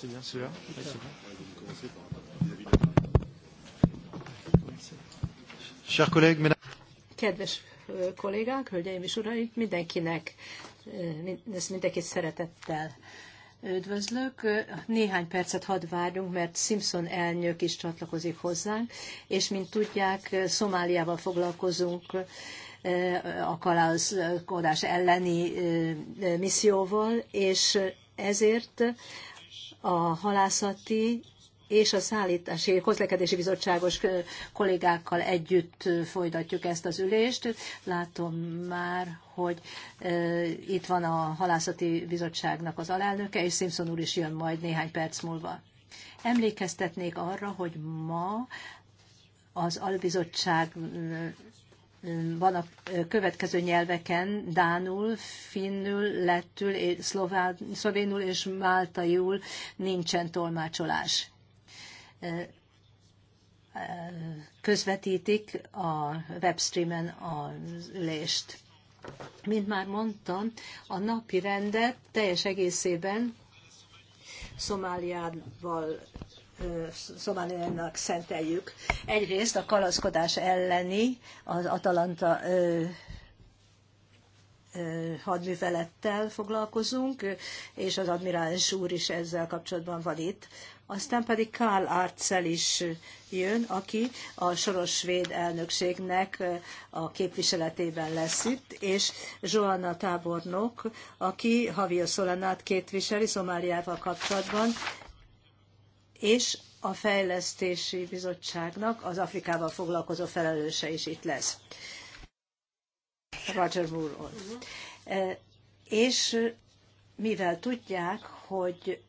C'est bien celui-là oui, Chers collègues, mesdames... Kedves euh, kollégák, hölgyeim és uraim, mindenkinek, euh, ezt mindenkit szeretettel Üdvözlök! Néhány percet hadd várjunk, mert Simpson elnök is csatlakozik hozzánk, és mint tudják, Szomáliával foglalkozunk eh, a kalázkodás elleni eh, misszióval, és ezért a halászati és a Szállítási Közlekedési Bizottságos kollégákkal együtt folytatjuk ezt az ülést. Látom már, hogy e, itt van a Halászati Bizottságnak az alelnöke, és Simpson úr is jön majd néhány perc múlva. Emlékeztetnék arra, hogy ma az albizottság van a következő nyelveken, dánul, finnül, lettül, szlovénul és máltaiul nincsen tolmácsolás közvetítik a webstreamen az ülést. Mint már mondtam, a napi rendet teljes egészében Szomáliával Szomáliának szenteljük. Egyrészt a kalaszkodás elleni, az Atalanta ö, ö, hadművelettel foglalkozunk, és az admirális úr is ezzel kapcsolatban van itt. Aztán pedig Karl Arcel is jön, aki a soros svéd elnökségnek eh, a képviseletében lesz itt, és Joanna tábornok, aki Javier Solanát képviseli Szomáriával kapcsolatban, és a fejlesztési bizottságnak az Afrikával foglalkozó felelőse is itt lesz. Roger moore E, És mivel tudják, hogy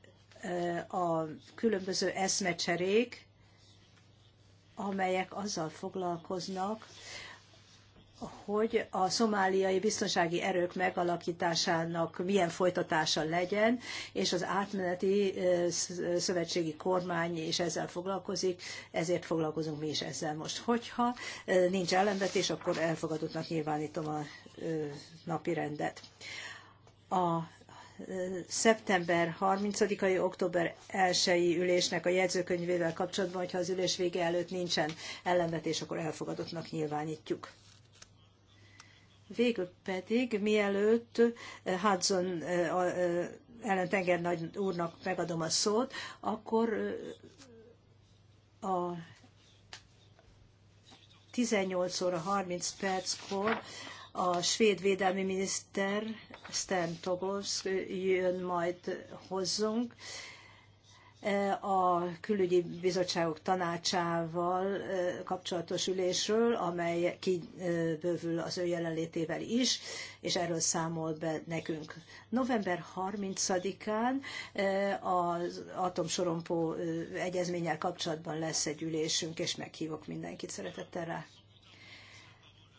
a különböző eszmecserék, amelyek azzal foglalkoznak, hogy a szomáliai biztonsági erők megalakításának milyen folytatása legyen, és az átmeneti szövetségi kormány is ezzel foglalkozik, ezért foglalkozunk mi is ezzel most. Hogyha nincs ellenvetés, akkor elfogadottnak nyilvánítom a napi rendet. A szeptember 30-ai, október 1-i ülésnek a jegyzőkönyvével kapcsolatban, hogyha az ülés vége előtt nincsen ellenvetés, akkor elfogadottnak nyilvánítjuk. Végül pedig, mielőtt eh, Hudson eh, eh, ellentenger nagy úrnak megadom a szót, akkor a 18 óra 30 perckor a svéd védelmi miniszter Stan Tobolsk jön majd hozzunk e, a külügyi bizottságok tanácsával e, kapcsolatos ülésről, amely kibővül az ő jelenlétével is, és erről számol be nekünk. November 30-án e, az atomsorompó egyezménnyel kapcsolatban lesz egy ülésünk, és meghívok mindenkit szeretettel rá.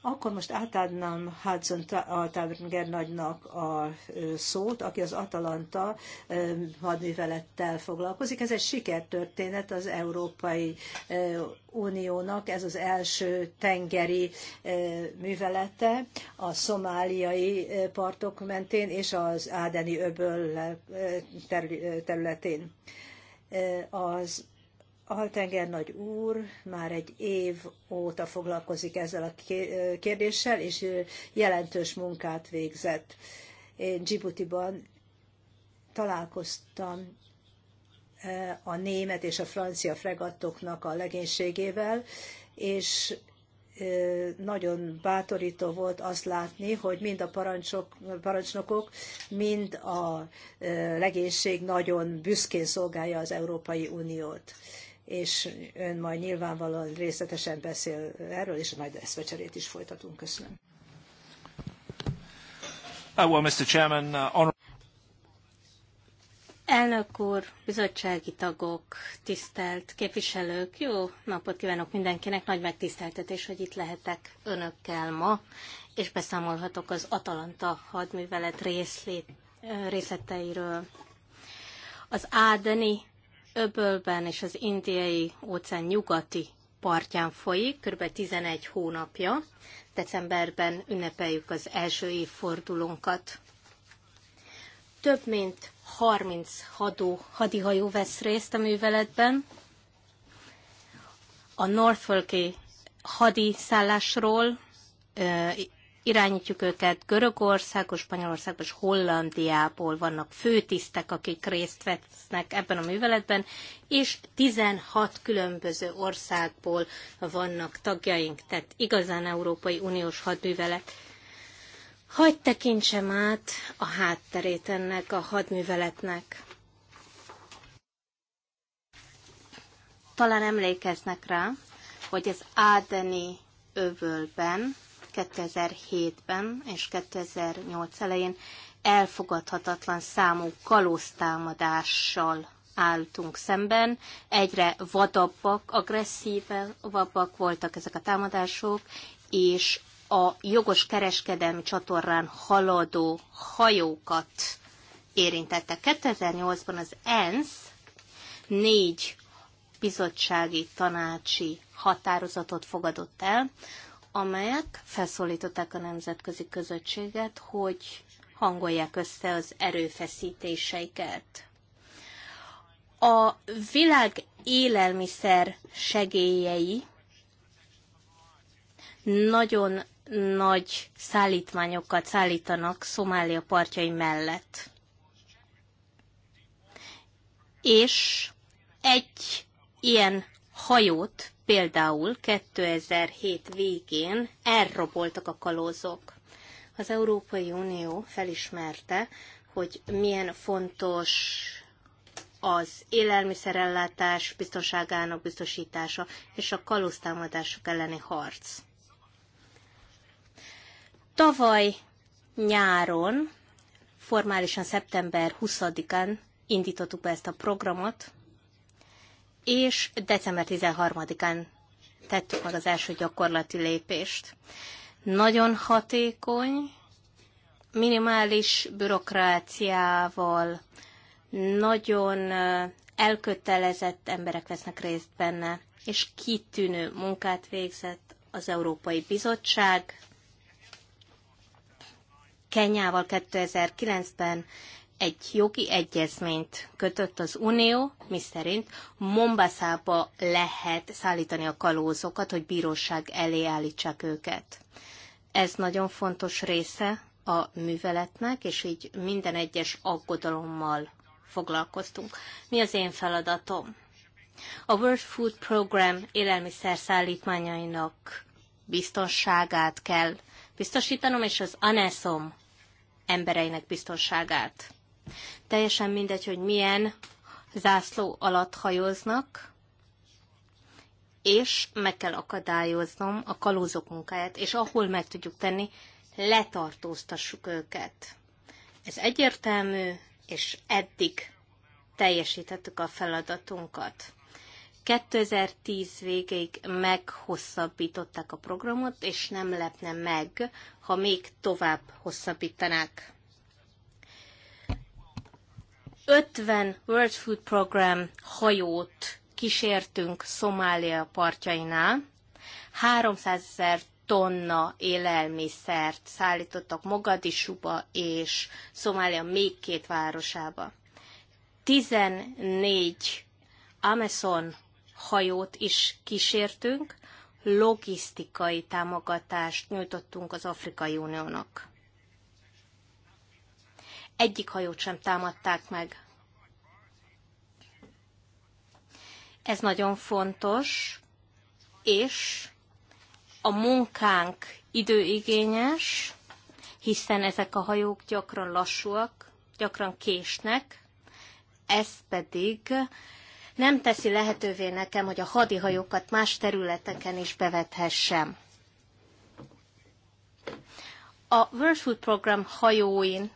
Akkor most átadnám Hudson Altanger nagynak a szót, aki az Atalanta hadművelettel foglalkozik. Ez egy sikertörténet az Európai Uniónak, ez az első tengeri művelete a szomáliai partok mentén és az Ádeni öböl területén. Az Altenger nagy úr már egy év óta foglalkozik ezzel a kérdéssel, és jelentős munkát végzett. Én Djibouti-ban találkoztam e, a német és a francia fregattoknak a legénységével, és e, nagyon bátorító volt azt látni, hogy mind a parancsok, parancsnokok, mind a e, legénység nagyon büszkén szolgálja az Európai Uniót és ön majd nyilvánvalóan részletesen beszél erről, és majd ezt a cserét is folytatunk. Köszönöm. Oh, well, Mr. Chairman, honor- uh, Elnök úr, bizottsági tagok, tisztelt képviselők, jó napot kívánok mindenkinek, nagy megtiszteltetés, hogy itt lehetek önökkel ma, és beszámolhatok az Atalanta hadművelet részlét, részleteiről. Az Ádeni öbölben és az indiai óceán nyugati partján folyik, kb. 11 hónapja. Decemberben ünnepeljük az első évfordulónkat. Több mint 30 hadó, hadihajó vesz részt a műveletben. A Norfolki hadiszállásról irányítjuk őket. Görögországból, Spanyolországból és Hollandiából vannak főtisztek, akik részt vesznek ebben a műveletben, és 16 különböző országból vannak tagjaink, tehát igazán Európai Uniós hadművelet. Hagy tekintsem át a hátterét ennek a hadműveletnek. Talán emlékeznek rá, hogy az Ádeni övölben 2007-ben és 2008 elején elfogadhatatlan számú kalóztámadással álltunk szemben. Egyre vadabbak, agresszívabbak voltak ezek a támadások, és a jogos kereskedelmi csatornán haladó hajókat érintette. 2008-ban az ENSZ négy bizottsági tanácsi határozatot fogadott el, amelyek felszólították a nemzetközi közösséget, hogy hangolják össze az erőfeszítéseiket. A világ élelmiszer segélyei nagyon nagy szállítmányokat szállítanak Szomália partjai mellett. És egy ilyen hajót Például 2007 végén elroboltak a kalózok. Az Európai Unió felismerte, hogy milyen fontos az élelmiszerellátás biztonságának biztosítása és a kalóztámadások elleni harc. Tavaly nyáron, formálisan szeptember 20-án indítottuk be ezt a programot, és december 13-án tettük meg az első gyakorlati lépést. Nagyon hatékony, minimális bürokráciával, nagyon elkötelezett emberek vesznek részt benne, és kitűnő munkát végzett az Európai Bizottság. Kenyával 2009-ben egy jogi egyezményt kötött az Unió, szerint Mombaszába lehet szállítani a kalózokat, hogy bíróság elé állítsák őket. Ez nagyon fontos része a műveletnek, és így minden egyes aggodalommal foglalkoztunk. Mi az én feladatom? A World Food Program élelmiszer szállítmányainak biztonságát kell biztosítanom, és az ANESOM embereinek biztonságát. Teljesen mindegy, hogy milyen zászló alatt hajóznak, és meg kell akadályoznom a kalózok munkáját, és ahol meg tudjuk tenni, letartóztassuk őket. Ez egyértelmű, és eddig teljesítettük a feladatunkat. 2010 végéig meghosszabbították a programot, és nem lepne meg, ha még tovább hosszabbítanák. 50 World Food Program hajót kísértünk Szomália partjainál. 300 ezer tonna élelmiszert szállítottak Mogadisuba és Szomália még két városába. 14 Amazon hajót is kísértünk, logisztikai támogatást nyújtottunk az Afrikai Uniónak egyik hajót sem támadták meg. Ez nagyon fontos, és a munkánk időigényes, hiszen ezek a hajók gyakran lassúak, gyakran késnek, ez pedig nem teszi lehetővé nekem, hogy a hadihajókat más területeken is bevethessem. A World Food Program hajóin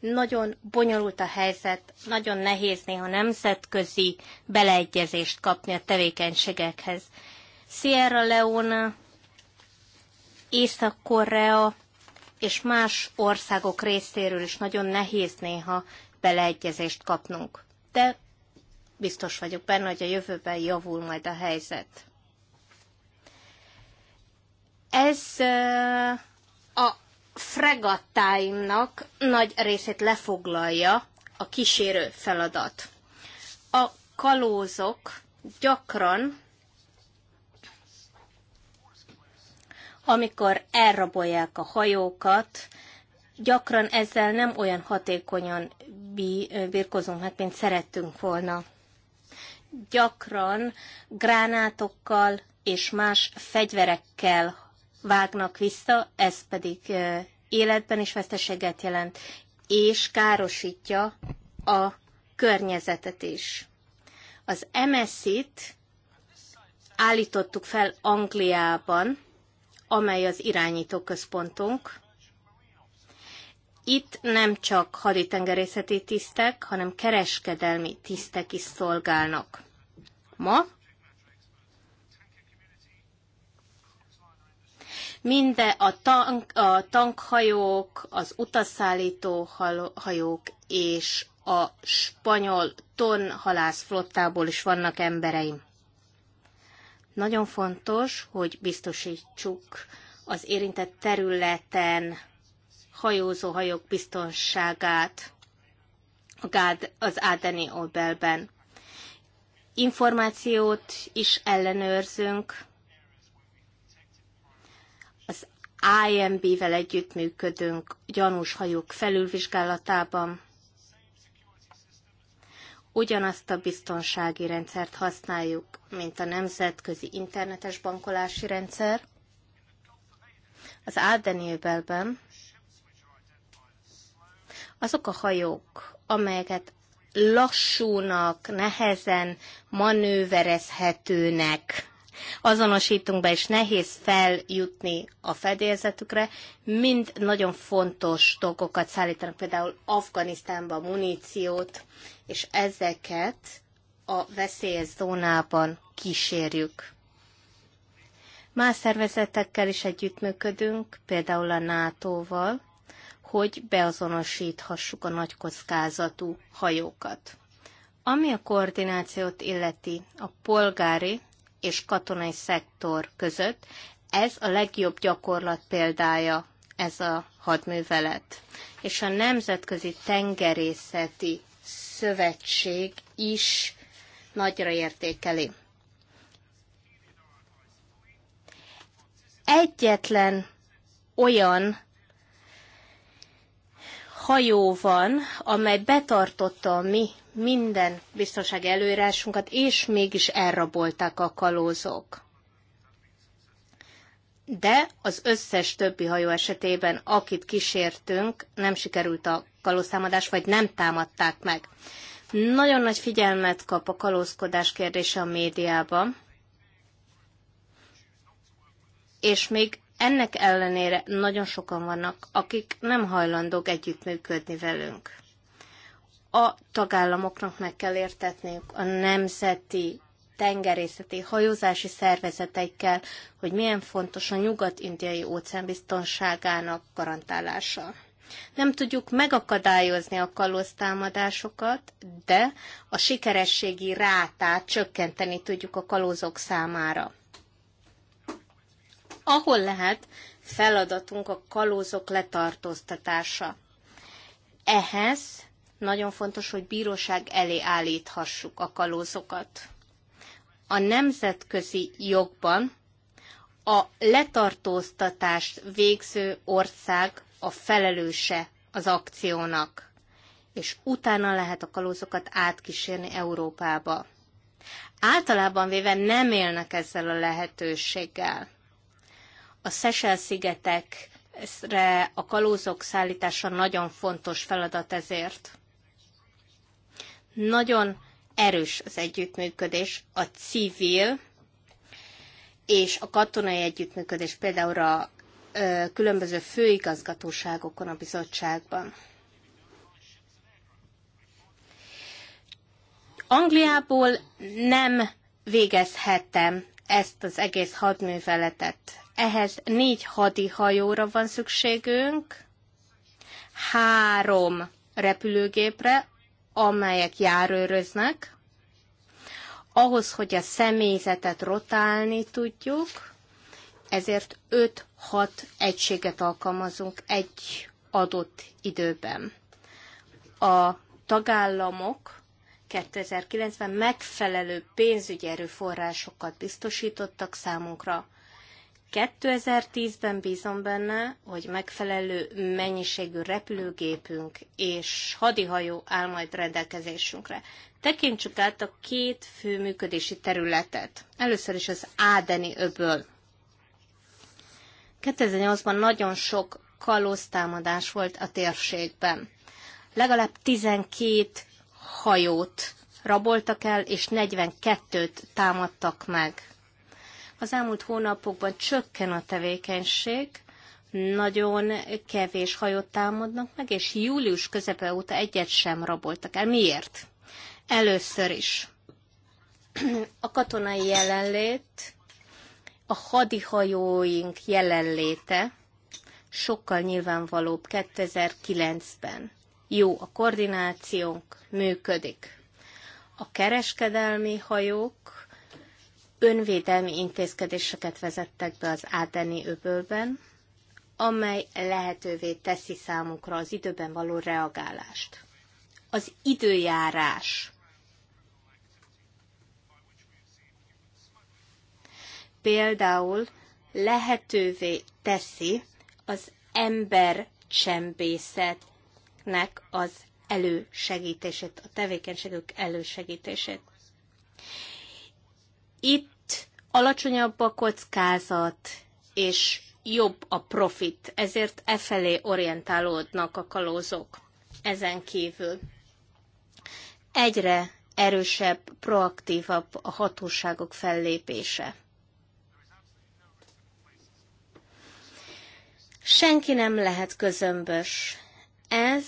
nagyon bonyolult a helyzet, nagyon nehéz néha nemzetközi beleegyezést kapni a tevékenységekhez. Sierra Leone, Észak-Korea és más országok részéről is nagyon nehéz néha beleegyezést kapnunk. De biztos vagyok benne, hogy a jövőben javul majd a helyzet. Ez a fregattáimnak nagy részét lefoglalja a kísérő feladat. A kalózok gyakran, amikor elrabolják a hajókat, gyakran ezzel nem olyan hatékonyan birkozunk meg, mint szerettünk volna. Gyakran gránátokkal és más fegyverekkel vágnak vissza, ez pedig életben is veszteséget jelent, és károsítja a környezetet is. Az MSZ-t állítottuk fel Angliában, amely az irányító központunk. Itt nem csak haditengerészeti tisztek, hanem kereskedelmi tisztek is szolgálnak. Ma Minden a, tank, a tankhajók, az utaszállító hajók és a spanyol tonhalász flottából is vannak embereim. Nagyon fontos, hogy biztosítsuk az érintett területen hajózó hajók biztonságát az Ádeni Obelben. Információt is ellenőrzünk, IMB-vel együttműködünk gyanús hajók felülvizsgálatában. Ugyanazt a biztonsági rendszert használjuk, mint a nemzetközi internetes bankolási rendszer. Az Ádenélbelben azok a hajók, amelyeket lassúnak, nehezen manőverezhetőnek azonosítunk be, és nehéz feljutni a fedélzetükre, mind nagyon fontos dolgokat szállítanak, például Afganisztánba muníciót, és ezeket a veszélyes zónában kísérjük. Más szervezetekkel is együttműködünk, például a NATO-val, hogy beazonosíthassuk a nagy kockázatú hajókat. Ami a koordinációt illeti, a polgári és katonai szektor között. Ez a legjobb gyakorlat példája, ez a hadművelet. És a Nemzetközi Tengerészeti Szövetség is nagyra értékeli. Egyetlen olyan hajó van, amely betartotta a mi minden biztonsági előírásunkat, és mégis elrabolták a kalózok. De az összes többi hajó esetében, akit kísértünk, nem sikerült a kalóztámadás, vagy nem támadták meg. Nagyon nagy figyelmet kap a kalózkodás kérdése a médiában, és még ennek ellenére nagyon sokan vannak, akik nem hajlandók együttműködni velünk a tagállamoknak meg kell értetniük a nemzeti tengerészeti hajózási szervezeteikkel, hogy milyen fontos a nyugat-indiai óceán biztonságának garantálása. Nem tudjuk megakadályozni a kalóztámadásokat, de a sikerességi rátát csökkenteni tudjuk a kalózok számára. Ahol lehet, feladatunk a kalózok letartóztatása. Ehhez nagyon fontos, hogy bíróság elé állíthassuk a kalózokat. A nemzetközi jogban a letartóztatást végző ország a felelőse az akciónak, és utána lehet a kalózokat átkísérni Európába. Általában véve nem élnek ezzel a lehetőséggel. A Seychelles-szigetekre a kalózok szállítása nagyon fontos feladat ezért. Nagyon erős az együttműködés a civil és a katonai együttműködés, például a különböző főigazgatóságokon a bizottságban. Angliából nem végezhetem ezt az egész hadműveletet. Ehhez négy hadi hajóra van szükségünk, három repülőgépre, amelyek járőröznek, ahhoz, hogy a személyzetet rotálni tudjuk, ezért 5-6 egységet alkalmazunk egy adott időben. A tagállamok 2009-ben megfelelő pénzügyi erőforrásokat biztosítottak számunkra. 2010-ben bízom benne, hogy megfelelő mennyiségű repülőgépünk és hadihajó áll majd rendelkezésünkre. Tekintsük át a két fő működési területet. Először is az Ádeni öböl. 2008-ban nagyon sok kalóztámadás volt a térségben. Legalább 12 hajót raboltak el, és 42-t támadtak meg az elmúlt hónapokban csökken a tevékenység, nagyon kevés hajót támadnak meg, és július közepe óta egyet sem raboltak el. Miért? Először is a katonai jelenlét, a hadihajóink jelenléte sokkal nyilvánvalóbb 2009-ben. Jó a koordinációnk, működik. A kereskedelmi hajók önvédelmi intézkedéseket vezettek be az Ádeni öbölben, amely lehetővé teszi számukra az időben való reagálást. Az időjárás. Például lehetővé teszi az ember csempészetnek az elősegítését, a tevékenységük elősegítését. Itt alacsonyabb a kockázat, és jobb a profit, ezért e felé orientálódnak a kalózok. Ezen kívül egyre erősebb, proaktívabb a hatóságok fellépése. Senki nem lehet közömbös. Ez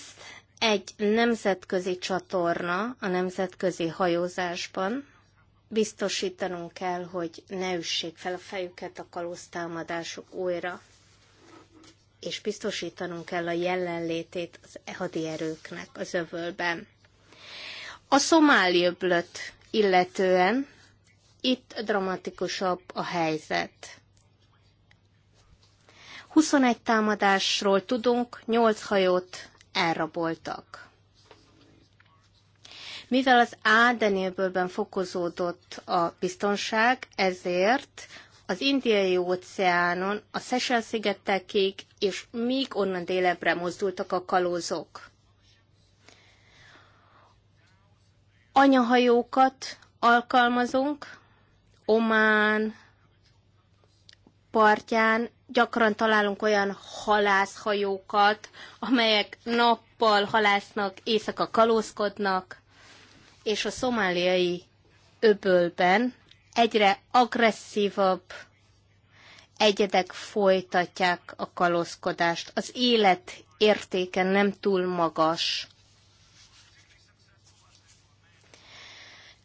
egy nemzetközi csatorna a nemzetközi hajózásban, biztosítanunk kell, hogy ne üssék fel a fejüket a kalóztámadások újra, és biztosítanunk kell a jelenlétét az e hadierőknek az övölben. A szomáli öblöt illetően itt dramatikusabb a helyzet. 21 támadásról tudunk, 8 hajót elraboltak. Mivel az Ádenélbőlben fokozódott a biztonság, ezért az indiai óceánon, a Seychelles szigetekig, és még onnan délebre mozdultak a kalózok. Anyahajókat alkalmazunk, Omán partján gyakran találunk olyan halászhajókat, amelyek nappal halásznak, éjszaka kalózkodnak és a szomáliai öbölben egyre agresszívabb egyedek folytatják a kalózkodást. Az élet értéke nem túl magas.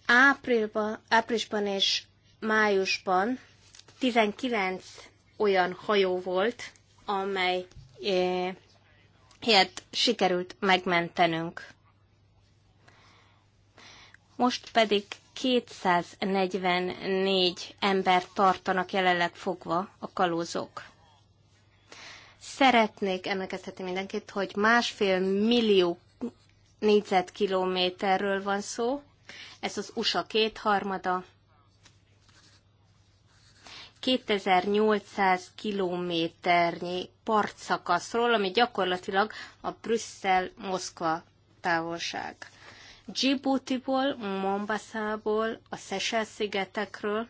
Áprilban, áprilisban és májusban 19 olyan hajó volt, amely sikerült megmentenünk most pedig 244 ember tartanak jelenleg fogva a kalózok. Szeretnék emlékeztetni mindenkit, hogy másfél millió négyzetkilométerről van szó. Ez az USA kétharmada. 2800 kilométernyi partszakaszról, ami gyakorlatilag a Brüsszel-Moszkva távolság. Gibuti-ból, mombasa ból a Seychelles-szigetekről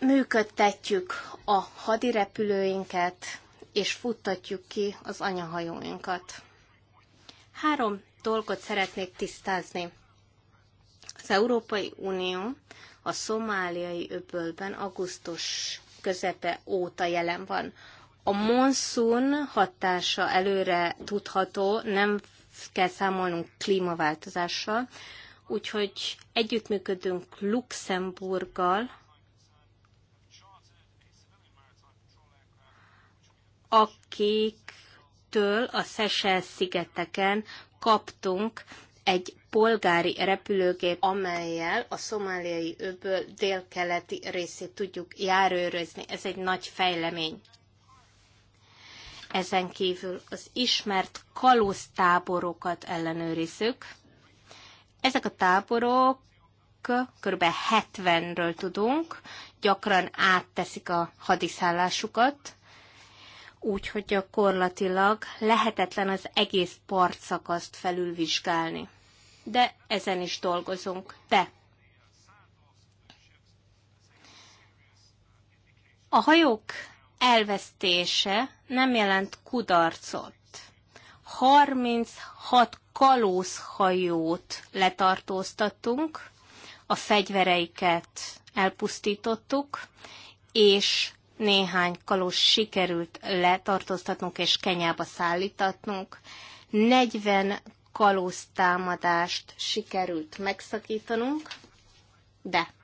működtetjük a hadirepülőinket, és futtatjuk ki az anyahajóinkat. Három dolgot szeretnék tisztázni. Az Európai Unió a szomáliai öbölben augusztus közepe óta jelen van. A monszun hatása előre tudható, nem kell számolnunk klímaváltozással, úgyhogy együttműködünk Luxemburggal, akiktől a Seychelles szigeteken kaptunk egy polgári repülőgép, amelyel a szomáliai öböl délkeleti részét tudjuk járőrözni. Ez egy nagy fejlemény. Ezen kívül az ismert kalóztáborokat ellenőrizzük. Ezek a táborok kb. 70-ről tudunk, gyakran átteszik a hadiszállásukat, úgyhogy gyakorlatilag lehetetlen az egész partszakaszt felülvizsgálni. De ezen is dolgozunk. De a hajók elvesztése nem jelent kudarcot. 36 kalózhajót letartóztattunk, a fegyvereiket elpusztítottuk, és néhány kalóz sikerült letartóztatnunk és Kenyába szállítatnunk. 40 kalóz támadást sikerült megszakítanunk, de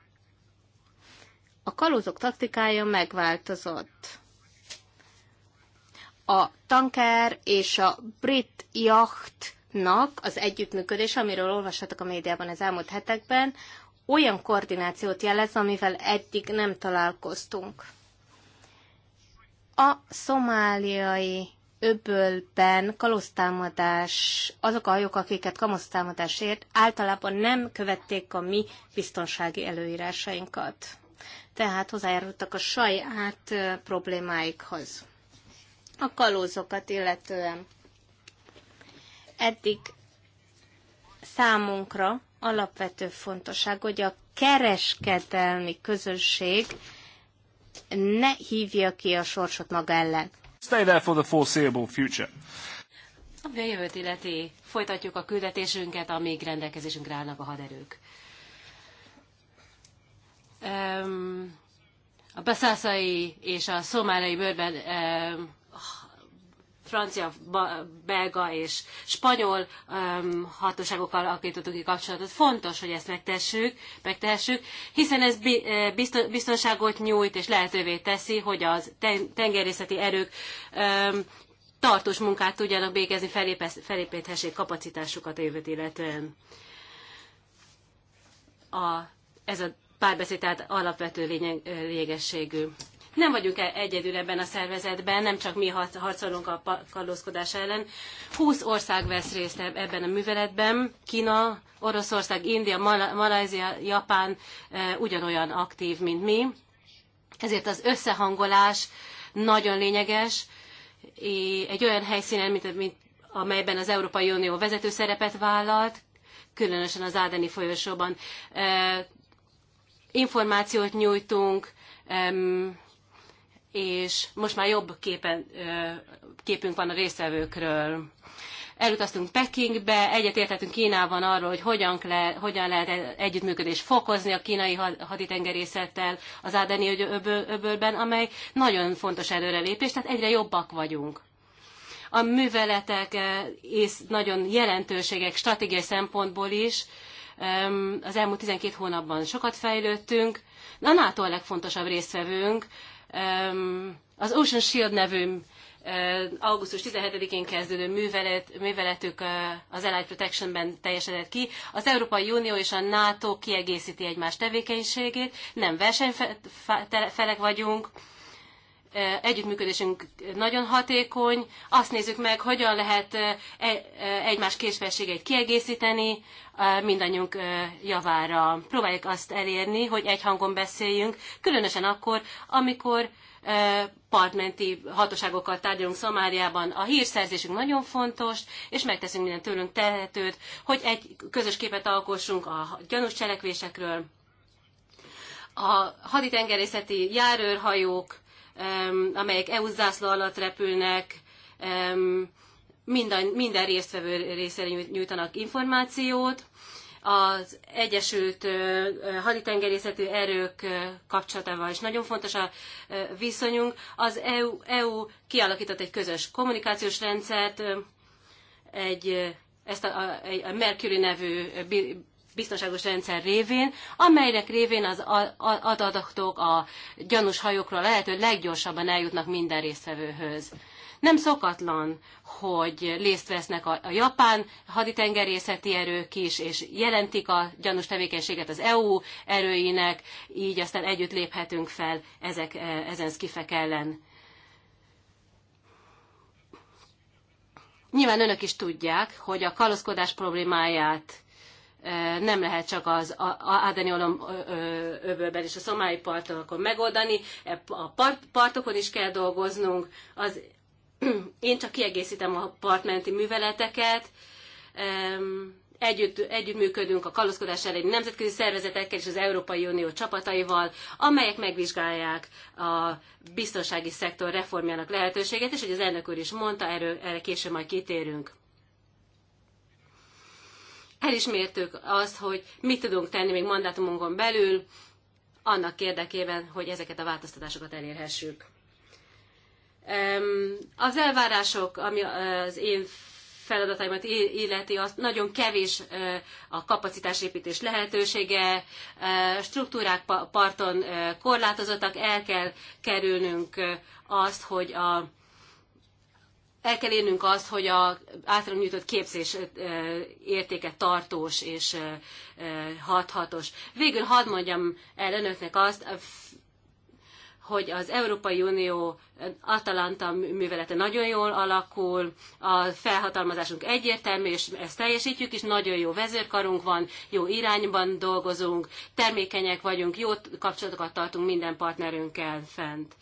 a kalózok taktikája megváltozott a tanker és a brit jachtnak az együttműködés, amiről olvashatok a médiában az elmúlt hetekben, olyan koordinációt jelez, amivel eddig nem találkoztunk. A szomáliai öbölben kalosztámadás, azok a hajók, akiket ért, általában nem követték a mi biztonsági előírásainkat. Tehát hozzájárultak a saját problémáikhoz a kalózokat illetően. Eddig számunkra alapvető fontosság, hogy a kereskedelmi közösség ne hívja ki a sorsot maga ellen. Stay there for the foreseeable future. a jövőt illeti, folytatjuk a küldetésünket, amíg rendelkezésünkre állnak a haderők. Um, a beszászai és a szomáliai bőrben um, francia, belga és spanyol um, hatóságokkal alakítottuk ki kapcsolatot. Fontos, hogy ezt megtessük, megtehessük, hiszen ez eh, biztonságot nyújt és lehetővé teszi, hogy az tengerészeti erők um, tartós munkát tudjanak végezni, felépíthessék kapacitásukat évet illetően. A, ez a párbeszéd tehát alapvető lényeg, eh, lényegességű. Nem vagyunk e- egyedül ebben a szervezetben, nem csak mi harcolunk a kallózkodás ellen. 20 ország vesz részt ebben a műveletben. Kína, Oroszország, India, Malajzia, Japán e, ugyanolyan aktív, mint mi. Ezért az összehangolás nagyon lényeges. Egy olyan helyszínen, mint, mint amelyben az Európai Unió vezető szerepet vállalt, különösen az Ádeni folyosóban. E, információt nyújtunk, és most már jobb képen, képünk van a résztvevőkről. Elutaztunk Pekingbe, egyetértettünk Kínában arról, hogy hogyan, le, hogyan lehet e- együttműködést fokozni a kínai haditengerészettel az Ádeni öbölben, amely nagyon fontos előrelépés, tehát egyre jobbak vagyunk a műveletek és nagyon jelentőségek stratégiai szempontból is. Az elmúlt 12 hónapban sokat fejlődtünk. A NATO a legfontosabb résztvevőnk, az Ocean Shield nevű augusztus 17-én kezdődő művelet, műveletük az Allied ben teljesedett ki. Az Európai Unió és a NATO kiegészíti egymás tevékenységét, nem versenyfelek vagyunk, együttműködésünk nagyon hatékony, azt nézzük meg, hogyan lehet e, egymás készségeit kiegészíteni mindannyiunk javára. Próbáljuk azt elérni, hogy egy hangon beszéljünk, különösen akkor, amikor partmenti hatóságokkal tárgyalunk Szomáliában. A hírszerzésünk nagyon fontos, és megteszünk minden tőlünk tehetőt, hogy egy közös képet alkossunk a gyanús cselekvésekről. A haditengerészeti járőrhajók amelyek EU zászló alatt repülnek, minden, minden résztvevő részére nyújtanak információt. Az Egyesült Haditengerészeti Erők kapcsolatával is nagyon fontos a viszonyunk. Az EU, EU kialakított egy közös kommunikációs rendszert, egy, ezt a, a Mercury nevű biztonságos rendszer révén, amelynek révén az adatok a gyanús hajókról lehető leggyorsabban eljutnak minden résztvevőhöz. Nem szokatlan, hogy részt vesznek a, a japán haditengerészeti erők is, és jelentik a gyanús tevékenységet az EU erőinek, így aztán együtt léphetünk fel ezek, e, ezen skifek ellen. Nyilván önök is tudják, hogy a kaloszkodás problémáját nem lehet csak az Ádenyolom övölben és a szomáli partokon megoldani, e, a part, partokon is kell dolgoznunk. Az, én csak kiegészítem a partmenti műveleteket, együtt, együttműködünk a kalózkodás elleni nemzetközi szervezetekkel és az Európai Unió csapataival, amelyek megvizsgálják a biztonsági szektor reformjának lehetőséget, és hogy az elnök úr is mondta, erről, erre később majd kitérünk elismértük azt, hogy mit tudunk tenni még mandátumunkon belül, annak érdekében, hogy ezeket a változtatásokat elérhessük. Az elvárások, ami az én feladataimat illeti, az nagyon kevés a kapacitásépítés lehetősége, struktúrák parton korlátozottak, el kell kerülnünk azt, hogy a el kell érnünk azt, hogy a általunk nyújtott képzés értéke tartós és hathatos. Végül hadd mondjam el önöknek azt, hogy az Európai Unió Atalanta művelete nagyon jól alakul, a felhatalmazásunk egyértelmű, és ezt teljesítjük is, nagyon jó vezérkarunk van, jó irányban dolgozunk, termékenyek vagyunk, jó kapcsolatokat tartunk minden partnerünkkel fent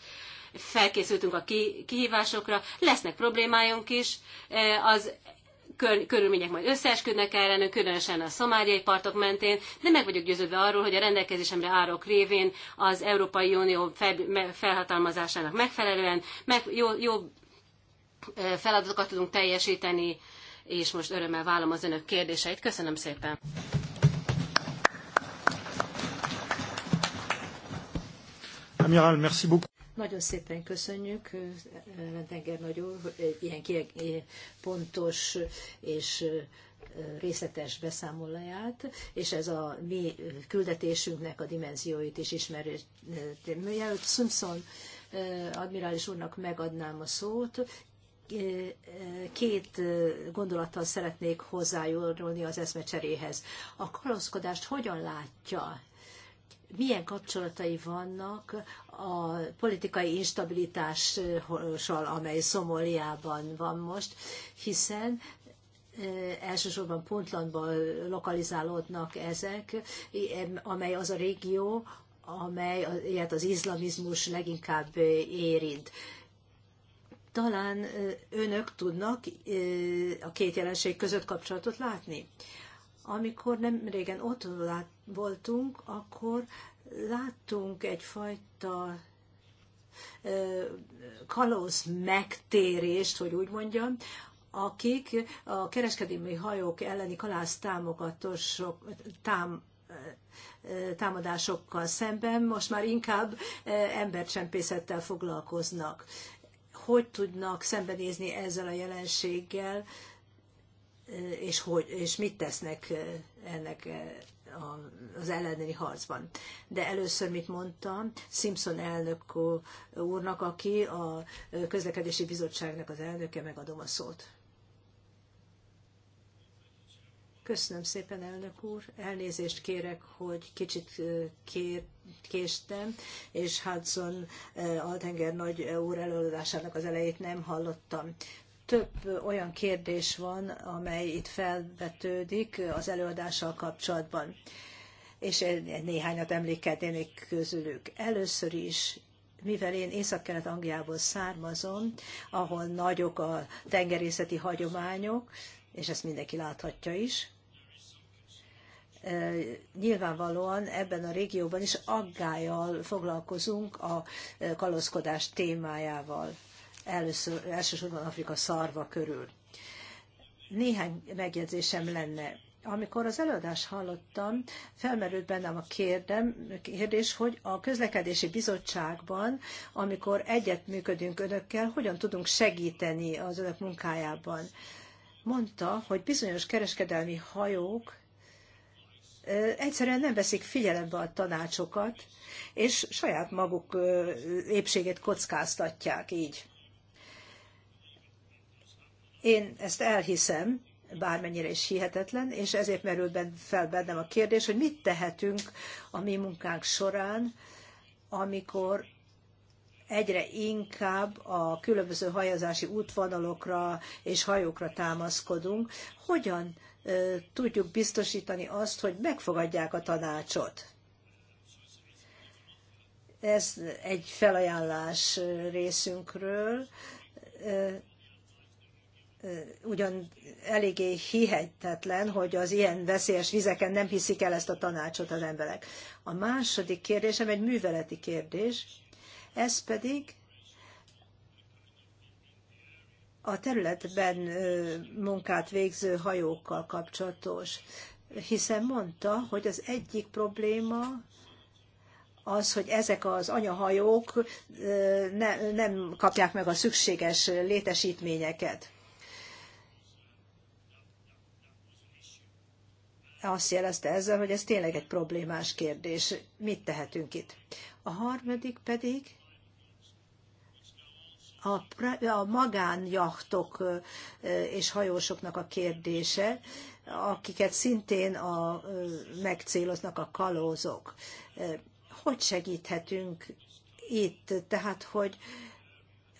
felkészültünk a kihívásokra, lesznek problémájunk is, e, az körülmények majd összeesküdnek ellenünk, különösen a szomáliai partok mentén, de meg vagyok győződve arról, hogy a rendelkezésemre álló révén az Európai Unió fel, felhatalmazásának megfelelően meg, jó, jó e, feladatokat tudunk teljesíteni, és most örömmel vállom az önök kérdéseit. Köszönöm szépen! Amiral, merci beaucoup. Nagyon szépen köszönjük, Tenger nagy úr, ilyen pontos és részletes beszámolóját, és ez a mi küldetésünknek a dimenzióit is ismerő. Mielőtt Simpson admirális úrnak megadnám a szót, két gondolattal szeretnék hozzájárulni az eszmecseréhez. A kalózkodást hogyan látja milyen kapcsolatai vannak a politikai instabilitással, amely Szomoliában van most, hiszen elsősorban Puntlandban lokalizálódnak ezek, amely az a régió, amelyet az iszlamizmus leginkább érint. Talán önök tudnak a két jelenség között kapcsolatot látni. Amikor nem régen ott voltunk, akkor láttunk egyfajta kalóz megtérést, hogy úgy mondjam, akik a kereskedelmi hajók elleni kalász támogatások, tám, támadásokkal szemben most már inkább embercsempészettel foglalkoznak. Hogy tudnak szembenézni ezzel a jelenséggel, és, hogy, és mit tesznek ennek az elleni harcban. De először, mit mondtam, Simpson elnök úrnak, aki a közlekedési bizottságnak az elnöke, megadom a szót. Köszönöm szépen, elnök úr. Elnézést kérek, hogy kicsit kér, késtem, és Hudson Altenger nagy úr előadásának az elejét nem hallottam több olyan kérdés van, amely itt felvetődik az előadással kapcsolatban, és néhányat emlékeznék közülük. Először is mivel én Észak-Kelet-Angliából származom, ahol nagyok a tengerészeti hagyományok, és ezt mindenki láthatja is, nyilvánvalóan ebben a régióban is aggájjal foglalkozunk a kalózkodás témájával először, elsősorban Afrika szarva körül. Néhány megjegyzésem lenne. Amikor az előadást hallottam, felmerült bennem a kérdem, kérdés, hogy a közlekedési bizottságban, amikor egyetműködünk önökkel, hogyan tudunk segíteni az önök munkájában. Mondta, hogy bizonyos kereskedelmi hajók egyszerűen nem veszik figyelembe a tanácsokat, és saját maguk épségét kockáztatják így. Én ezt elhiszem, bármennyire is hihetetlen, és ezért merül fel bennem a kérdés, hogy mit tehetünk a mi munkánk során, amikor egyre inkább a különböző hajózási útvonalokra és hajókra támaszkodunk, hogyan tudjuk biztosítani azt, hogy megfogadják a tanácsot. Ez egy felajánlás részünkről ugyan eléggé hihetetlen, hogy az ilyen veszélyes vizeken nem hiszik el ezt a tanácsot az emberek. A második kérdésem egy műveleti kérdés, ez pedig a területben munkát végző hajókkal kapcsolatos, hiszen mondta, hogy az egyik probléma az, hogy ezek az anyahajók ne, nem kapják meg a szükséges létesítményeket azt jelezte ezzel, hogy ez tényleg egy problémás kérdés. Mit tehetünk itt? A harmadik pedig a, a magánjachtok és hajósoknak a kérdése, akiket szintén a, megcéloznak a kalózok. Hogy segíthetünk itt? Tehát, hogy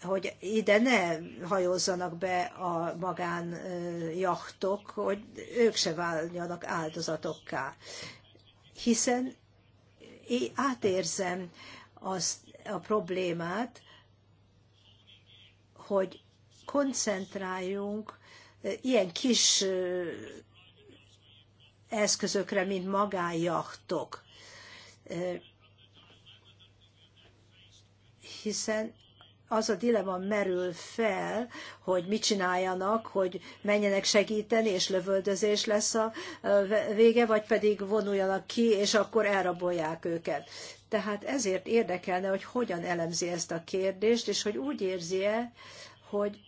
hogy ide ne hajózzanak be a magán jachtok, hogy ők se váljanak áldozatokká. Hiszen én átérzem azt a problémát, hogy koncentráljunk ilyen kis eszközökre, mint magánjachtok. Hiszen az a dilema merül fel, hogy mit csináljanak, hogy menjenek segíteni, és lövöldözés lesz a vége, vagy pedig vonuljanak ki, és akkor elrabolják őket. Tehát ezért érdekelne, hogy hogyan elemzi ezt a kérdést, és hogy úgy érzi-e, hogy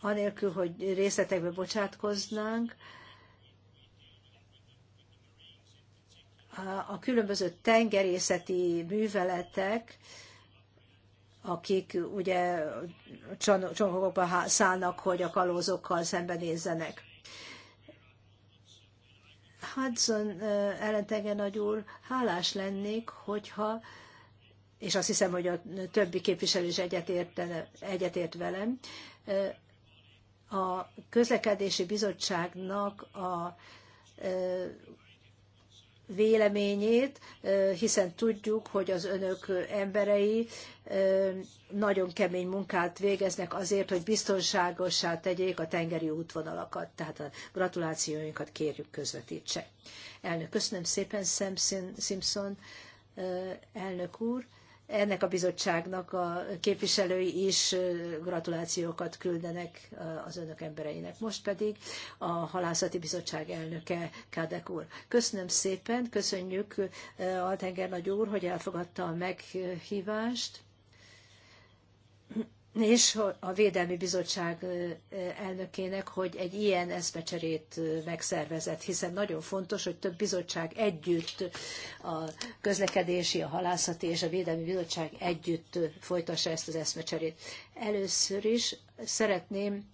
anélkül, hogy részletekbe bocsátkoznánk, a különböző tengerészeti műveletek, akik ugye csomagokba szállnak, hogy a kalózokkal szembenézzenek. Hudson ellentegen nagy úr, hálás lennék, hogyha, és azt hiszem, hogy a többi képviselő is egyetért, egyetért velem, a közlekedési bizottságnak a véleményét, hiszen tudjuk, hogy az önök emberei nagyon kemény munkát végeznek azért, hogy biztonságossá tegyék a tengeri útvonalakat. Tehát a gratulációinkat kérjük közvetítse. Elnök, köszönöm szépen, Simpson elnök úr ennek a bizottságnak a képviselői is gratulációkat küldenek az önök embereinek. Most pedig a Halászati Bizottság elnöke Kádek úr. Köszönöm szépen, köszönjük Altenger nagy úr, hogy elfogadta a meghívást és a Védelmi Bizottság elnökének, hogy egy ilyen eszmecserét megszervezett, hiszen nagyon fontos, hogy több bizottság együtt, a közlekedési, a halászati és a Védelmi Bizottság együtt folytassa ezt az eszmecserét. Először is szeretném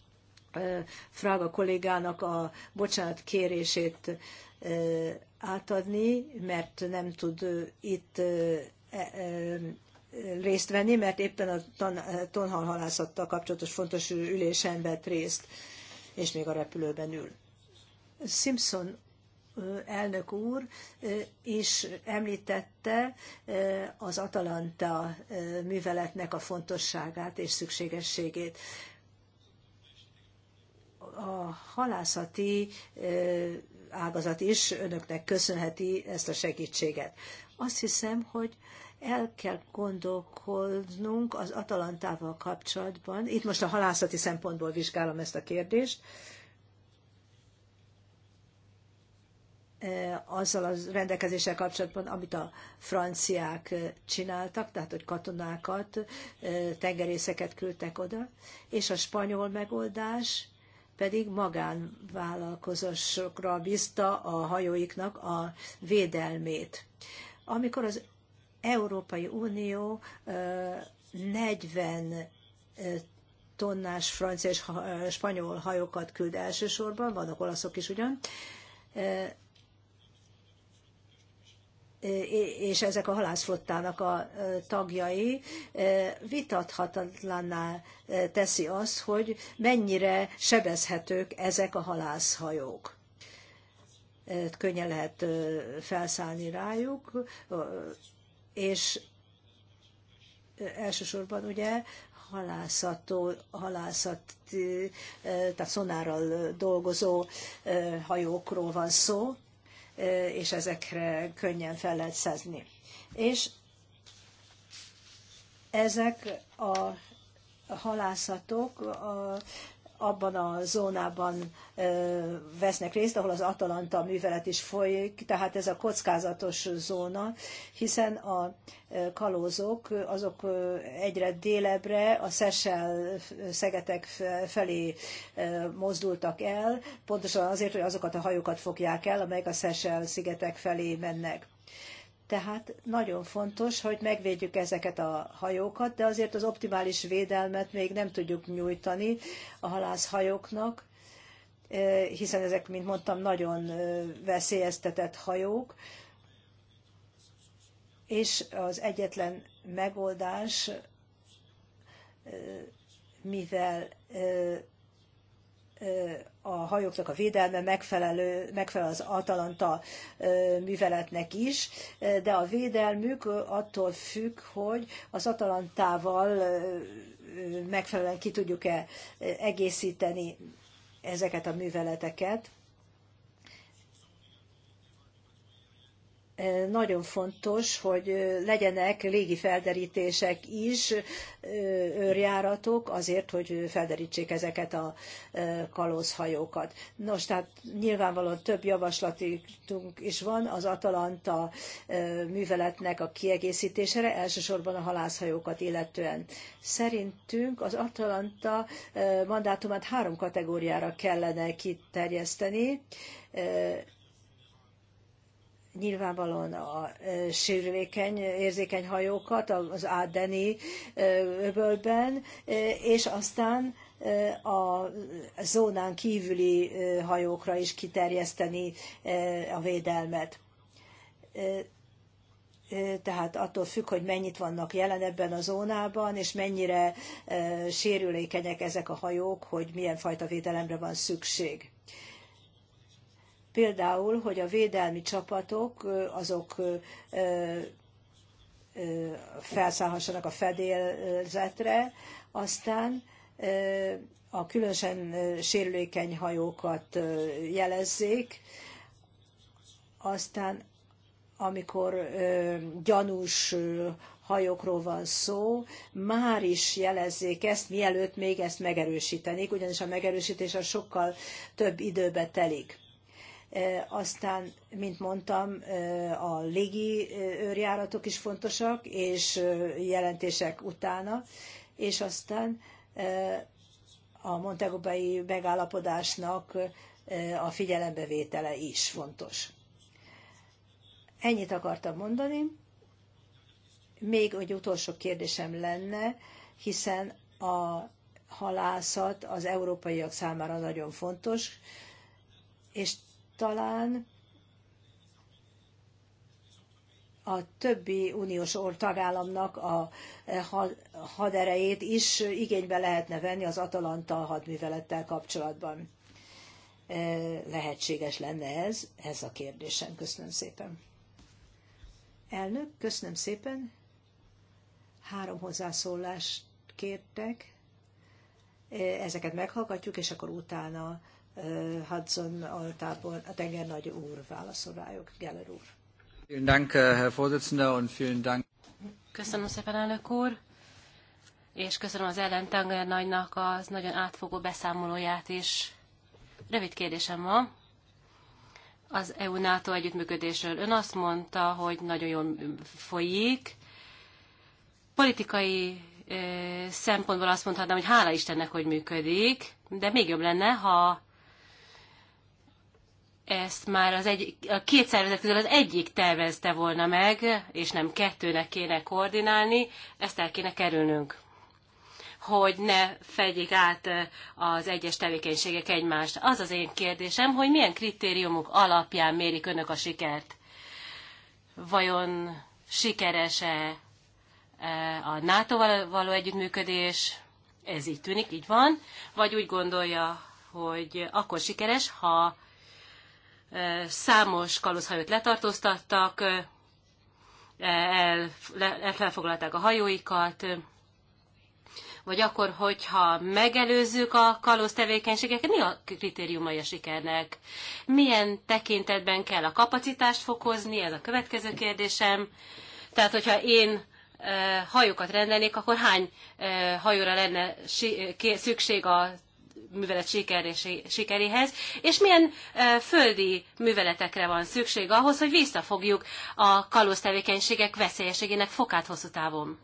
Fraga kollégának a bocsánat kérését átadni, mert nem tud itt e, részt venni, mert éppen a tonhalhalászattal kapcsolatos fontos ülésen vett részt, és még a repülőben ül. Simpson elnök úr is említette az Atalanta műveletnek a fontosságát és szükségességét. A halászati ágazat is önöknek köszönheti ezt a segítséget. Azt hiszem, hogy el kell gondolkodnunk az Atalantával kapcsolatban, itt most a halászati szempontból vizsgálom ezt a kérdést, e, azzal a rendelkezéssel kapcsolatban, amit a franciák e, csináltak, tehát hogy katonákat, e, tengerészeket küldtek oda, és a spanyol megoldás pedig magánvállalkozásokra bízta a hajóiknak a védelmét. Amikor az Európai Unió 40 tonnás francia és spanyol hajókat küld elsősorban, vannak olaszok is ugyan, és ezek a halászflottának a tagjai vitathatatlanná teszi azt, hogy mennyire sebezhetők ezek a halászhajók. Könnyen lehet felszállni rájuk, és elsősorban ugye halászató, halászat, tehát szonárral dolgozó hajókról van szó, és ezekre könnyen fel lehet szezni. És ezek a halászatok a, abban a zónában vesznek részt, ahol az Atalanta művelet is folyik, tehát ez a kockázatos zóna, hiszen a kalózok azok egyre délebre, a Szesel szegetek felé mozdultak el, pontosan azért, hogy azokat a hajókat fogják el, amelyek a Szesel szigetek felé mennek. Tehát nagyon fontos, hogy megvédjük ezeket a hajókat, de azért az optimális védelmet még nem tudjuk nyújtani a halászhajóknak, eh, hiszen ezek, mint mondtam, nagyon eh, veszélyeztetett hajók, és az egyetlen megoldás, eh, mivel a hajóknak a védelme megfelelő, megfelel az Atalanta műveletnek is, de a védelmük attól függ, hogy az Atalantával megfelelően ki tudjuk-e egészíteni ezeket a műveleteket nagyon fontos, hogy legyenek légi felderítések is, őrjáratok, azért, hogy felderítsék ezeket a kalózhajókat. Nos, tehát nyilvánvalóan több javaslatunk is van az Atalanta műveletnek a kiegészítésére, elsősorban a halászhajókat illetően. Szerintünk az Atalanta mandátumát három kategóriára kellene kiterjeszteni nyilvánvalóan a sérülékeny, érzékeny hajókat az Ádeni öbölben, és aztán a zónán kívüli hajókra is kiterjeszteni a védelmet. Tehát attól függ, hogy mennyit vannak jelen ebben a zónában, és mennyire sérülékenyek ezek a hajók, hogy milyen fajta védelemre van szükség Például, hogy a védelmi csapatok azok felszállhassanak a fedélzetre, aztán a különösen sérülékeny hajókat jelezzék, aztán amikor ö, gyanús ö, hajókról van szó, már is jelezzék ezt, mielőtt még ezt megerősítenék, ugyanis a megerősítés a sokkal több időbe telik. Aztán, mint mondtam, a légi őrjáratok is fontosak, és jelentések utána, és aztán a Montegobai megállapodásnak a figyelembevétele is fontos. Ennyit akartam mondani. Még egy utolsó kérdésem lenne, hiszen a halászat az európaiak számára nagyon fontos, és talán a többi uniós tagállamnak a e, haderejét is igénybe lehetne venni az Atalanta hadművelettel kapcsolatban. E, lehetséges lenne ez? Ez a kérdésem. Köszönöm szépen. Elnök, köszönöm szépen. Három hozzászólást kértek. E, ezeket meghallgatjuk, és akkor utána Hudson altából, a tenger nagy úr válaszol Geller úr. Äh, köszönöm szépen, elnök úr, és köszönöm az ellen nagynak az nagyon átfogó beszámolóját is. Rövid kérdésem van az EU-NATO együttműködésről. Ön azt mondta, hogy nagyon jól folyik. Politikai ö, szempontból azt mondhatnám, hogy hála Istennek, hogy működik, de még jobb lenne, ha ezt már az egy, a két szervezet közül az egyik tervezte volna meg, és nem kettőnek kéne koordinálni, ezt el kéne kerülnünk hogy ne fedjék át az egyes tevékenységek egymást. Az az én kérdésem, hogy milyen kritériumok alapján mérik önök a sikert? Vajon sikerese a NATO-val való együttműködés? Ez így tűnik, így van. Vagy úgy gondolja, hogy akkor sikeres, ha Számos kalózhajót letartóztattak, e, el, elfoglalták a hajóikat, vagy akkor, hogyha megelőzzük a kalóz tevékenységeket, mi a kritériumai a sikernek? Milyen tekintetben kell a kapacitást fokozni? Ez a következő kérdésem. Tehát, hogyha én hajókat rendelnék, akkor hány hajóra lenne szükség a művelet sikeréhez, és milyen földi műveletekre van szükség ahhoz, hogy visszafogjuk a kalóz tevékenységek veszélyeségének fokát hosszú távon.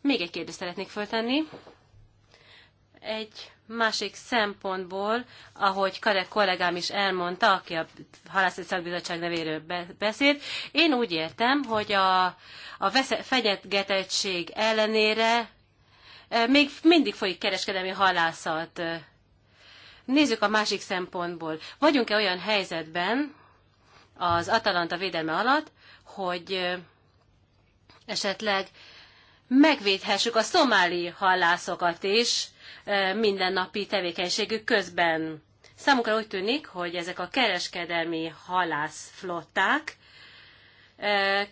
Még egy kérdést szeretnék föltenni. Egy másik szempontból, ahogy Karek kollégám is elmondta, aki a Halászati Szakbizottság nevéről beszélt, én úgy értem, hogy a, a fenyegetettség ellenére még mindig folyik kereskedelmi halászat. Nézzük a másik szempontból. Vagyunk-e olyan helyzetben az Atalanta védelme alatt, hogy esetleg megvédhessük a szomáli halászokat is mindennapi tevékenységük közben. Számukra úgy tűnik, hogy ezek a kereskedelmi halászflották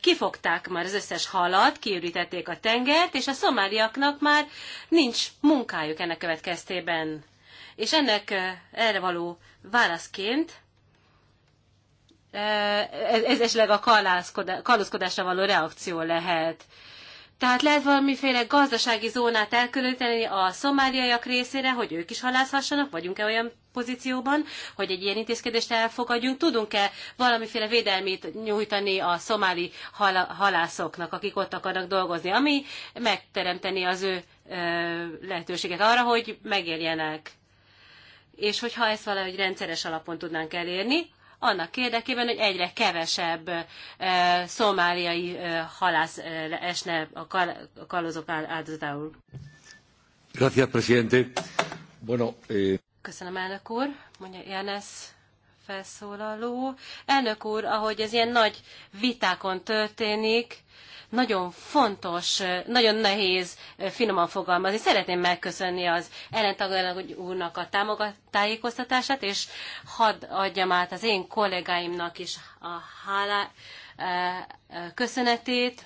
kifogták már az összes halat, kiürítették a tengert, és a szomáliaknak már nincs munkájuk ennek következtében. És ennek erre való válaszként ez esetleg a kalózkodásra való reakció lehet. Tehát lehet valamiféle gazdasági zónát elkülöníteni a szomáliaiak részére, hogy ők is halászhassanak? Vagyunk-e olyan pozícióban, hogy egy ilyen intézkedést elfogadjunk? Tudunk-e valamiféle védelmét nyújtani a szomáli hal- halászoknak, akik ott akarnak dolgozni, ami megteremteni az ő ö, lehetőséget arra, hogy megérjenek, És hogyha ezt valahogy rendszeres alapon tudnánk elérni, annak érdekében, hogy egyre kevesebb eh, szomáliai eh, halász eh, esne a kalózok áldozatául. Köszönöm, elnök úr, mondja Janes felszólaló. Elnök úr, ahogy ez ilyen nagy vitákon történik, nagyon fontos, nagyon nehéz finoman fogalmazni. Szeretném megköszönni az ellentagadó úrnak a támogat, tájékoztatását, és hadd adjam át az én kollégáimnak is a hálá, köszönetét,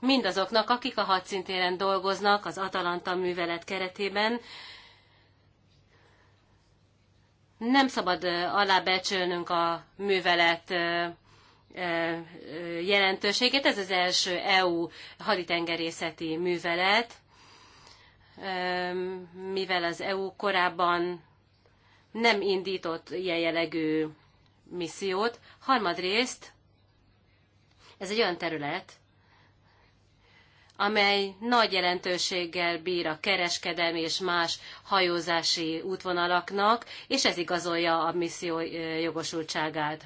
mindazoknak, akik a hadszintéren dolgoznak az Atalanta művelet keretében, nem szabad alábecsülnünk a művelet jelentőségét. Ez az első EU haditengerészeti művelet, mivel az EU korábban nem indított ilyen jellegű missziót. Harmadrészt, ez egy olyan terület, amely nagy jelentőséggel bír a kereskedelmi és más hajózási útvonalaknak, és ez igazolja a misszió jogosultságát.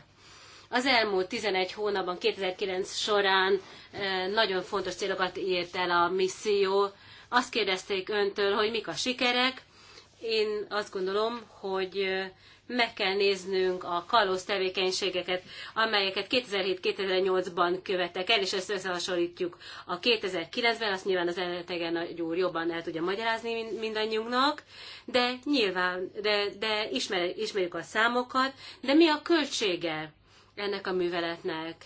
Az elmúlt 11 hónapban, 2009 során nagyon fontos célokat írt el a misszió. Azt kérdezték öntől, hogy mik a sikerek. Én azt gondolom, hogy meg kell néznünk a kalóz tevékenységeket, amelyeket 2007-2008-ban követek el, és ezt összehasonlítjuk a 2009-ben, azt nyilván az eltegen a gyúr jobban el tudja magyarázni mindannyiunknak, de nyilván, de, de ismer, ismerjük a számokat, de mi a költsége ennek a műveletnek?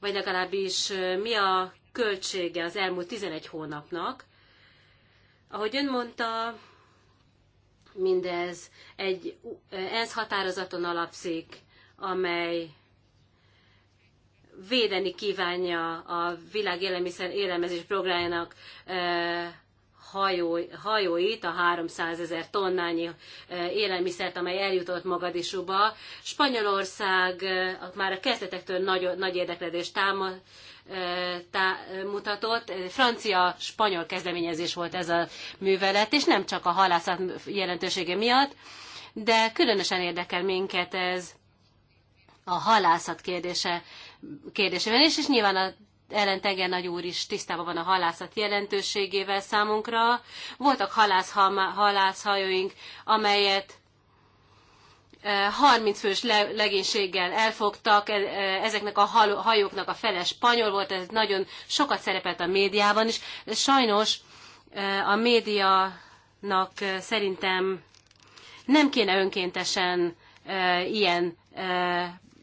Vagy legalábbis mi a költsége az elmúlt 11 hónapnak? Ahogy ön mondta, mindez egy ENSZ határozaton alapszik, amely védeni kívánja a világ élelmiszer élelmezés programjának hajó, hajóit, a 300 ezer tonnányi élelmiszert, amely eljutott magadisuba. Spanyolország már a kezdetektől nagy, nagy érdeklődést táma, mutatott. Francia-spanyol kezdeményezés volt ez a művelet, és nem csak a halászat jelentősége miatt, de különösen érdekel minket ez a halászat kérdése, kérdésében is, és nyilván a Ellen Teger nagy úr is tisztában van a halászat jelentőségével számunkra. Voltak halász, halászhajóink, amelyet 30 fős legénységgel elfogtak, e, e, ezeknek a hajóknak a fele spanyol volt, ez nagyon sokat szerepelt a médiában is. Sajnos e, a médianak szerintem nem kéne önkéntesen ilyen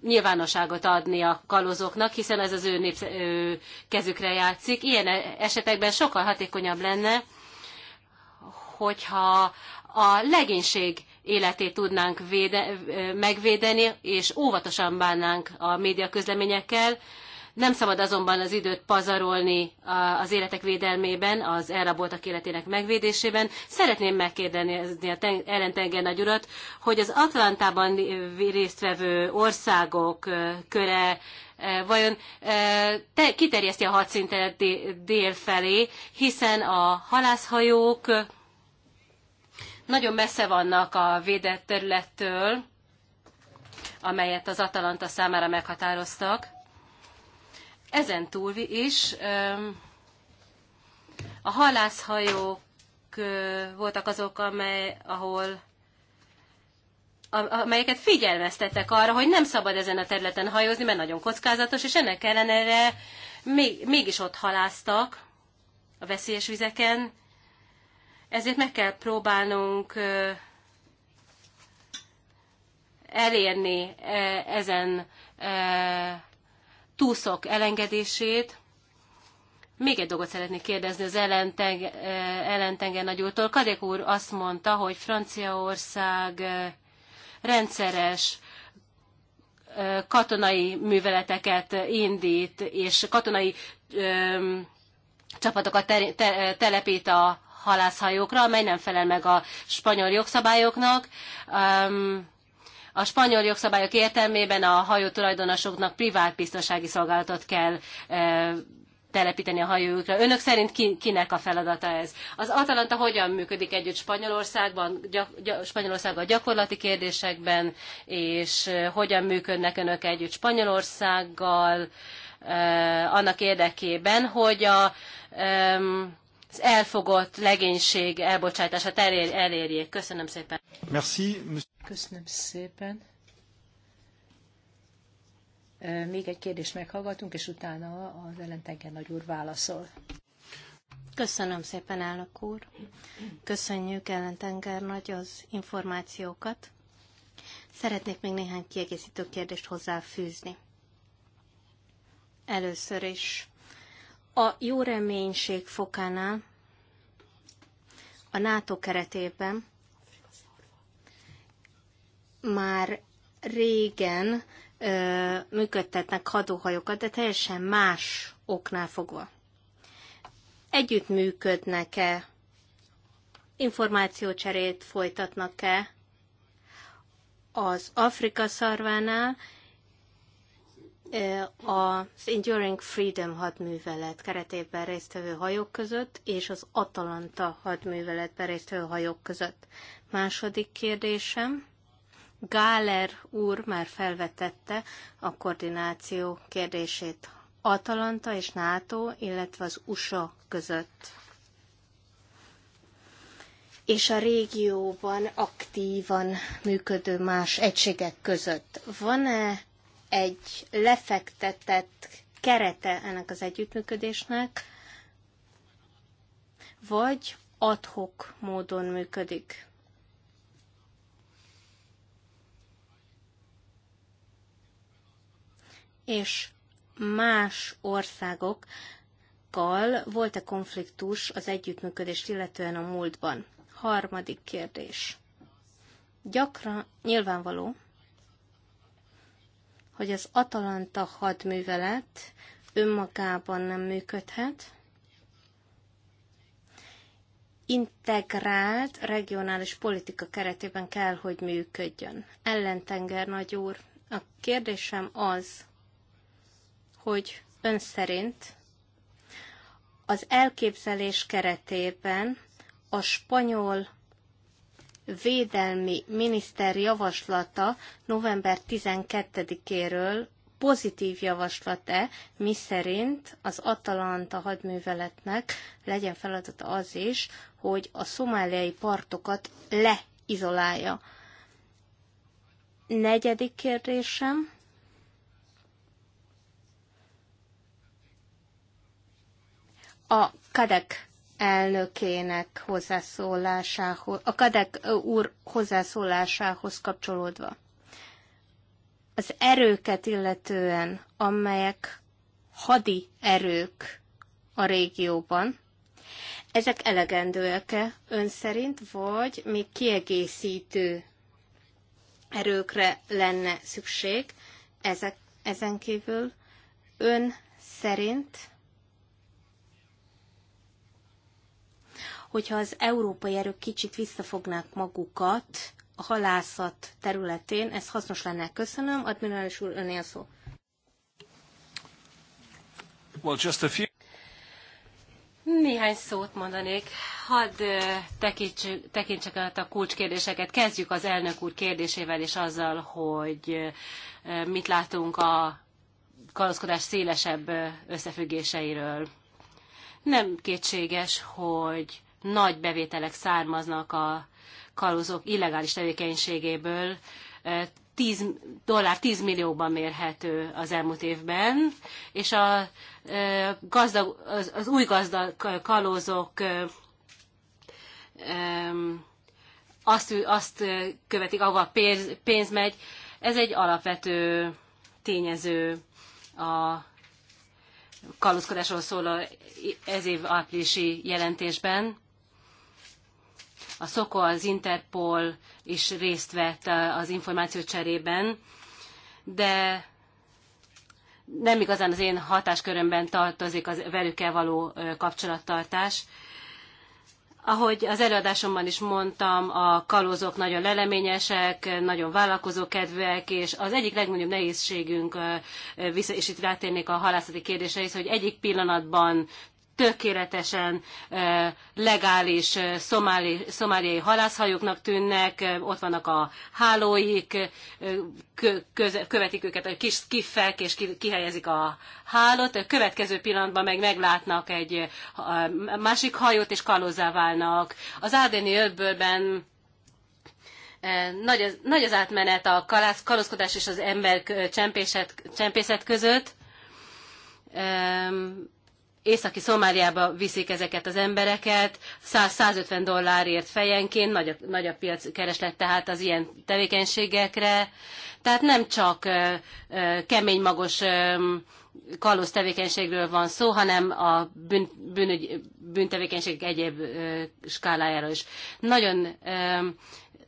nyilvánosságot adni a kalózoknak, hiszen ez az ő, népsz- ő kezükre játszik. Ilyen esetekben sokkal hatékonyabb lenne, hogyha a legénység életét tudnánk véde, megvédeni, és óvatosan bánnánk a média közleményekkel. Nem szabad azonban az időt pazarolni az életek védelmében, az elraboltak életének megvédésében. Szeretném megkérdezni a ellentenger nagy urat, hogy az Atlantában résztvevő országok köre vajon kiterjeszti a hadszintet dél felé, hiszen a halászhajók nagyon messze vannak a védett területtől, amelyet az Atalanta számára meghatároztak. Ezen túl is a halászhajók voltak azok, amely, ahol amelyeket figyelmeztettek arra, hogy nem szabad ezen a területen hajózni, mert nagyon kockázatos, és ennek ellenére még, mégis ott haláztak a veszélyes vizeken, ezért meg kell próbálnunk elérni ezen túszok elengedését. Még egy dolgot szeretnék kérdezni az ellentenge, ellentenge nagyúrtól. Kadek úr azt mondta, hogy Franciaország rendszeres katonai műveleteket indít, és katonai csapatokat telepít a halászhajókra, amely nem felel meg a spanyol jogszabályoknak. A spanyol jogszabályok értelmében a hajó tulajdonosoknak privát biztonsági szolgálatot kell telepíteni a hajójukra. Önök szerint ki, kinek a feladata ez? Az Atalanta hogyan működik együtt Spanyolországban, gyak, gyak, Spanyolországban gyakorlati kérdésekben, és hogyan működnek önök együtt Spanyolországgal e, annak érdekében, hogy a, e, az elfogott legénység elbocsátása elér, elérjék. Köszönöm szépen. Merci. Köszönöm szépen. Még egy kérdést meghallgatunk, és utána az ellentengen nagy úr válaszol. Köszönöm szépen, elnök úr. Köszönjük, ellentenger nagy az információkat. Szeretnék még néhány kiegészítő kérdést hozzáfűzni. Először is a jó reménység fokánál a NATO keretében már régen ö, működtetnek hadóhajókat, de teljesen más oknál fogva. Együttműködnek-e, információcserét folytatnak-e az Afrika szarvánál az Enduring Freedom hadművelet keretében résztvevő hajók között, és az Atalanta hadműveletben résztvevő hajók között. Második kérdésem. Gáler úr már felvetette a koordináció kérdését Atalanta és NATO, illetve az USA között. És a régióban aktívan működő más egységek között. Van-e egy lefektetett kerete ennek az együttműködésnek, vagy adhok módon működik. És más országokkal volt-e konfliktus az együttműködést illetően a múltban? Harmadik kérdés. Gyakran nyilvánvaló, hogy az Atalanta hadművelet önmagában nem működhet, integrált regionális politika keretében kell, hogy működjön. Ellentenger nagy úr, a kérdésem az, hogy ön szerint az elképzelés keretében a spanyol védelmi miniszter javaslata november 12-éről pozitív javaslat-e, mi szerint az Atalanta hadműveletnek legyen feladata az is, hogy a szomáliai partokat leizolálja. Negyedik kérdésem. A KADEK elnökének hozzászólásához, a Kadek úr hozzászólásához kapcsolódva. Az erőket illetően, amelyek hadi erők a régióban, ezek elegendőek-e ön szerint, vagy még kiegészítő erőkre lenne szükség? Ezek, ezen kívül ön szerint hogyha az európai erők kicsit visszafognák magukat a halászat területén, ez hasznos lenne. Köszönöm. Admirális úr, önél szó. Well, just a few... Néhány szót mondanék. Hadd tekintsek át a kulcskérdéseket. Kezdjük az elnök úr kérdésével és azzal, hogy mit látunk a kalózkodás szélesebb összefüggéseiről. Nem kétséges, hogy nagy bevételek származnak a kalózok illegális tevékenységéből. 10, dollár 10 millióban mérhető az elmúlt évben, és a, gazdag, az, az új gazdag kalózok azt, azt követik, ahova pénz, pénz megy. Ez egy alapvető tényező a kalózkodásról szóló e- ez év áprilisi jelentésben a SZOKO, az Interpol is részt vett az információcserében, de nem igazán az én hatáskörömben tartozik az velükkel való kapcsolattartás. Ahogy az előadásomban is mondtam, a kalózok nagyon leleményesek, nagyon vállalkozókedvűek, és az egyik legnagyobb nehézségünk, és itt rátérnék a halászati kérdésre is, hogy egyik pillanatban tökéletesen legális szomáli, szomáliai halászhajóknak tűnnek, ott vannak a hálóik, követik őket a kis skiffek, és kihelyezik a hálót. A következő pillanatban meg meglátnak egy másik hajót, és kalózzá válnak. Az Árdenyi öbbölben nagy az, nagy az átmenet a kalász, kalózkodás és az ember csempészet, csempészet között északi Szomáliába viszik ezeket az embereket, 100-150 dollárért fejenként, nagy a, nagy a piac kereslet tehát az ilyen tevékenységekre. Tehát nem csak ö, ö, kemény magos ö, kalóz tevékenységről van szó, hanem a bűn, bűnügy, bűntevékenység egyéb ö, skálájáról is. Nagyon ö,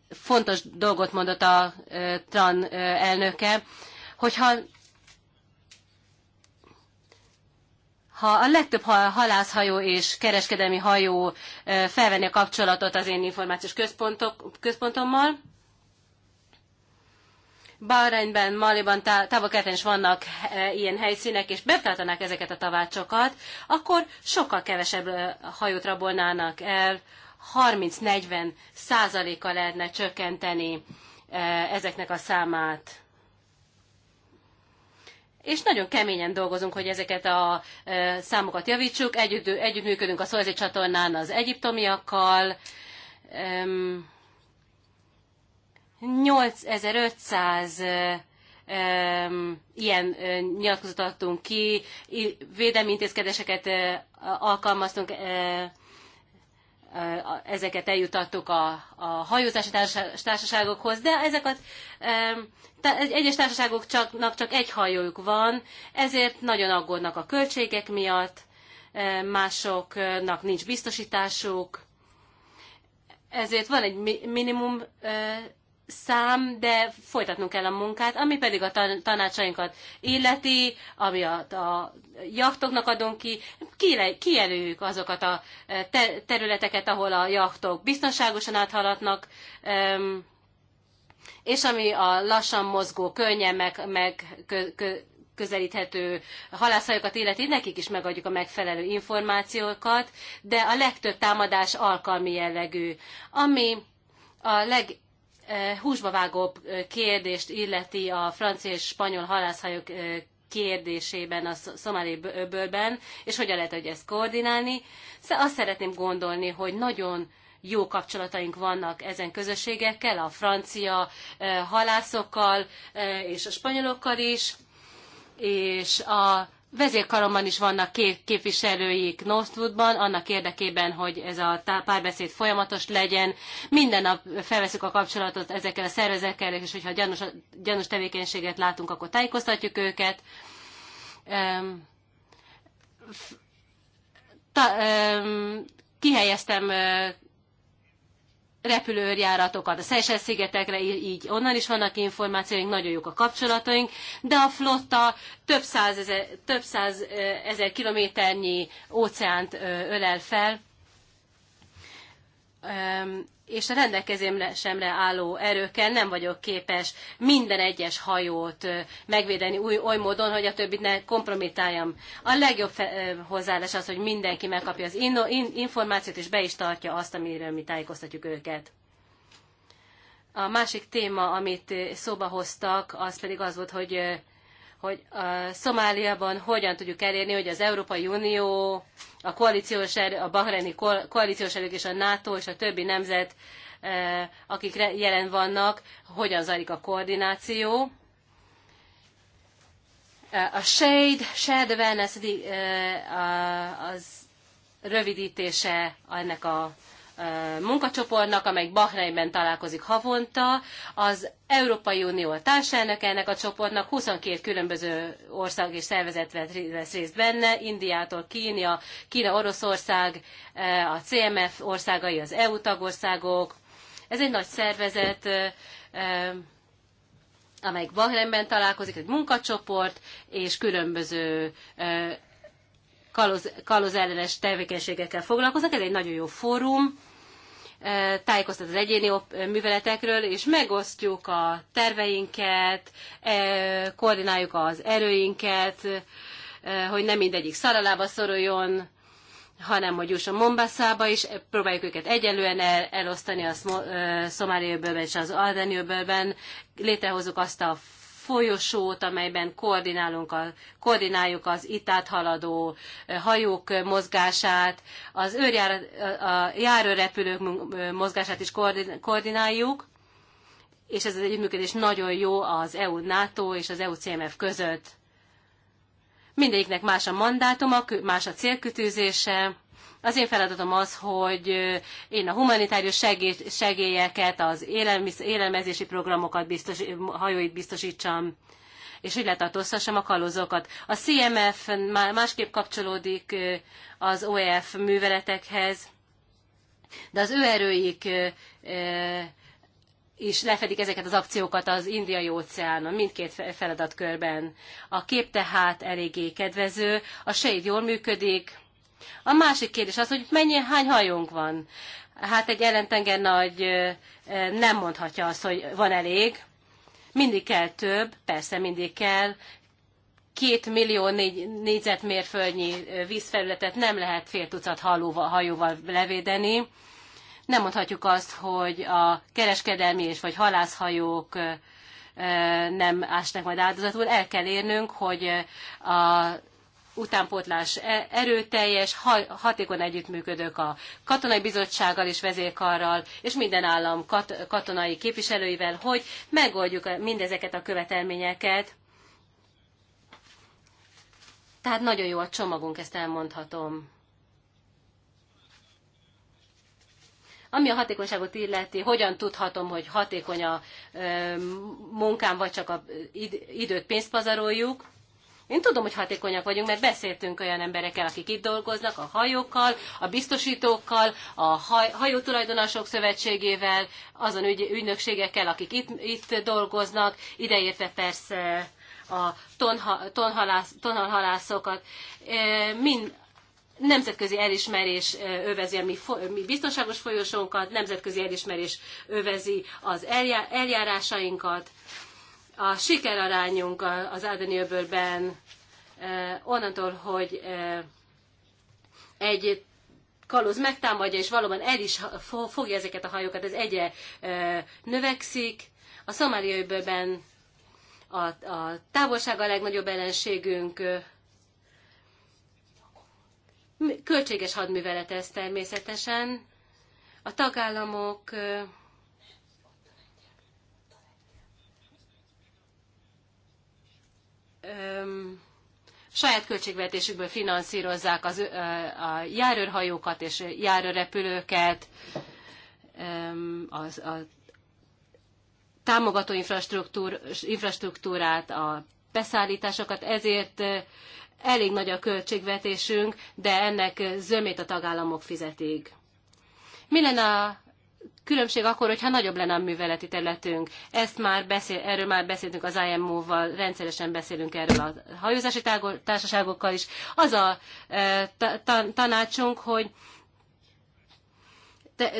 fontos dolgot mondott a ö, TRAN ö, elnöke, hogyha ha a legtöbb halászhajó és kereskedelmi hajó felvenni a kapcsolatot az én információs központok, központommal. Bahreinben, Maliban, távol is vannak ilyen helyszínek, és betartanák ezeket a tavácsokat, akkor sokkal kevesebb hajót rabolnának el, 30-40 százaléka lehetne csökkenteni ezeknek a számát és nagyon keményen dolgozunk, hogy ezeket a számokat javítsuk. Együtt, együttműködünk a Szolzi csatornán az egyiptomiakkal. 8500 ilyen nyilatkozatot adtunk ki, védelmi intézkedéseket alkalmaztunk ezeket eljutattuk a, a hajózási társaságokhoz, de ezek a egyes társaságoknak csak, csak egy hajójuk van, ezért nagyon aggódnak a költségek miatt, másoknak nincs biztosításuk, ezért van egy minimum szám, de folytatnunk kell a munkát, ami pedig a tanácsainkat illeti, ami a, a jachtoknak adunk ki, kijelöljük azokat a e, te, területeket, ahol a jachtok biztonságosan áthaladnak, és ami a lassan mozgó, könnyen meg, meg kö, kö, közelíthető halászajokat illeti, nekik is megadjuk a megfelelő információkat, de a legtöbb támadás alkalmi jellegű, ami a leg E, húsba vágó e, kérdést illeti a francia és spanyol halászhajók e, kérdésében a szomáli öbölben, és hogyan lehet, hogy ezt koordinálni. Szóval azt szeretném gondolni, hogy nagyon jó kapcsolataink vannak ezen közösségekkel, a francia halászokkal és a spanyolokkal is, és a vezérkaromban is vannak két képviselőik Northwoodban, annak érdekében, hogy ez a párbeszéd folyamatos legyen. Minden nap felveszük a kapcsolatot ezekkel a szervezekkel, és hogyha gyanús, gyanús tevékenységet látunk, akkor tájékoztatjuk őket. Um, ta, um, kihelyeztem repülőjáratokat a Seychelles szigetekre, így onnan is vannak információink, nagyon jók a kapcsolataink, de a flotta több ezer több ezer kilométernyi óceánt ölel fel, és a rendelkezésemre álló erőkkel nem vagyok képes minden egyes hajót megvédeni új, oly módon, hogy a többit ne kompromitáljam. A legjobb hozzáállás az, hogy mindenki megkapja az in, in, információt, és be is tartja azt, amiről mi tájékoztatjuk őket. A másik téma, amit szóba hoztak, az pedig az volt, hogy hogy a Szomáliában hogyan tudjuk elérni, hogy az Európai Unió, a koalíciós erő, a bahreini koalíciós erők és a NATO és a többi nemzet, e, akik jelen vannak, hogyan zajlik a koordináció. E, a SHADE, Shared Awareness, az rövidítése ennek a munkacsoportnak, amely Bahreinben találkozik havonta. Az Európai Unió a társelnök ennek a csoportnak, 22 különböző ország és szervezet vesz részt benne, Indiától Kínia, Kína, Oroszország, a CMF országai, az EU tagországok. Ez egy nagy szervezet, amelyik Bahreinben találkozik, egy munkacsoport, és különböző kalóz, ellenes tevékenységekkel foglalkoznak. Ez egy nagyon jó fórum, tájékoztat az egyéni műveletekről, és megosztjuk a terveinket, koordináljuk az erőinket, hogy nem mindegyik szaralába szoruljon, hanem hogy jusson Mombaszába is, próbáljuk őket egyelően el, elosztani a Szomáliai öbölben és az Alden öbölben, létrehozzuk azt a folyosót, amelyben koordinálunk a, koordináljuk az itt áthaladó hajók mozgását, az őrjár, a járőrepülők mozgását is koordináljuk, és ez az együttműködés nagyon jó az EU-NATO és az EU-CMF között. Mindegyiknek más a mandátuma, más a célkütőzése, az én feladatom az, hogy én a humanitárius segély, segélyeket, az élelmiz, élelmezési programokat, biztos, hajóit biztosítsam, és így letartóztassam a kalózokat. A CMF másképp kapcsolódik az OEF műveletekhez, de az ő erőik is lefedik ezeket az akciókat az indiai óceánon, mindkét feladatkörben. A kép tehát eléggé kedvező, a sejt jól működik, a másik kérdés az, hogy mennyi, hány hajónk van. Hát egy ellentenger nagy nem mondhatja azt, hogy van elég. Mindig kell több, persze mindig kell. Két millió négy, négyzetmérföldnyi vízfelületet nem lehet fél tucat halóval, hajóval levédeni. Nem mondhatjuk azt, hogy a kereskedelmi és vagy halászhajók nem ásnak majd áldozatul. El kell érnünk, hogy a utánpótlás e, erőteljes, hatékony együttműködök a katonai bizottsággal és vezérkarral, és minden állam katonai képviselőivel, hogy megoldjuk mindezeket a követelményeket. Tehát nagyon jó a csomagunk, ezt elmondhatom. Ami a hatékonyságot illeti, hogyan tudhatom, hogy hatékony a munkám, vagy csak a időt pénzt pazaroljuk? Én tudom, hogy hatékonyak vagyunk, mert beszéltünk olyan emberekkel, akik itt dolgoznak, a hajókkal, a biztosítókkal, a haj, hajótulajdonosok szövetségével, azon ügy, ügynökségekkel, akik itt, itt dolgoznak, ideértve persze a tonha, tonhalász, tonhalhalászokat. E, mind, nemzetközi elismerés e, övezi a mi, mi biztonságos folyosónkat, nemzetközi elismerés övezi az eljárásainkat, a sikerarányunk az öbölben e, onnantól, hogy e, egy kalóz megtámadja, és valóban el is fogja ezeket a hajókat, ez egyre e, növekszik. A öbölben a, a távolság a legnagyobb ellenségünk, költséges hadművelet ez természetesen. A tagállamok öm, saját költségvetésükből finanszírozzák az, ö, a járőrhajókat és járőrrepülőket, öm, az, a támogató infrastruktúr, infrastruktúrát, a beszállításokat, ezért elég nagy a költségvetésünk, de ennek zömét a tagállamok fizetik. Mi lenne a különbség akkor, hogyha nagyobb lenne a műveleti területünk. Ezt már beszél, erről már beszéltünk az IMO-val, rendszeresen beszélünk erről a hajózási társaságokkal is. Az a e, tanácsunk, hogy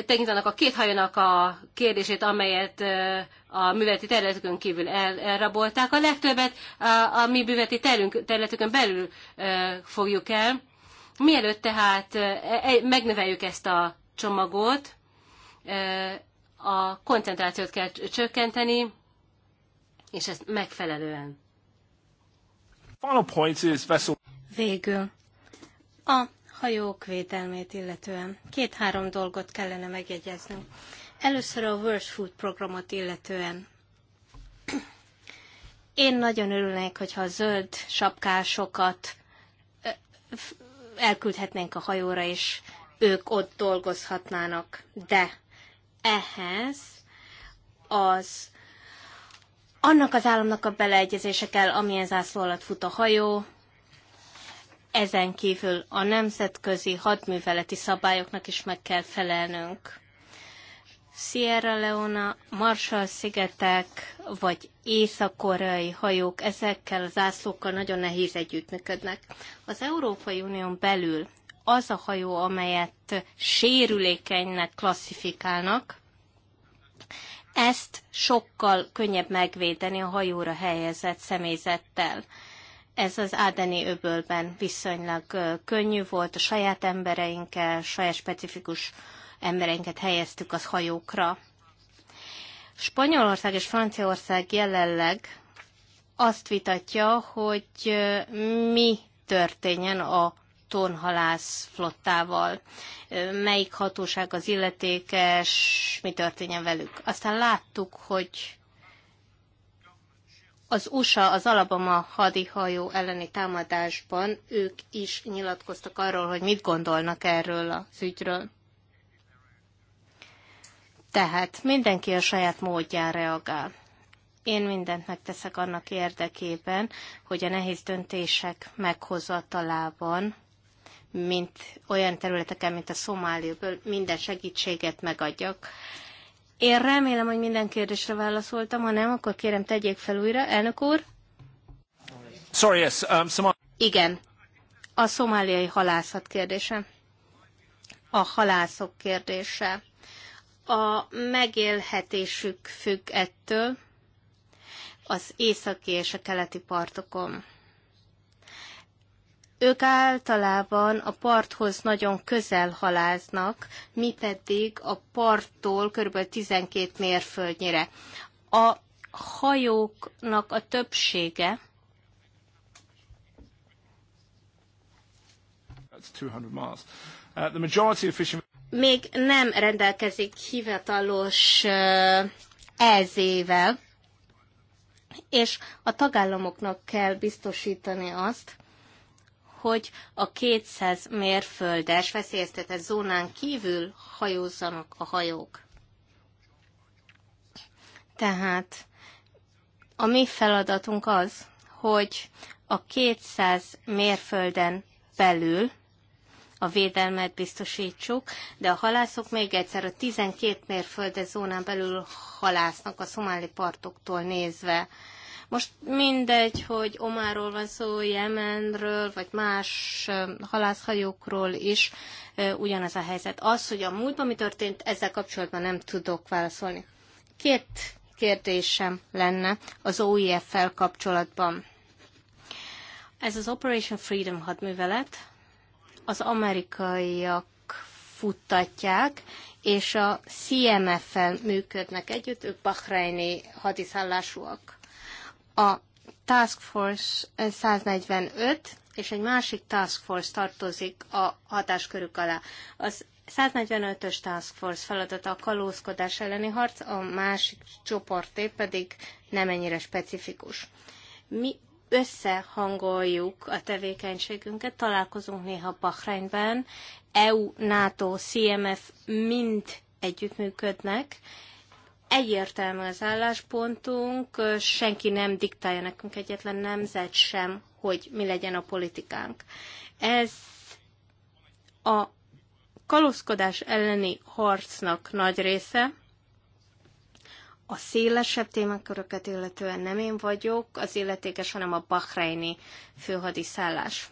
tekintenek a két hajónak a kérdését, amelyet e, a műveleti területükön kívül el, elrabolták. A legtöbbet a, a mi műveleti területükön belül e, fogjuk el. Mielőtt tehát megnöveljük ezt a csomagot, a koncentrációt kell csökkenteni, és ezt megfelelően. Final Végül. A hajók védelmét illetően két-három dolgot kellene megjegyezni. Először a World Food programot illetően. Én nagyon örülnék, hogyha a zöld sapkásokat elküldhetnénk a hajóra, és ők ott dolgozhatnának. De ehhez az annak az államnak a beleegyezése kell, amilyen zászló alatt fut a hajó, ezen kívül a nemzetközi hadműveleti szabályoknak is meg kell felelnünk. Sierra Leona, Marshall-szigetek vagy észak-koreai hajók ezekkel a zászlókkal nagyon nehéz együttműködnek. Az Európai Unión belül az a hajó, amelyet sérülékenynek klasszifikálnak, ezt sokkal könnyebb megvédeni a hajóra helyezett személyzettel. Ez az Ádeni öbölben viszonylag könnyű volt, a saját embereinkkel, saját specifikus embereinket helyeztük az hajókra. Spanyolország és Franciaország jelenleg azt vitatja, hogy mi történjen a tonhalász flottával, melyik hatóság az illetékes, mi történjen velük. Aztán láttuk, hogy az USA az Alabama hadihajó elleni támadásban ők is nyilatkoztak arról, hogy mit gondolnak erről az ügyről. Tehát mindenki a saját módján reagál. Én mindent megteszek annak érdekében, hogy a nehéz döntések meghozatalában mint olyan területeken, mint a Szomáliából, minden segítséget megadjak. Én remélem, hogy minden kérdésre válaszoltam, ha nem, akkor kérem tegyék fel újra. Elnök úr? Sorry, yes, um, Somal- Igen, a szomáliai halászat kérdése. A halászok kérdése. A megélhetésük függ ettől az északi és a keleti partokon. Ők általában a parthoz nagyon közel haláznak, mi pedig a parttól kb. 12 mérföldnyire. A hajóknak a többsége uh, még nem rendelkezik hivatalos uh, elzével, és a tagállamoknak kell biztosítani azt, hogy a 200 mérföldes veszélyeztetett zónán kívül hajózzanak a hajók. Tehát a mi feladatunk az, hogy a 200 mérfölden belül a védelmet biztosítsuk, de a halászok még egyszer a 12 mérföldes zónán belül halásznak a szomáli partoktól nézve. Most mindegy, hogy Omáról van szó, Jemenről, vagy más halászhajókról is, ugyanaz a helyzet. Az, hogy a múltban mi történt, ezzel kapcsolatban nem tudok válaszolni. Két kérdésem lenne az OIF-fel kapcsolatban. Ez az Operation Freedom hadművelet, az amerikaiak futtatják, és a CMF-fel működnek együtt, ők bahreini hadiszállásúak a Task Force 145 és egy másik Task Force tartozik a hatáskörük alá. Az 145-ös Task Force feladata a kalózkodás elleni harc, a másik csoporté pedig nem ennyire specifikus. Mi összehangoljuk a tevékenységünket, találkozunk néha Bahreinben, EU, NATO, CMF mind együttműködnek, egyértelmű az álláspontunk, senki nem diktálja nekünk egyetlen nemzet sem, hogy mi legyen a politikánk. Ez a kalózkodás elleni harcnak nagy része, a szélesebb témaköröket illetően nem én vagyok az illetékes, hanem a bahreini főhadiszállás.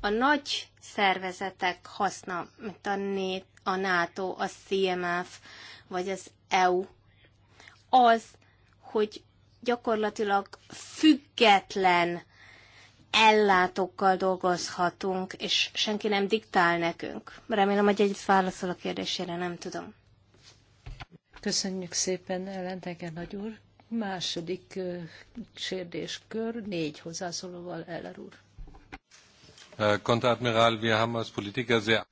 a nagy szervezetek haszna, mint a, NÉ, a NATO, a CMF, vagy az EU, az, hogy gyakorlatilag független ellátókkal dolgozhatunk, és senki nem diktál nekünk. Remélem, hogy együtt válaszol a kérdésére, nem tudom. Köszönjük szépen, Ellenteger nagy úr. Második kérdéskör, négy hozzászólóval, Eller úr. Konteradmiral, wir haben als Politiker sehr...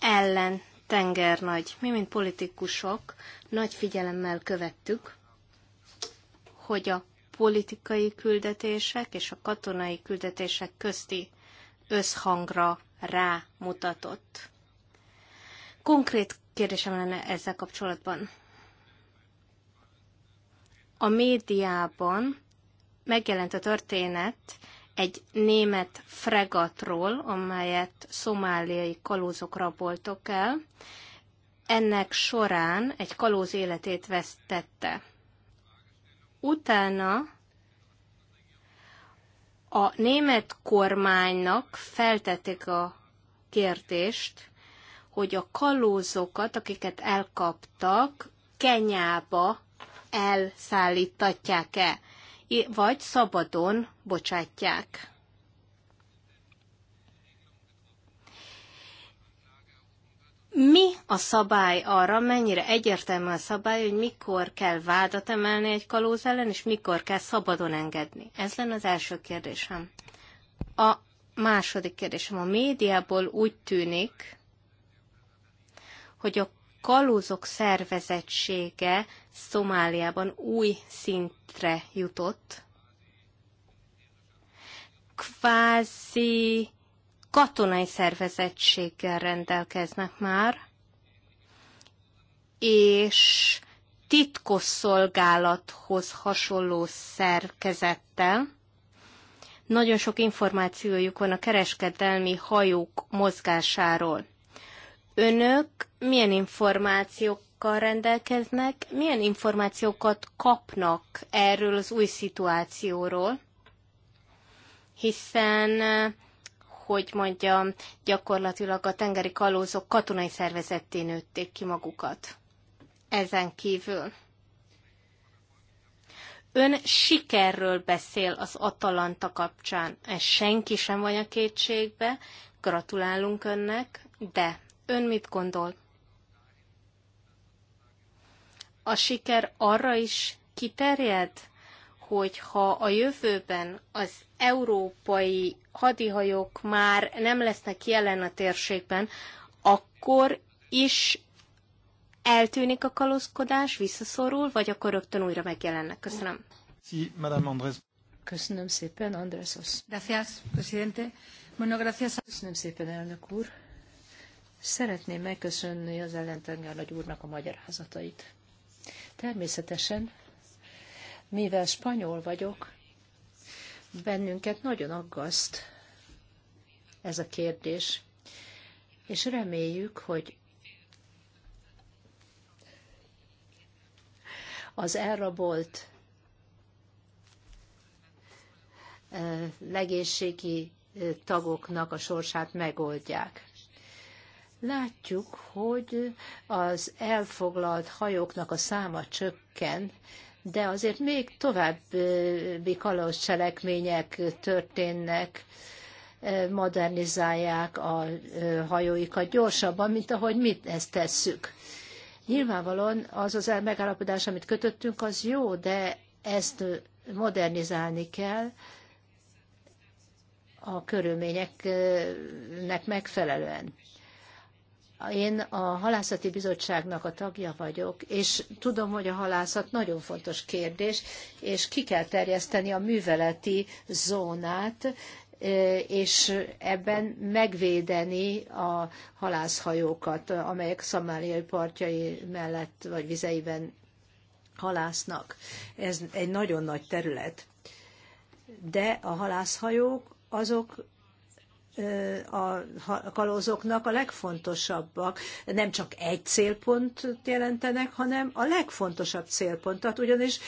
Ellen, tengernagy. Mi, mint politikusok, nagy figyelemmel követtük, hogy a politikai küldetések és a katonai küldetések közti összhangra rámutatott. Konkrét kérdésem lenne ezzel kapcsolatban. A médiában megjelent a történet egy német fregatról, amelyet szomáliai kalózok raboltok el. Ennek során egy kalóz életét vesztette. Utána a német kormánynak feltették a kérdést, hogy a kalózokat, akiket elkaptak, Kenyába elszállítatják-e vagy szabadon bocsátják. Mi a szabály arra, mennyire egyértelmű a szabály, hogy mikor kell vádat emelni egy kalóz ellen, és mikor kell szabadon engedni? Ez lenne az első kérdésem. A második kérdésem. A médiából úgy tűnik, hogy a kalózok szervezettsége Szomáliában új szintre jutott. Kvázi katonai szervezettséggel rendelkeznek már, és titkosszolgálathoz hasonló szerkezettel. Nagyon sok információjuk van a kereskedelmi hajók mozgásáról. Önök milyen információk adatokkal rendelkeznek, milyen információkat kapnak erről az új szituációról, hiszen eh, hogy mondjam, gyakorlatilag a tengeri kalózok katonai szervezetté nőtték ki magukat. Ezen kívül. Ön sikerről beszél az Atalanta kapcsán. Ez senki sem a kétségbe. Gratulálunk önnek, de ön mit gondol? a siker arra is kiterjed, hogyha a jövőben az európai hadihajók már nem lesznek jelen a térségben, akkor is eltűnik a kalózkodás, visszaszorul, vagy akkor rögtön újra megjelennek. Köszönöm. Sí, Madame Andrés. Köszönöm szépen, Andrés. Gracias, presidente. Bueno, gracias. Köszönöm szépen, elnök úr. Szeretném megköszönni az ellentengernagy úrnak a magyarázatait. Természetesen, mivel spanyol vagyok, bennünket nagyon aggaszt ez a kérdés, és reméljük, hogy az elrabolt eh, legészségi eh, tagoknak a sorsát megoldják. Látjuk, hogy az elfoglalt hajóknak a száma csökken, de azért még további kalóz cselekmények történnek, modernizálják a hajóikat gyorsabban, mint ahogy mi ezt tesszük. Nyilvánvalóan az az megállapodás, amit kötöttünk, az jó, de ezt modernizálni kell a körülményeknek megfelelően. Én a halászati bizottságnak a tagja vagyok, és tudom, hogy a halászat nagyon fontos kérdés, és ki kell terjeszteni a műveleti zónát, eh, és ebben megvédeni a halászhajókat, amelyek szamáliai partjai mellett vagy vizeiben halásznak. Ez egy nagyon nagy terület. De a halászhajók azok a kalózoknak a legfontosabbak. Nem csak egy célpontot jelentenek, hanem a legfontosabb célpontot, ugyanis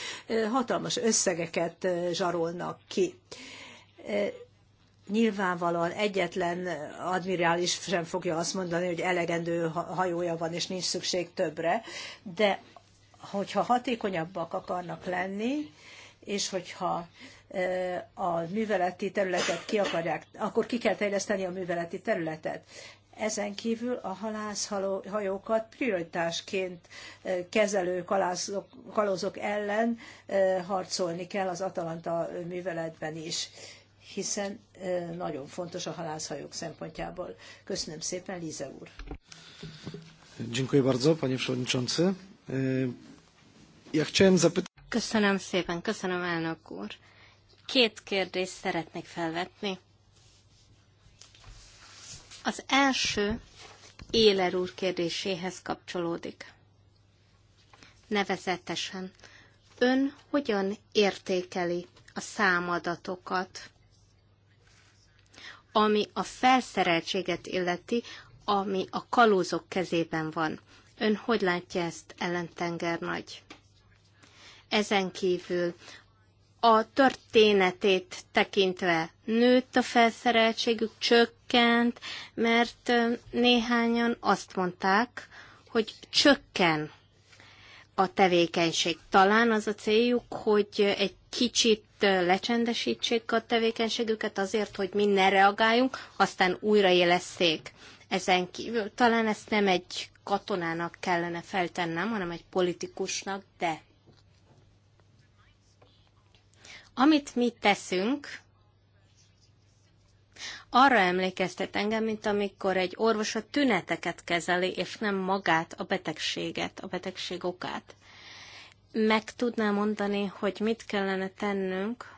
hatalmas összegeket zsarolnak ki. Nyilvánvalóan egyetlen admirális sem fogja azt mondani, hogy elegendő hajója van, és nincs szükség többre, de hogyha hatékonyabbak akarnak lenni, és hogyha a műveleti területet ki akarják, akkor ki kell fejleszteni a műveleti területet. Ezen kívül a halászhajókat prioritásként kezelő kalászok, kalózok ellen harcolni kell az Atalanta műveletben is hiszen nagyon fontos a halászhajók szempontjából. Köszönöm szépen, Líze úr. Dziękuję bardzo, panie przewodniczący. E, ja chciałem zapytać... Köszönöm szépen, köszönöm elnök úr. Két kérdést szeretnék felvetni. Az első Éler úr kérdéséhez kapcsolódik. Nevezetesen, ön hogyan értékeli a számadatokat, ami a felszereltséget illeti, ami a kalózok kezében van. Ön hogy látja ezt ellentenger nagy? Ezen kívül a történetét tekintve nőtt a felszereltségük, csökkent, mert néhányan azt mondták, hogy csökken a tevékenység. Talán az a céljuk, hogy egy kicsit lecsendesítsék a tevékenységüket azért, hogy mi ne reagáljunk, aztán újraélesszék. Ezen kívül talán ezt nem egy katonának kellene feltennem, hanem egy politikusnak, de Amit mi teszünk, arra emlékeztet engem, mint amikor egy orvos a tüneteket kezeli, és nem magát, a betegséget, a betegség okát. Meg tudná mondani, hogy mit kellene tennünk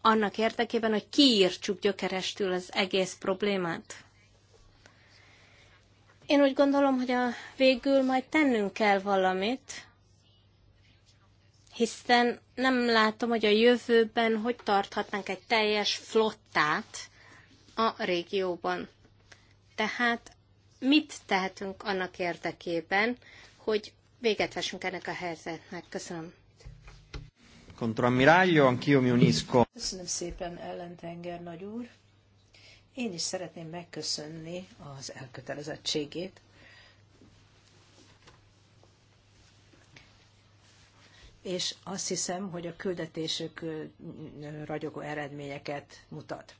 annak érdekében, hogy kiírtsuk gyökerestül az egész problémát? Én úgy gondolom, hogy a végül majd tennünk kell valamit, hiszen nem látom, hogy a jövőben hogy tarthatnánk egy teljes flottát a régióban. Tehát mit tehetünk annak érdekében, hogy véget vessünk ennek a helyzetnek? Köszönöm. Contrammiraglio, anch'io mi unisco. Köszönöm szépen, ellentenger nagy úr. Én is szeretném megköszönni az elkötelezettségét, és azt hiszem, hogy a küldetésük ragyogó eredményeket mutat.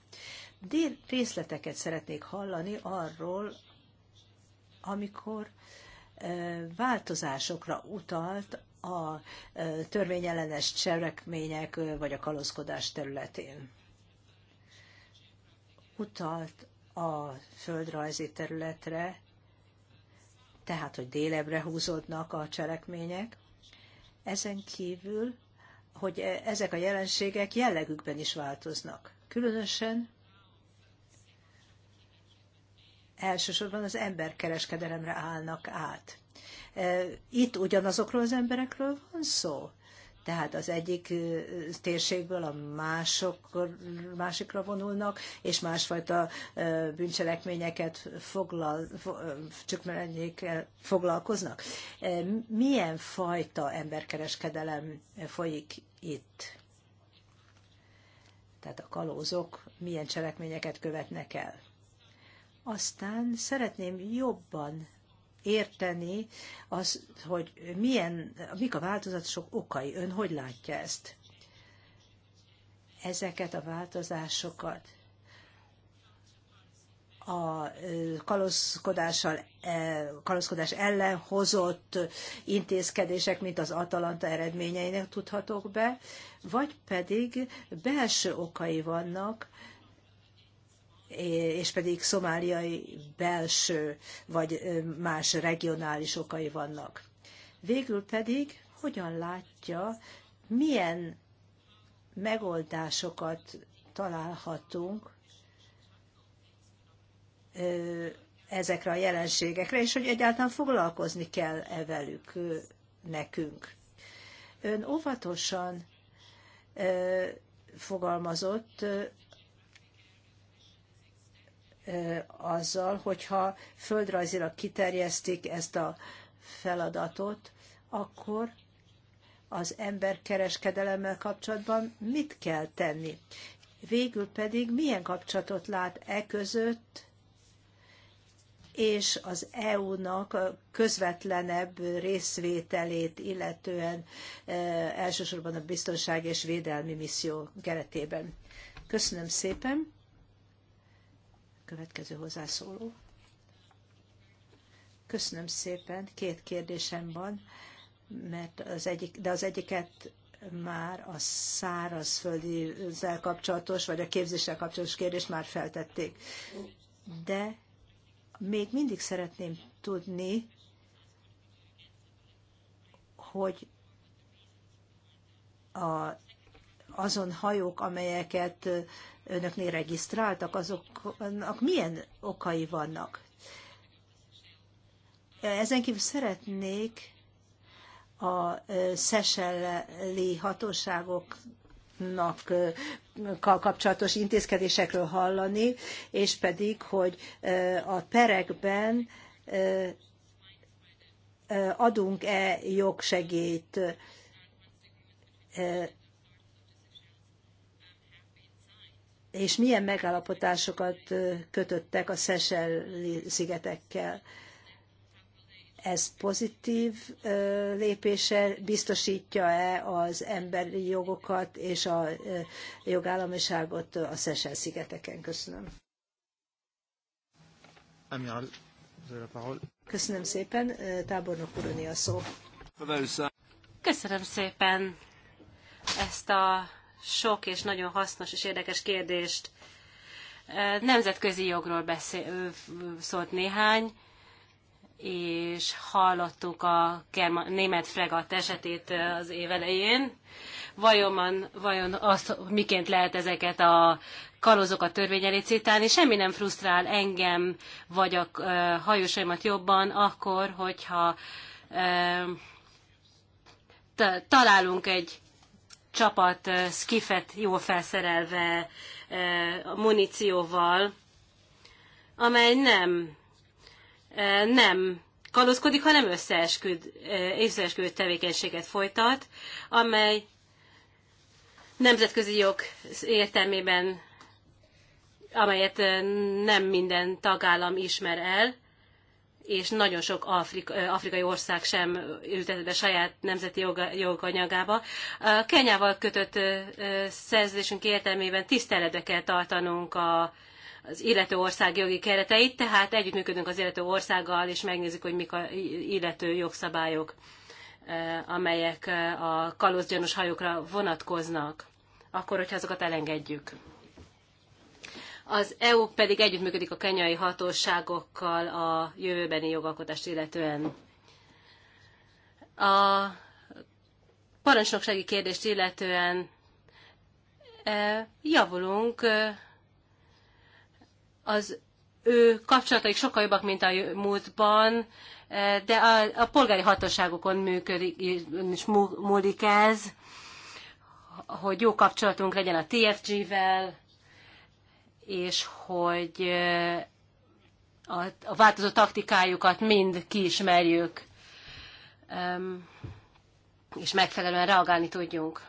Dél részleteket szeretnék hallani arról, amikor változásokra utalt a törvényellenes cselekmények vagy a kalózkodás területén. Utalt a földrajzi területre, tehát, hogy délebre húzódnak a cselekmények, ezen kívül, hogy e, ezek a jelenségek jellegükben is változnak. Különösen elsősorban az emberkereskedelemre állnak át. E, itt ugyanazokról az emberekről van szó, tehát az egyik térségből a mások, másikra vonulnak, és másfajta bűncselekményeket foglal, csak foglalkoznak. Milyen fajta emberkereskedelem folyik itt? Tehát a kalózok milyen cselekményeket követnek el? Aztán szeretném jobban érteni, az, hogy milyen, mik a változások okai. Ön hogy látja ezt? Ezeket a változásokat a kalózkodással, kalózkodás ellen hozott intézkedések, mint az Atalanta eredményeinek tudhatok be, vagy pedig belső okai vannak, és pedig szomáliai belső vagy más regionális okai vannak. Végül pedig hogyan látja, milyen megoldásokat találhatunk ezekre a jelenségekre, és hogy egyáltalán foglalkozni kell -e velük nekünk. Ön óvatosan fogalmazott azzal, hogyha földrajzilag kiterjesztik ezt a feladatot, akkor az kereskedelemmel kapcsolatban mit kell tenni? Végül pedig milyen kapcsolatot lát e között és az EU-nak közvetlenebb részvételét, illetően elsősorban a biztonság és védelmi misszió keretében. Köszönöm szépen! Következő hozzászóló. Köszönöm szépen. Két kérdésem van, mert az egyik, de az egyiket már a szárazföldi kapcsolatos, vagy a képzéssel kapcsolatos kérdést már feltették. De még mindig szeretném tudni, hogy a azon hajók, amelyeket önöknél regisztráltak, azoknak milyen okai vannak? Ezen kívül szeretnék a Szeselli hatóságok kapcsolatos intézkedésekről hallani, és pedig, hogy a perekben adunk-e jogsegélyt és milyen megállapotásokat kötöttek a Szeseli szigetekkel. Ez pozitív lépése biztosítja-e az emberi jogokat és a jogállamiságot a Szesel szigeteken? Köszönöm. Köszönöm szépen, tábornok urani a szó. Köszönöm szépen ezt a sok és nagyon hasznos és érdekes kérdést. Nemzetközi jogról beszél, szólt néhány, és hallottuk a német fregat esetét az év elején. Vajon, vajon azt, miként lehet ezeket a kalózokat törvény elé citálni. Semmi nem frusztrál engem vagy a hajósaimat jobban akkor, hogyha találunk egy csapat skifet jól felszerelve munícióval, amely nem, nem kalózkodik, hanem összeesküd, összeesküvő tevékenységet folytat, amely nemzetközi jog értelmében, amelyet nem minden tagállam ismer el, és nagyon sok Afrika, afrikai ország sem ültetett be saját nemzeti joga, joganyagába. A Kenyával kötött szerződésünk értelmében tiszteletbe kell tartanunk a, az illető ország jogi kereteit, tehát együttműködünk az illető országgal, és megnézzük, hogy mik a illető jogszabályok, amelyek a kalózgyanús hajókra vonatkoznak, akkor, hogyha azokat elengedjük. Az EU pedig együttműködik a kenyai hatóságokkal a jövőbeni jogalkotást illetően. A parancsnoksági kérdést illetően e, javulunk, e, az ő kapcsolataik sokkal jobbak, mint a múltban, e, de a, a polgári hatóságokon működik, és múlik ez, hogy jó kapcsolatunk legyen a TFG-vel, és hogy a, a változó taktikájukat mind kiismerjük, és megfelelően reagálni tudjunk.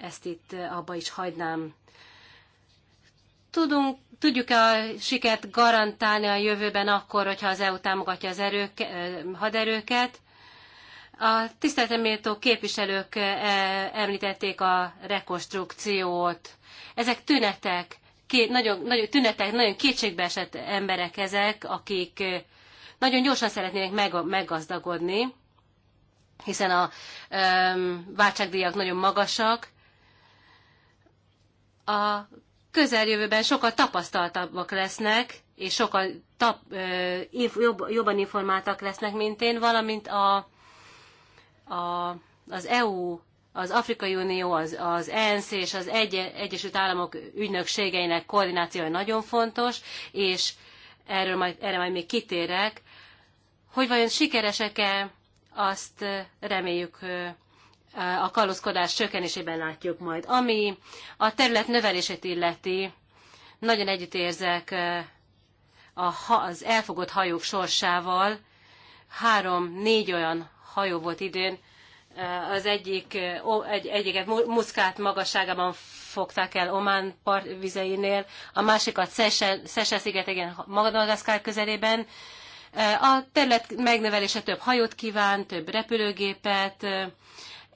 Ezt itt abba is hagynám. Tudunk, tudjuk -e a sikert garantálni a jövőben akkor, hogyha az EU támogatja az erők, haderőket? A tiszteleteméltó képviselők e, említették a rekonstrukciót. Ezek tünetek, két, nagyon, nagyon tünetek, nagyon kétségbeesett emberek ezek, akik nagyon gyorsan szeretnének meg, meggazdagodni, hiszen a um, váltságdíjak nagyon magasak. A közeljövőben sokkal tapasztaltabbak lesznek, és sokkal tap, uh, inf, jobb, jobban informáltak lesznek, mint én, valamint a, a, az EU az Afrikai Unió, az, az ENSZ és az egy, Egyesült Államok ügynökségeinek koordinációja nagyon fontos, és erről majd, erre majd még kitérek, hogy vajon sikeresek-e, azt reméljük a kalózkodás csökkenésében látjuk majd. Ami a terület növelését illeti, nagyon együttérzek az elfogott hajók sorsával. Három-négy olyan hajó volt idén, Eh, az egyik, eh, egy, egyiket muszkát magasságában fogták el Omán part vizeinél, a másikat Szese szigetegen Madagaszkár közelében. Eh, a terület megnövelése több hajót kíván, több repülőgépet,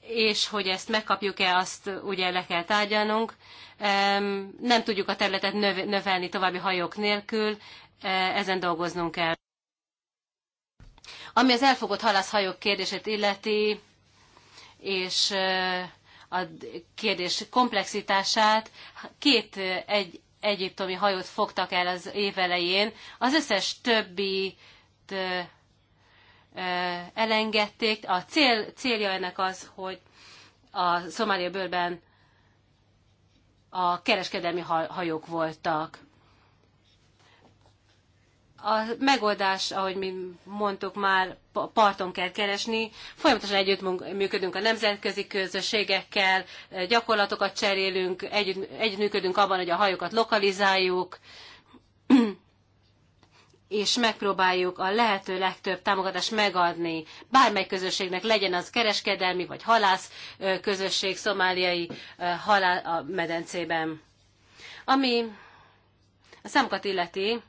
és hogy ezt megkapjuk-e, azt ugye le kell tárgyalnunk. Nem tudjuk a területet növelni további hajók nélkül, ezen dolgoznunk kell. Ami az elfogott halászhajók kérdését illeti, és a kérdés komplexitását. Két egy, egyiptomi hajót fogtak el az évelején, az összes többi elengedték. A cél, célja ennek az, hogy a Szomália bőrben a kereskedelmi hajók voltak a megoldás, ahogy mi mondtuk már, parton kell keresni. Folyamatosan együtt működünk a nemzetközi közösségekkel, eh, gyakorlatokat cserélünk, együtt, működünk abban, hogy a hajókat lokalizáljuk, és megpróbáljuk a lehető legtöbb támogatást megadni bármely közösségnek, legyen az kereskedelmi vagy halász eh, közösség szomáliai eh, halál a medencében. Ami a számokat illeti,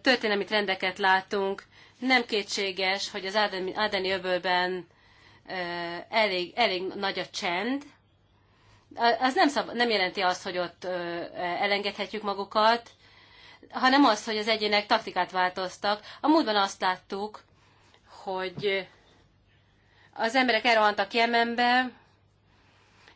történelmi trendeket látunk. Nem kétséges, hogy az Ádeni öbölben elég, elég nagy a csend. Az nem, szab, nem jelenti azt, hogy ott elengedhetjük magukat, hanem az, hogy az egyének taktikát változtak. A múltban azt láttuk, hogy az emberek elrohantak Jemenbe,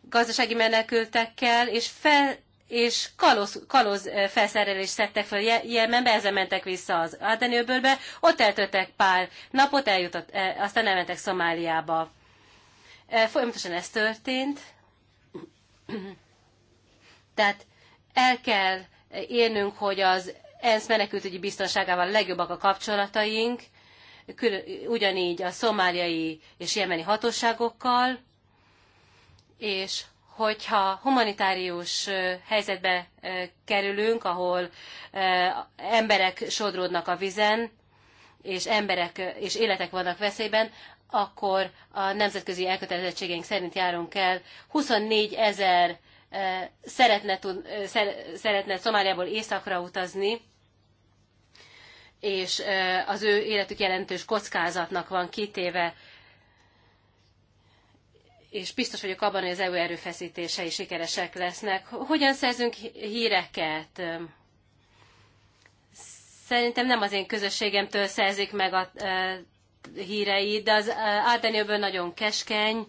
gazdasági menekültekkel, és fel, és kalóz, kalóz felszerelést szedtek fel Jemenbe, ezzel mentek vissza az Adenőbölbe, ott eltöltek pár napot, eljutott, e, aztán elmentek Szomáliába. E, folyamatosan ez történt. Tehát el kell élnünk, hogy az ENSZ menekültügyi biztonságával legjobbak a kapcsolataink, ugyanígy a szomáliai és jemeni hatóságokkal, és hogyha humanitárius helyzetbe kerülünk, ahol emberek sodródnak a vizen, és emberek és életek vannak veszélyben, akkor a nemzetközi elkötelezettségeink szerint járunk el. 24 ezer szeretne, szeretne Szomáliából északra utazni, és az ő életük jelentős kockázatnak van kitéve és biztos vagyok abban, hogy az EU erőfeszítései sikeresek lesznek. Hogyan szerzünk híreket? Szerintem nem az én közösségemtől szerzik meg a e, híreit, de az Árdenyőből e, nagyon keskeny,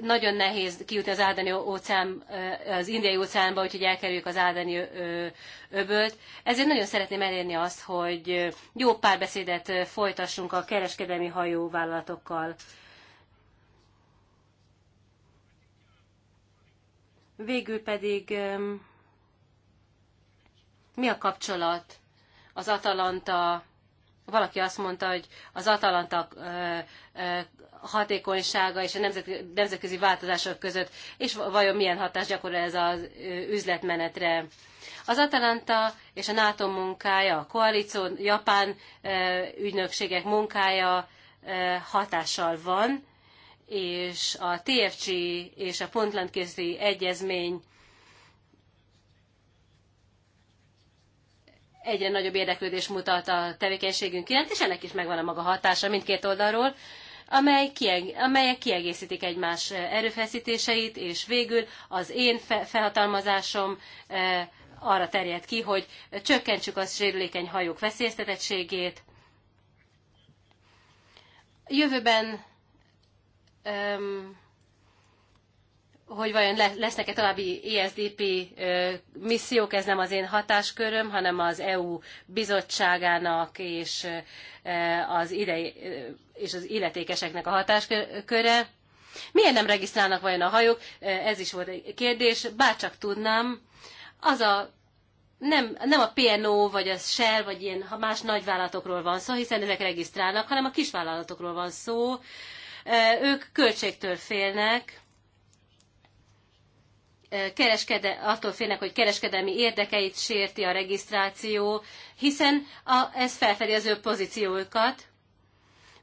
nagyon nehéz kijutni az Árdeni óceán, e, az indiai óceánba, úgyhogy elkerüljük az Árdeni öbölt. Ezért nagyon szeretném elérni azt, hogy jó párbeszédet folytassunk a kereskedelmi hajóvállalatokkal Végül pedig mi a kapcsolat az Atalanta, valaki azt mondta, hogy az Atalanta hatékonysága és a nemzetközi változások között, és vajon milyen hatást gyakorol ez az üzletmenetre. Az Atalanta és a NATO munkája, a koalíció, japán ügynökségek munkája hatással van és a TFG és a Pontland közti egyezmény egyre nagyobb érdeklődés mutat a tevékenységünk iránt, és ennek is megvan a maga hatása mindkét oldalról, amely kieg- amelyek kiegészítik egymás eh, erőfeszítéseit, és végül az én fe- felhatalmazásom e, arra terjed ki, hogy csökkentsük a sérülékeny hajók veszélyeztetettségét. Jövőben hogy vajon lesznek-e további ESDP missziók, ez nem az én hatásköröm, hanem az EU bizottságának és az idei, és az illetékeseknek a hatásköre. Miért nem regisztrálnak vajon a hajók? Ez is volt egy kérdés. Bárcsak tudnám, az a nem, nem a PNO, vagy a Shell, vagy ilyen más nagyvállalatokról van szó, hiszen ezek regisztrálnak, hanem a kisvállalatokról van szó, ők költségtől félnek, kereskede, attól félnek, hogy kereskedelmi érdekeit sérti a regisztráció, hiszen a, ez felfedi az ő pozíciójukat.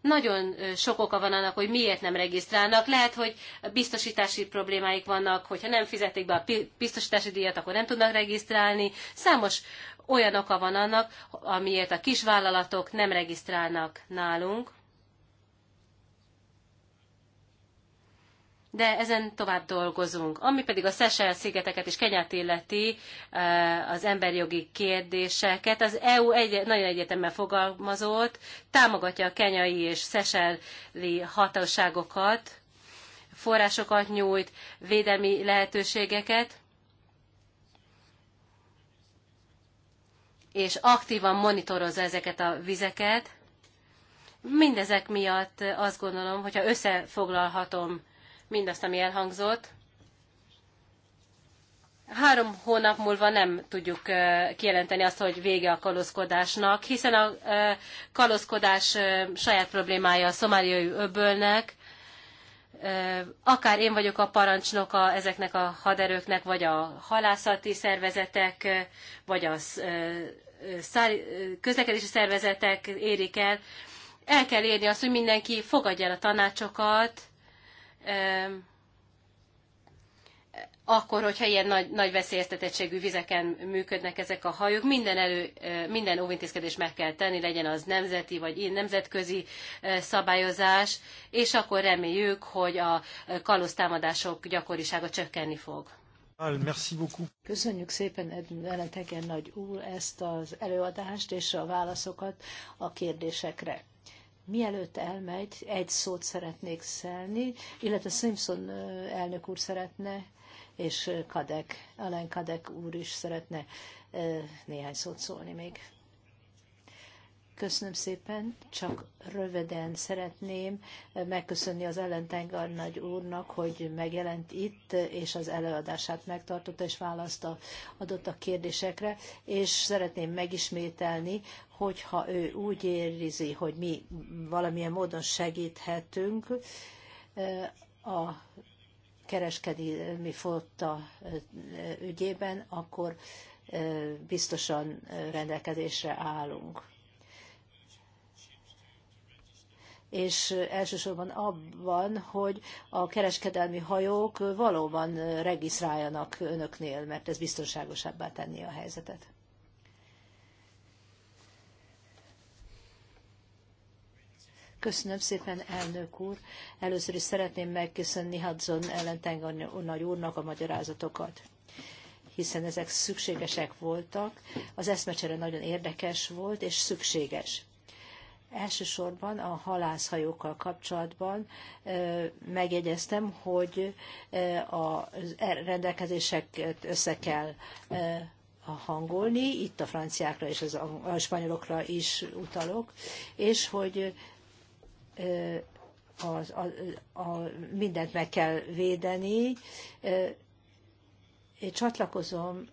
Nagyon sok oka van annak, hogy miért nem regisztrálnak. Lehet, hogy biztosítási problémáik vannak, hogyha nem fizetik be a biztosítási díjat, akkor nem tudnak regisztrálni. Számos olyan oka van annak, amiért a kisvállalatok nem regisztrálnak nálunk. de ezen tovább dolgozunk. Ami pedig a Szesel szigeteket és Kenyát illeti eh, az emberjogi kérdéseket, az EU egy, nagyon egyetemben fogalmazott, támogatja a kenyai és szeseli i hatóságokat, forrásokat nyújt, védelmi lehetőségeket, és aktívan monitorozza ezeket a vizeket. Mindezek miatt azt gondolom, hogyha összefoglalhatom mindazt, ami elhangzott. Három hónap múlva nem tudjuk kijelenteni azt, hogy vége a kalózkodásnak, hiszen a kalózkodás saját problémája a szomáliai öbölnek, akár én vagyok a parancsnoka ezeknek a haderőknek, vagy a halászati szervezetek, vagy a közlekedési szervezetek érik el, el kell érni azt, hogy mindenki fogadja el a tanácsokat, akkor, hogyha ilyen nagy, nagy veszélyeztetettségű vizeken működnek ezek a hajók, minden, elő, minden óvintézkedés meg kell tenni, legyen az nemzeti vagy nemzetközi szabályozás, és akkor reméljük, hogy a kalóztámadások gyakorisága csökkenni fog. Köszönjük szépen Elentegen Nagy úr ezt az előadást és a válaszokat a kérdésekre. Mielőtt elmegy, egy szót szeretnék szelni, illetve Simpson elnök úr szeretne, és Kadek, Alen Kadek úr is szeretne néhány szót szólni még. Köszönöm szépen, csak röviden szeretném eh, megköszönni az ellentengar nagy úrnak, hogy megjelent itt, eh, és az előadását megtartotta, és választ adott a kérdésekre, és szeretném megismételni, hogyha ő úgy érzi, hogy mi valamilyen módon segíthetünk eh, a kereskedelmi fotta ügyében, akkor biztosan rendelkezésre állunk és elsősorban abban, hogy a kereskedelmi hajók valóban regisztráljanak önöknél, mert ez biztonságosabbá tenni a helyzetet. Köszönöm szépen, elnök úr. Először is szeretném megköszönni Hadzon ellentengar nagy úrnak a magyarázatokat hiszen ezek szükségesek voltak. Az eszmecsere nagyon érdekes volt és szükséges. Elsősorban a halászhajókkal kapcsolatban megjegyeztem, hogy a rendelkezéseket össze kell hangolni, itt a franciákra és az a spanyolokra is utalok, és hogy a, a, a, mindent meg kell védeni. Én csatlakozom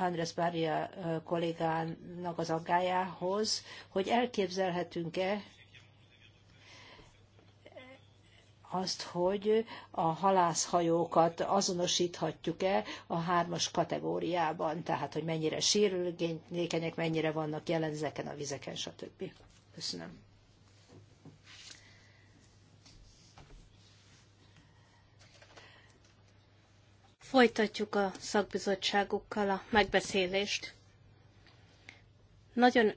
Andrés Bária kollégának az aggájához, hogy elképzelhetünk-e azt, hogy a halászhajókat azonosíthatjuk-e a hármas kategóriában, tehát hogy mennyire sérülékenyek, mennyire vannak jelen ezeken a vizeken, stb. Köszönöm. Folytatjuk a szakbizottságukkal a megbeszélést. Nagyon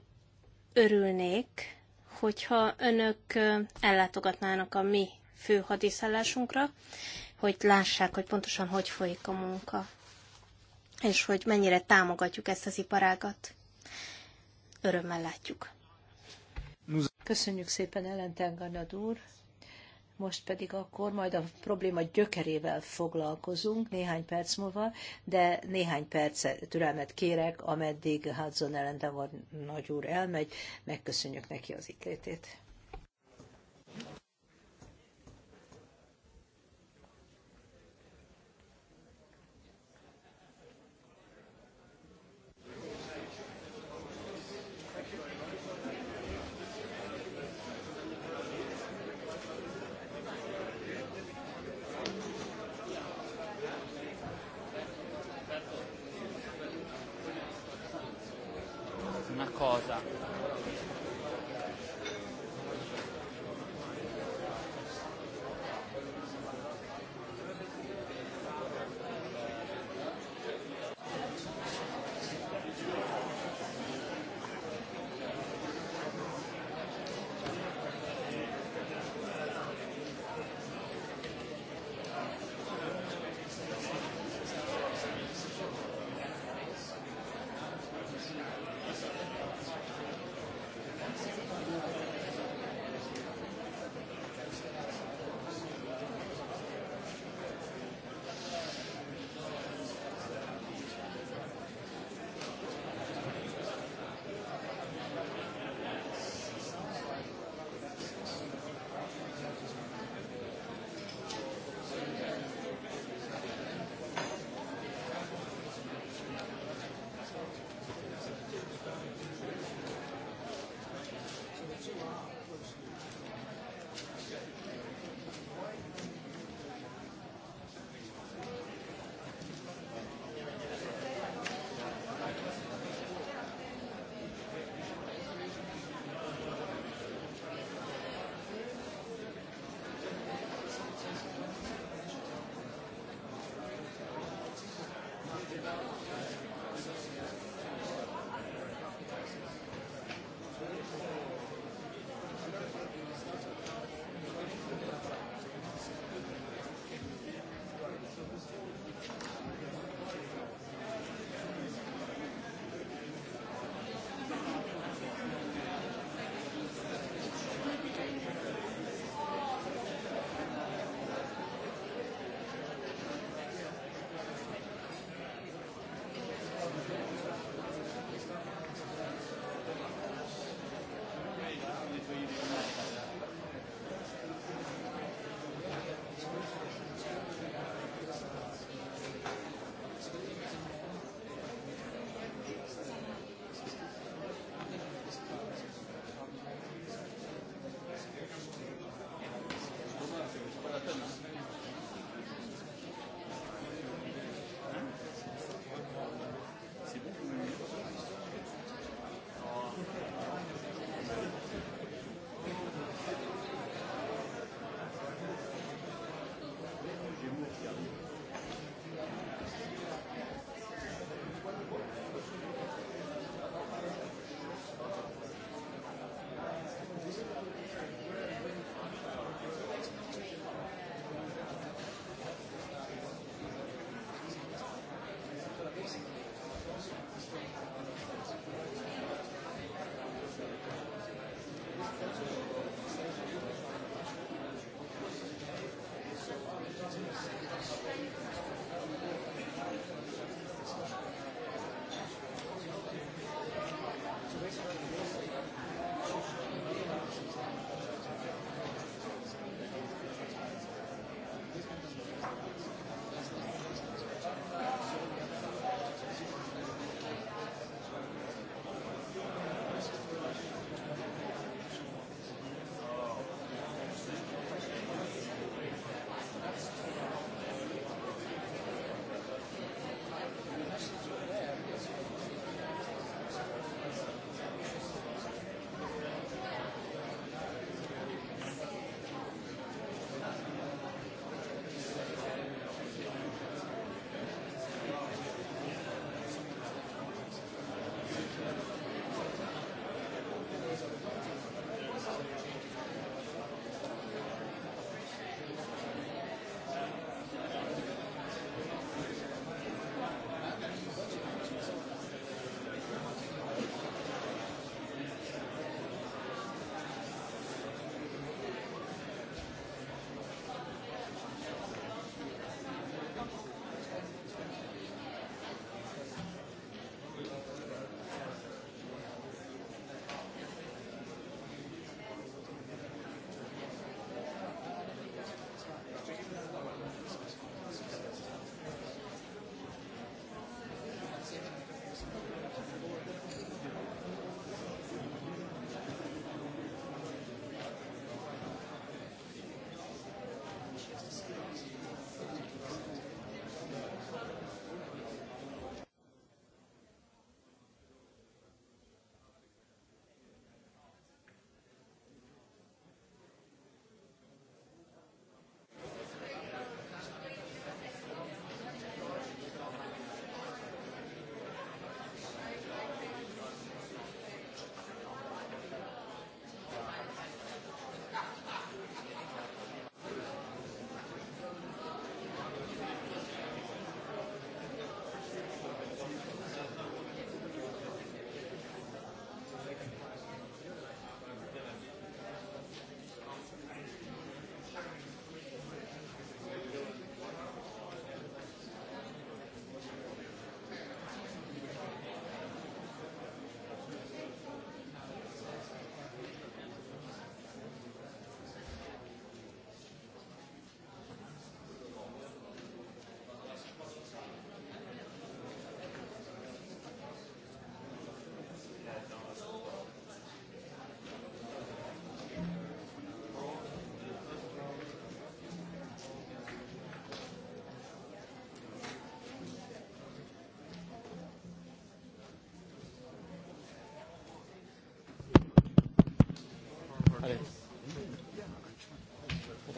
örülnék, hogyha önök ellátogatnának a mi fő hadiszállásunkra, hogy lássák, hogy pontosan hogy folyik a munka, és hogy mennyire támogatjuk ezt az iparágat. Örömmel látjuk. Köszönjük szépen, Ellen Tenganad úr! Most pedig akkor majd a probléma gyökerével foglalkozunk néhány perc múlva, de néhány perc türelmet kérek, ameddig Hudson Ellen nagy úr elmegy, megköszönjük neki az itlétét.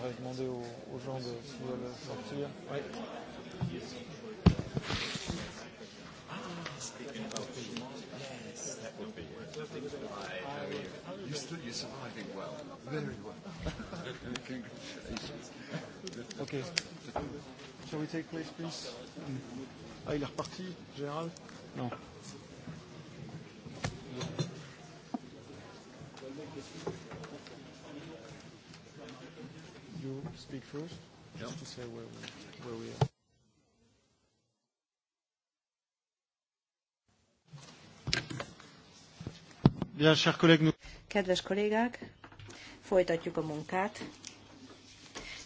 va demander aux, aux gens de s'ils veulent sortir. Oui. Ok. Shall we take place, please? Ah, il est reparti, général Non. speak first, just yeah. to say where we, where we are. Kedves kollégák, folytatjuk a munkát.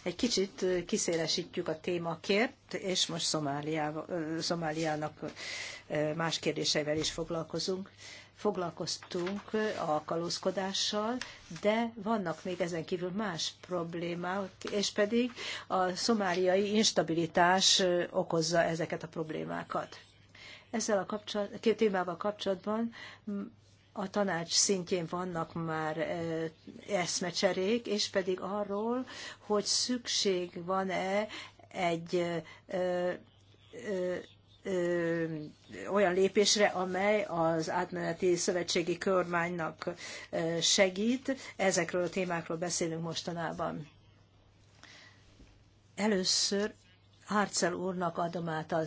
Egy kicsit kiszélesítjük a témakért, és most Szomáliával, Szomáliának más kérdéseivel is foglalkozunk. Foglalkoztunk alkalózkodással, de vannak még ezen kívül más problémák, és pedig a szomáliai instabilitás okozza ezeket a problémákat. Ezzel a, kapcsolat, a két témával kapcsolatban a tanács szintjén vannak már e, eszmecserék, és pedig arról, hogy szükség van-e egy ö, e, e, olyan lépésre, amely az átmeneti szövetségi kormánynak segít. Ezekről a témákról beszélünk mostanában. Először Harcel úrnak adom át a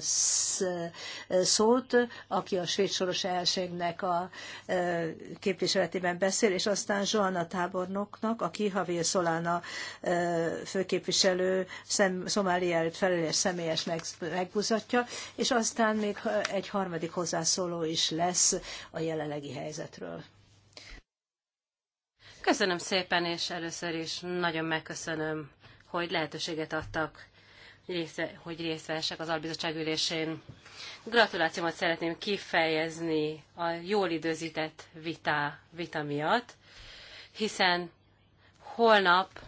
szót, aki a svéd soros elségnek a képviseletében beszél, és aztán Zsoana tábornoknak, aki Javier Solana főképviselő szomáliai felelős személyes megbuzatja, és aztán még egy harmadik hozzászóló is lesz a jelenlegi helyzetről. Köszönöm szépen, és először is nagyon megköszönöm, hogy lehetőséget adtak része, hogy részt vehessek az albizottság ülésén. Gratulációmat szeretném kifejezni a jól időzített vita, vita miatt, hiszen holnap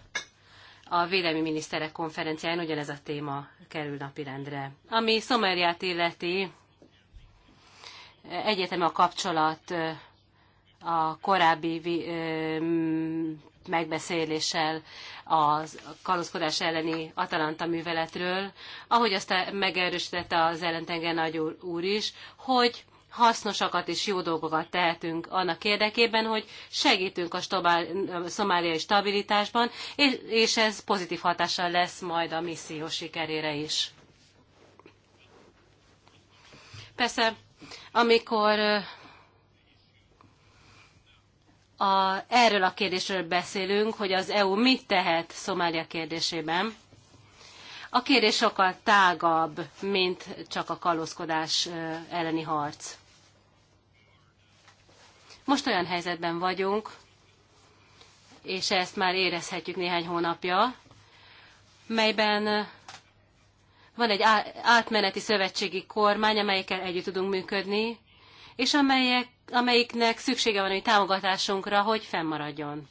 a Védelmi Miniszterek konferencián ugyanez a téma kerül napirendre. Ami Szomeriát illeti, egyetem a kapcsolat a korábbi megbeszéléssel a kalózkodás elleni Atalanta műveletről, ahogy azt megerősítette az ellentenge nagy úr is, hogy hasznosakat és jó dolgokat tehetünk annak érdekében, hogy segítünk a szomáliai stabilitásban, és, és ez pozitív hatással lesz majd a misszió sikerére is. Persze, amikor a, erről a kérdésről beszélünk, hogy az EU mit tehet Szomália kérdésében. A kérdés sokkal tágabb, mint csak a kalózkodás elleni harc. Most olyan helyzetben vagyunk, és ezt már érezhetjük néhány hónapja, melyben van egy átmeneti szövetségi kormány, amelyikkel együtt tudunk működni, és amelyek amelyiknek szüksége van a támogatásunkra, hogy fennmaradjon.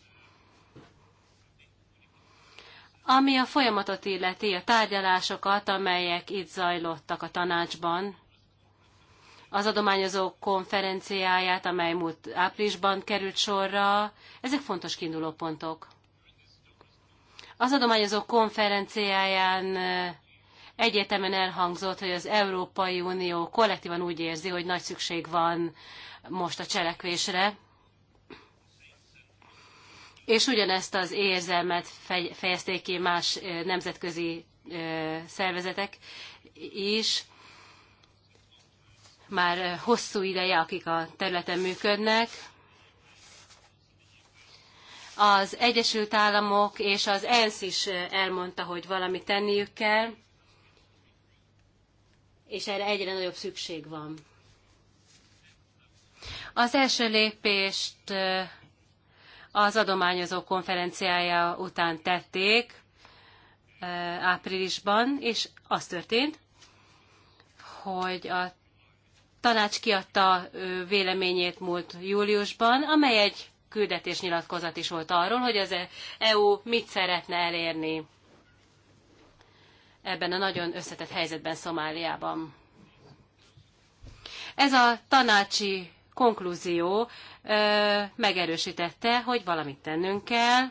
Ami a folyamatot illeti, a tárgyalásokat, amelyek itt zajlottak a tanácsban, az adományozók konferenciáját, amely múlt áprilisban került sorra, ezek fontos kiindulópontok. Az adományozók konferenciáján Egyértelműen elhangzott, hogy az Európai Unió kollektívan úgy érzi, hogy nagy szükség van most a cselekvésre, és ugyanezt az érzelmet fejezték ki más nemzetközi szervezetek is, már hosszú ideje, akik a területen működnek. Az Egyesült Államok és az ENSZ is elmondta, hogy valamit tenniük kell, és erre egyre nagyobb szükség van. Az első lépést az adományozó konferenciája után tették áprilisban, és az történt, hogy a tanács kiadta véleményét múlt júliusban, amely egy küldetésnyilatkozat is volt arról, hogy az e- EU mit szeretne elérni ebben a nagyon összetett helyzetben Szomáliában. Ez a tanácsi konklúzió ö, megerősítette, hogy valamit tennünk kell,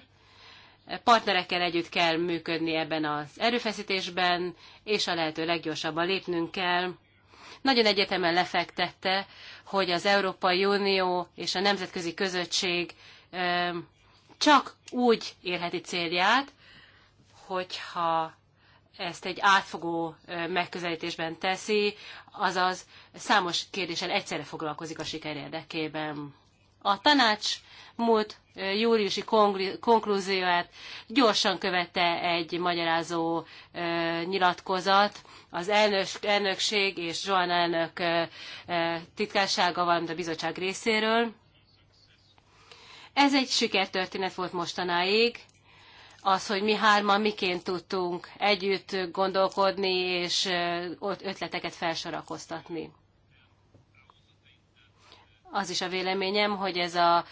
partnerekkel együtt kell működni ebben az erőfeszítésben, és a lehető leggyorsabban lépnünk kell. Nagyon egyetemen lefektette, hogy az Európai Unió és a nemzetközi közösség ö, csak úgy érheti célját, hogyha ezt egy átfogó megközelítésben teszi, azaz számos kérdésen egyszerre foglalkozik a siker érdekében. A tanács múlt júliusi konklúzióját gyorsan követte egy magyarázó nyilatkozat. Az elnök, elnökség és Johan elnök titkársága, valamint a bizottság részéről. Ez egy sikertörténet volt mostanáig, az, hogy mi hárman miként tudtunk együtt gondolkodni és ötleteket felsorakoztatni. Az is a véleményem, hogy ez a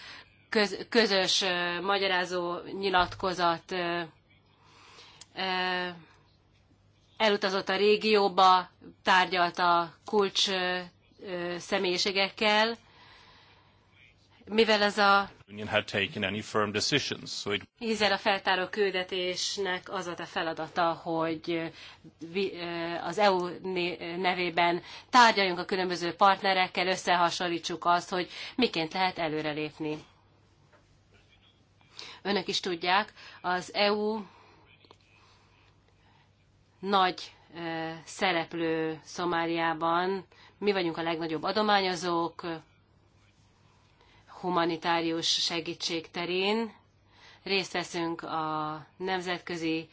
közös magyarázó nyilatkozat elutazott a régióba, tárgyalt a kulcs személyiségekkel, mivel ez a Hiszen a feltáró küldetésnek az volt a feladata, hogy az EU nevében tárgyaljunk a különböző partnerekkel, összehasonlítsuk azt, hogy miként lehet előrelépni. Önök is tudják, az EU nagy szereplő Szomáliában, mi vagyunk a legnagyobb adományozók, humanitárius segítség terén. Részt veszünk a nemzetközi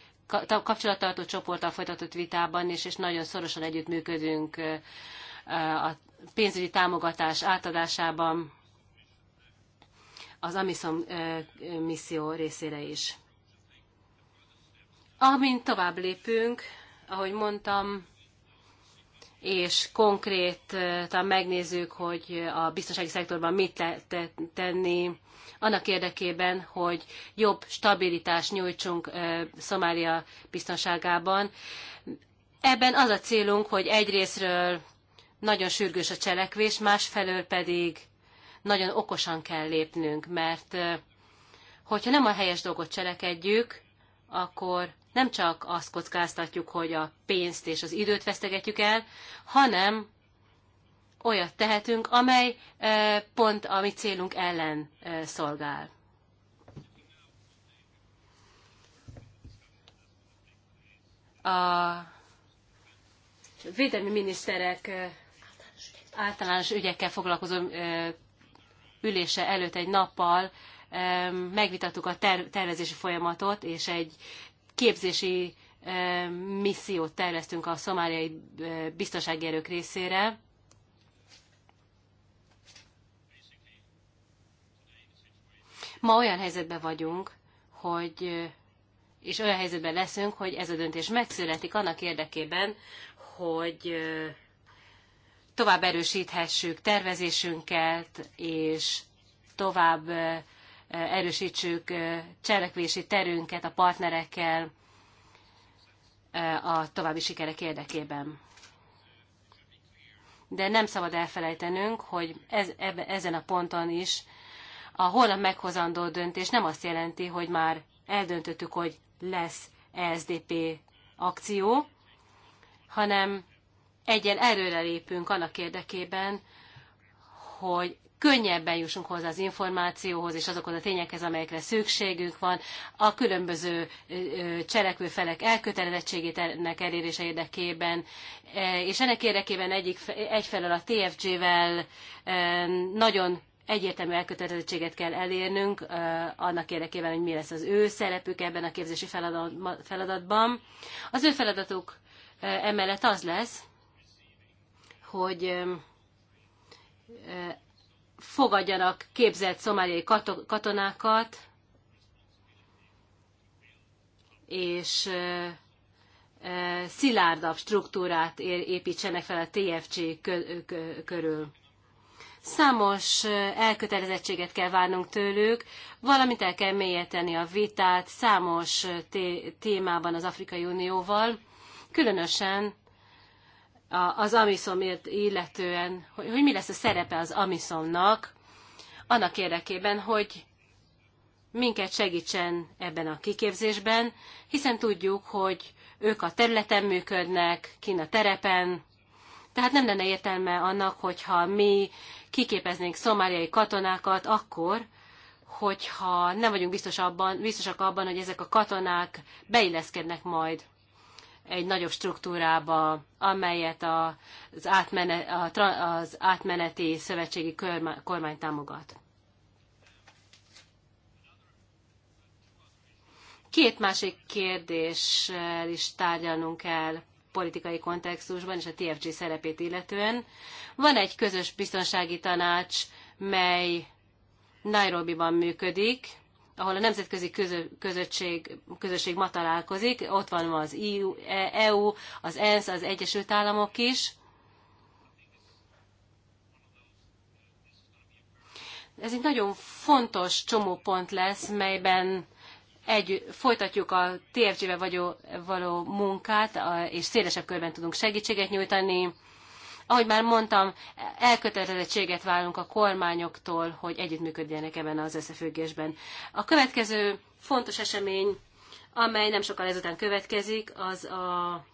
kapcsolattartó csoporttal folytatott vitában és, és nagyon szorosan együttműködünk a pénzügyi támogatás átadásában az Amisom misszió részére is. Amint tovább lépünk, ahogy mondtam, és konkrétan megnézzük, hogy a biztonsági szektorban mit lehet tenni annak érdekében, hogy jobb stabilitást nyújtsunk Szomália biztonságában. Ebben az a célunk, hogy egyrésztről nagyon sürgős a cselekvés, másfelől pedig nagyon okosan kell lépnünk, mert hogyha nem a helyes dolgot cselekedjük, akkor nem csak azt kockáztatjuk, hogy a pénzt és az időt vesztegetjük el, hanem olyat tehetünk, amely pont a mi célunk ellen szolgál. A védelmi miniszterek általános ügyekkel foglalkozó ülése előtt egy nappal megvitattuk a tervezési folyamatot, és egy képzési missziót terveztünk a szomáliai biztonsági erők részére. Ma olyan helyzetben vagyunk, hogy, és olyan helyzetben leszünk, hogy ez a döntés megszületik annak érdekében, hogy tovább erősíthessük tervezésünket, és tovább erősítsük cselekvési terünket a partnerekkel a további sikerek érdekében. De nem szabad elfelejtenünk, hogy ez, ebbe, ezen a ponton is a holnap meghozandó döntés nem azt jelenti, hogy már eldöntöttük, hogy lesz ESDP akció, hanem egyen erőre lépünk annak érdekében, hogy könnyebben jussunk hozzá az információhoz és azokhoz a tényekhez, amelyekre szükségünk van, a különböző felek elkötelezettségét ennek elérése érdekében, e, és ennek érdekében egyik, egyfelől a TFG-vel e, nagyon egyértelmű elkötelezettséget kell elérnünk e, annak érdekében, hogy mi lesz az ő szerepük ebben a képzési feladatban. Az ő feladatuk emellett az lesz, hogy fogadjanak képzett szomáliai katonákat, és szilárdabb struktúrát építsenek fel a TFC körül. Számos elkötelezettséget kell várnunk tőlük, valamint el kell mélyíteni a vitát számos témában az Afrikai Unióval, különösen az Amisomért illetően, hogy, hogy mi lesz a szerepe az amiszomnak, annak érdekében, hogy minket segítsen ebben a kiképzésben, hiszen tudjuk, hogy ők a területen működnek, kin a terepen, tehát nem lenne értelme annak, hogyha mi kiképeznénk szomáliai katonákat akkor, hogyha nem vagyunk biztos abban, biztosak abban, hogy ezek a katonák beilleszkednek majd egy nagyobb struktúrába, amelyet az, a, az átmeneti szövetségi kormány támogat. Két másik kérdéssel is tárgyalnunk kell politikai kontextusban és a TFG szerepét illetően. Van egy közös biztonsági tanács, mely Nairobi-ban működik, ahol a nemzetközi közösség, közösség ma találkozik, ott van ma az EU, EU, az ENSZ, az Egyesült Államok is. Ez egy nagyon fontos csomópont lesz, melyben egy, folytatjuk a TFG-be való munkát, és szélesebb körben tudunk segítséget nyújtani ahogy már mondtam, elkötelezettséget várunk a kormányoktól, hogy együttműködjenek ebben az összefüggésben. A következő fontos esemény, amely nem sokkal ezután következik, az a,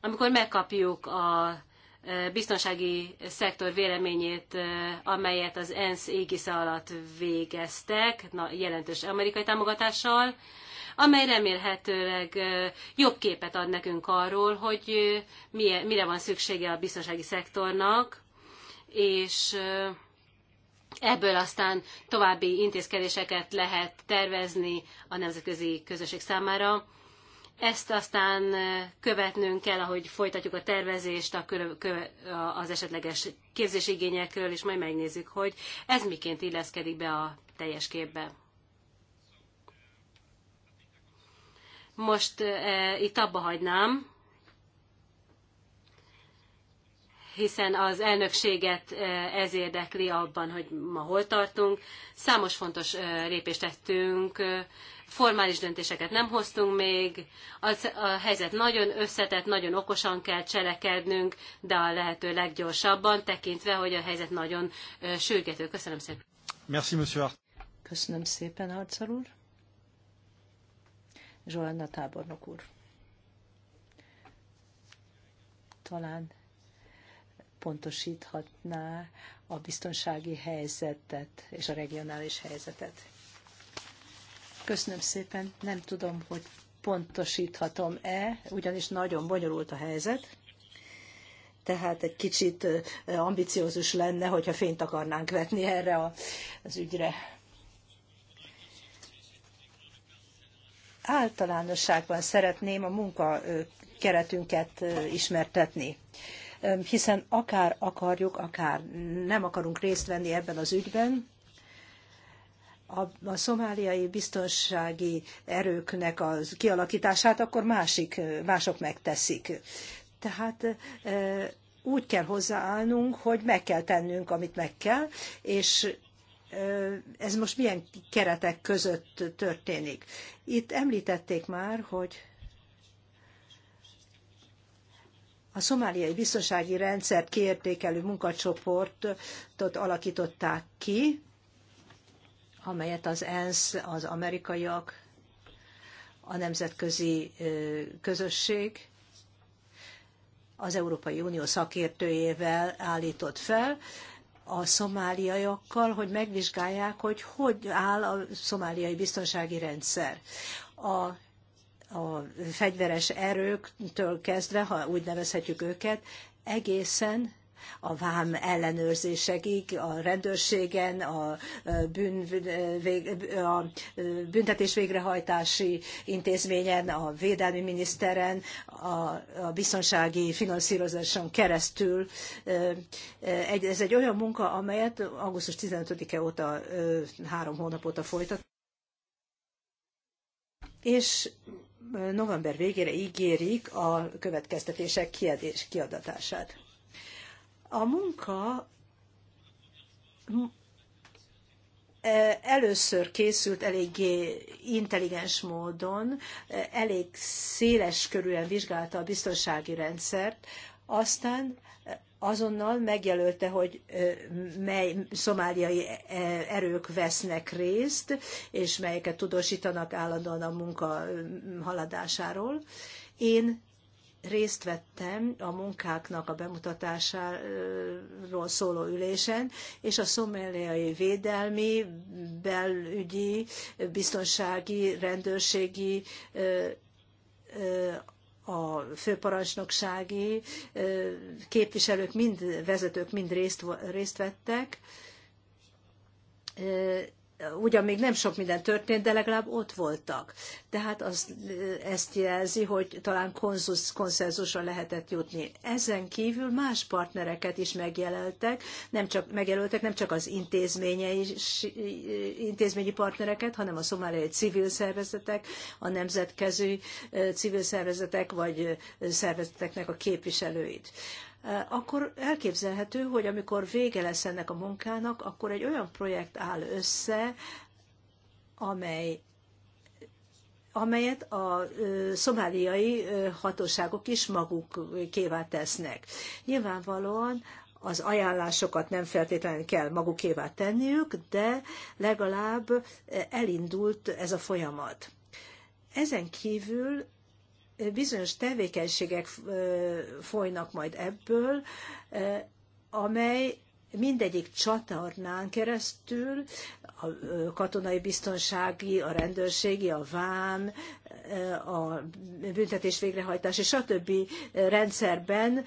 amikor megkapjuk a e, biztonsági szektor véleményét, e, amelyet az ENSZ égisze alatt végeztek, jelentős amerikai támogatással, amely remélhetőleg jobb képet ad nekünk arról, hogy mire van szüksége a biztonsági szektornak, és ebből aztán további intézkedéseket lehet tervezni a nemzetközi közösség számára. Ezt aztán követnünk kell, ahogy folytatjuk a tervezést a körö, kö, az esetleges képzésigényekről, és majd megnézzük, hogy ez miként illeszkedik be a teljes képbe. Most e, itt abba hagynám, hiszen az elnökséget ez érdekli abban, hogy ma hol tartunk. Számos fontos lépést tettünk, formális döntéseket nem hoztunk még, az, a helyzet nagyon összetett, nagyon okosan kell cselekednünk, de a lehető leggyorsabban, tekintve, hogy a helyzet nagyon sürgető. Köszönöm szépen. Merci, monsieur. Köszönöm szépen, úr. Zsolna tábornok úr. Talán pontosíthatná a biztonsági helyzetet és a regionális helyzetet. Köszönöm szépen, nem tudom, hogy pontosíthatom-e, ugyanis nagyon bonyolult a helyzet, tehát egy kicsit ambiciózus lenne, hogyha fényt akarnánk vetni erre az ügyre. általánosságban szeretném a munkakeretünket ismertetni hiszen akár akarjuk, akár nem akarunk részt venni ebben az ügyben, a, a szomáliai biztonsági erőknek a kialakítását akkor másik, mások megteszik. Tehát úgy kell hozzáállnunk, hogy meg kell tennünk, amit meg kell, és ez most milyen keretek között történik. Itt említették már, hogy a szomáliai biztonsági rendszert kiértékelő munkacsoportot alakították ki, amelyet az ENSZ, az amerikaiak, a nemzetközi közösség, az Európai Unió szakértőjével állított fel, a szomáliaiakkal, hogy megvizsgálják, hogy hogy áll a szomáliai biztonsági rendszer. A a fegyveres erőktől kezdve, ha úgy nevezhetjük őket, egészen a vám ellenőrzésekig, a rendőrségen, a, bűn, a büntetés végrehajtási intézményen, a védelmi miniszteren, a, a biztonsági finanszírozáson keresztül. Ez egy olyan munka, amelyet augusztus 15-e óta három hónap óta folytat. És november végére ígérik a következtetések kiadatását. A munka e, először készült eléggé intelligens módon, e, elég széles körűen vizsgálta a biztonsági rendszert, aztán azonnal megjelölte, hogy e, mely szomáliai erők vesznek részt, és melyeket tudósítanak állandóan a munka haladásáról. Én részt vettem a munkáknak a bemutatásáról szóló ülésen, és a szomeliai védelmi, belügyi, biztonsági, rendőrségi, a főparancsnoksági képviselők, mind vezetők mind részt, részt vettek ugyan még nem sok minden történt, de legalább ott voltak. Tehát az, ezt jelzi, hogy talán konszenzusra lehetett jutni. Ezen kívül más partnereket is megjelöltek, nem csak, megjelöltek, nem csak az intézményei, intézményi partnereket, hanem a szomáliai civil szervezetek, a nemzetkező civil szervezetek vagy szervezeteknek a képviselőit akkor elképzelhető, hogy amikor vége lesz ennek a munkának, akkor egy olyan projekt áll össze, amely amelyet a szomáliai hatóságok is maguk kévá tesznek. Nyilvánvalóan az ajánlásokat nem feltétlenül kell magukévá tenniük, de legalább elindult ez a folyamat. Ezen kívül bizonyos tevékenységek folynak majd ebből, amely mindegyik csatornán keresztül, a katonai biztonsági, a rendőrségi, a vám, a büntetés végrehajtás és stb. rendszerben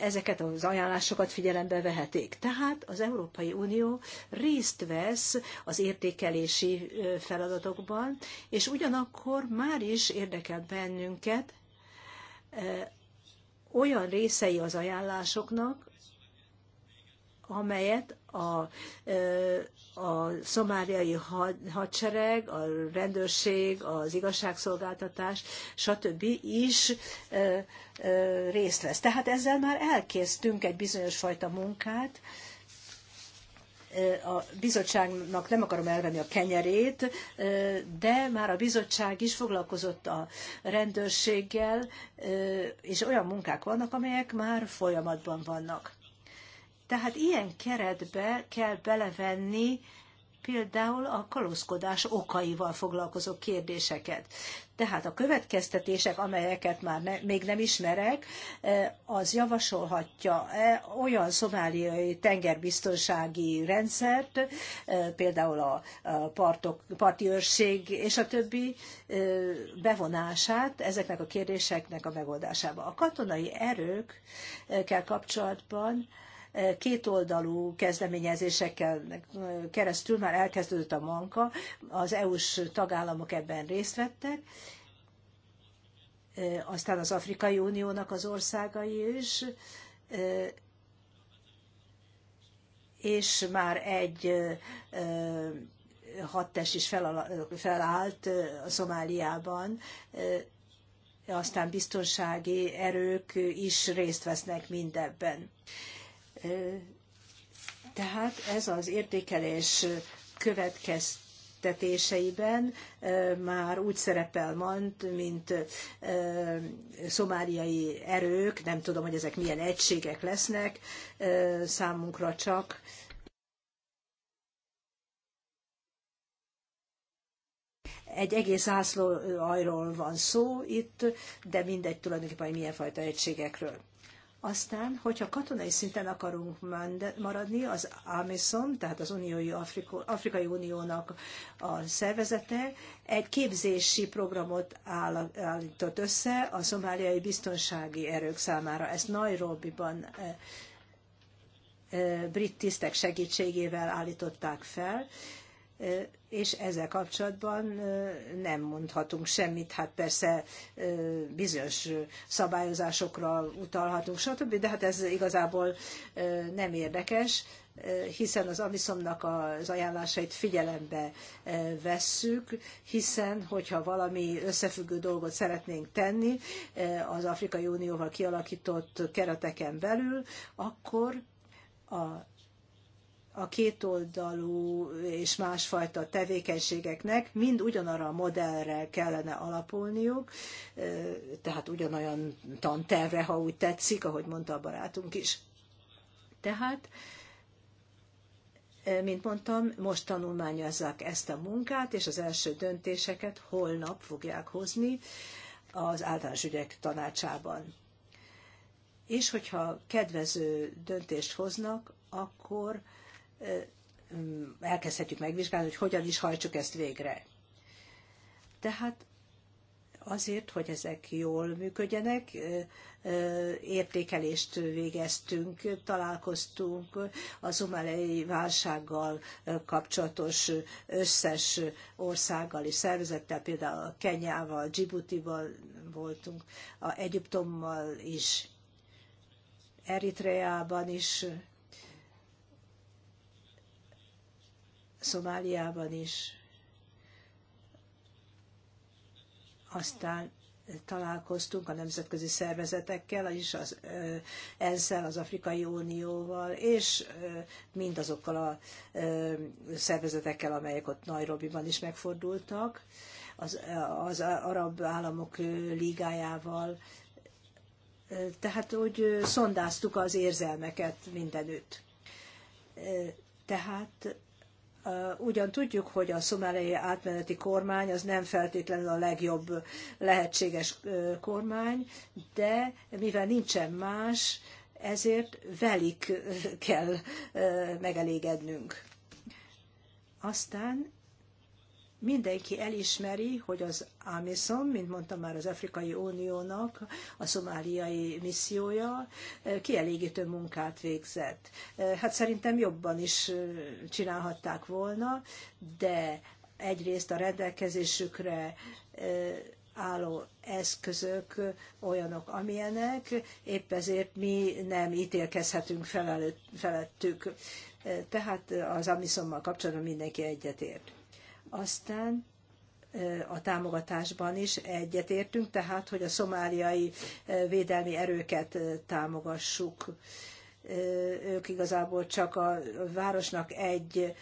ezeket az ajánlásokat figyelembe vehetik. Tehát az Európai Unió részt vesz az értékelési feladatokban, és ugyanakkor már is érdekel bennünket olyan részei az ajánlásoknak, amelyet a, a szomáliai hadsereg, a rendőrség, az igazságszolgáltatás, stb. is részt vesz. Tehát ezzel már elkésztünk egy bizonyos fajta munkát, a bizottságnak nem akarom elvenni a kenyerét, de már a bizottság is foglalkozott a rendőrséggel, és olyan munkák vannak, amelyek már folyamatban vannak. Tehát ilyen keretbe kell belevenni például a kalózkodás okaival foglalkozó kérdéseket. Tehát a következtetések, amelyeket már ne, még nem ismerek, e, az javasolhatja e, olyan szomáliai tengerbiztonsági rendszert, e, például a partok, parti őrség és a többi bevonását ezeknek a kérdéseknek a megoldásába. A katonai erőkkel kapcsolatban kétoldalú kezdeményezésekkel keresztül már elkezdődött a munka, az EU-s tagállamok ebben részt vettek, aztán az Afrikai Uniónak az országai is, és már egy hadtest is felállt a Szomáliában, aztán biztonsági erők is részt vesznek mindebben. Tehát ez az értékelés következtetéseiben már úgy szerepel mond, mint szomáliai erők, nem tudom, hogy ezek milyen egységek lesznek, számunkra csak egy egész ászló ajról van szó itt, de mindegy tulajdonképpen, hogy milyen fajta egységekről. Aztán, hogyha katonai szinten akarunk maradni, az AMISOM, tehát az Uniói Afrika, Afrikai Uniónak a szervezete, egy képzési programot állított össze a szomáliai biztonsági erők számára. Ezt Nairobiban e, e, brit tisztek segítségével állították fel e, és ezzel kapcsolatban nem mondhatunk semmit, hát persze bizonyos szabályozásokra utalhatunk, stb., de hát ez igazából nem érdekes, hiszen az Amiszomnak az ajánlásait figyelembe vesszük, hiszen hogyha valami összefüggő dolgot szeretnénk tenni az Afrikai Unióval kialakított kereteken belül, akkor a a kétoldalú és másfajta tevékenységeknek mind ugyanarra a modellre kellene alapulniuk, tehát ugyanolyan tantervre, ha úgy tetszik, ahogy mondta a barátunk is. Tehát, mint mondtam, most tanulmányozzák ezt a munkát, és az első döntéseket holnap fogják hozni az általános ügyek tanácsában. És hogyha kedvező döntést hoznak, akkor elkezdhetjük megvizsgálni, hogy hogyan is hajtsuk ezt végre. Tehát azért, hogy ezek jól működjenek, értékelést végeztünk, találkoztunk az umelei válsággal kapcsolatos összes országgal és szervezettel, például Kenyával, Djibouti-val voltunk, a Egyiptommal is, Eritreában is Szomáliában is. Aztán találkoztunk a nemzetközi szervezetekkel, és az ensz az Afrikai Unióval, és mindazokkal a szervezetekkel, amelyek ott Nairobiban is megfordultak, az, az Arab Államok Ligájával. Tehát úgy szondáztuk az érzelmeket mindenütt. Tehát Ugyan tudjuk, hogy a szomáliai átmeneti kormány az nem feltétlenül a legjobb lehetséges kormány, de mivel nincsen más, ezért velik kell megelégednünk. Aztán Mindenki elismeri, hogy az AMISOM, mint mondtam már az Afrikai Uniónak a szomáliai missziója, kielégítő munkát végzett. Hát szerintem jobban is csinálhatták volna, de egyrészt a rendelkezésükre álló eszközök olyanok, amilyenek, épp ezért mi nem ítélkezhetünk felelőtt, felettük. Tehát az amiszommal kapcsolatban mindenki egyetért. Aztán a támogatásban is egyetértünk, tehát, hogy a szomáliai védelmi erőket támogassuk. Ők igazából csak a városnak egy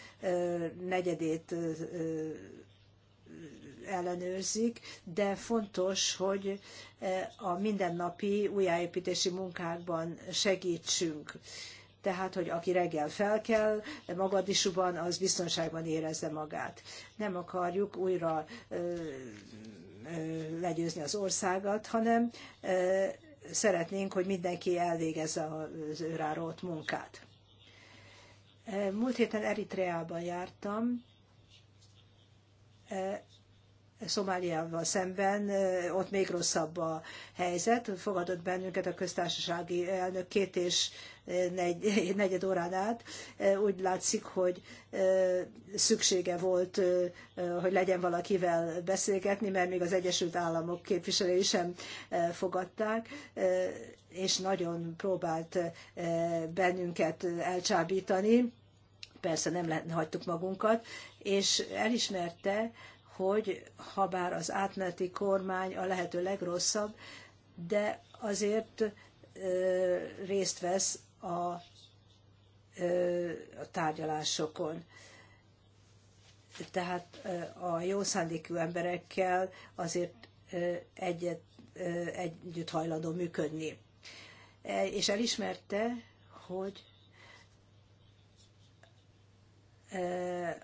negyedét ellenőrzik, de fontos, hogy a mindennapi újjáépítési munkákban segítsünk tehát, hogy aki reggel fel kell, magadisuban, az biztonságban érezze magát. Nem akarjuk újra legyőzni az országot, hanem szeretnénk, hogy mindenki elvégezze az őrárolt munkát. Múlt héten Eritreában jártam, Szomáliával szemben, ott még rosszabb a helyzet. Fogadott bennünket a köztársasági elnök két és negy, negyed órán át. Úgy látszik, hogy szüksége volt, hogy legyen valakivel beszélgetni, mert még az Egyesült Államok képviselői sem fogadták és nagyon próbált bennünket elcsábítani, persze nem hagytuk magunkat, és elismerte, hogy ha bár az átmeneti kormány a lehető legrosszabb, de azért részt vesz a, a tárgyalásokon. Tehát a jó szándékú emberekkel azért egyet, együtt hajlandó működni. E, és elismerte, hogy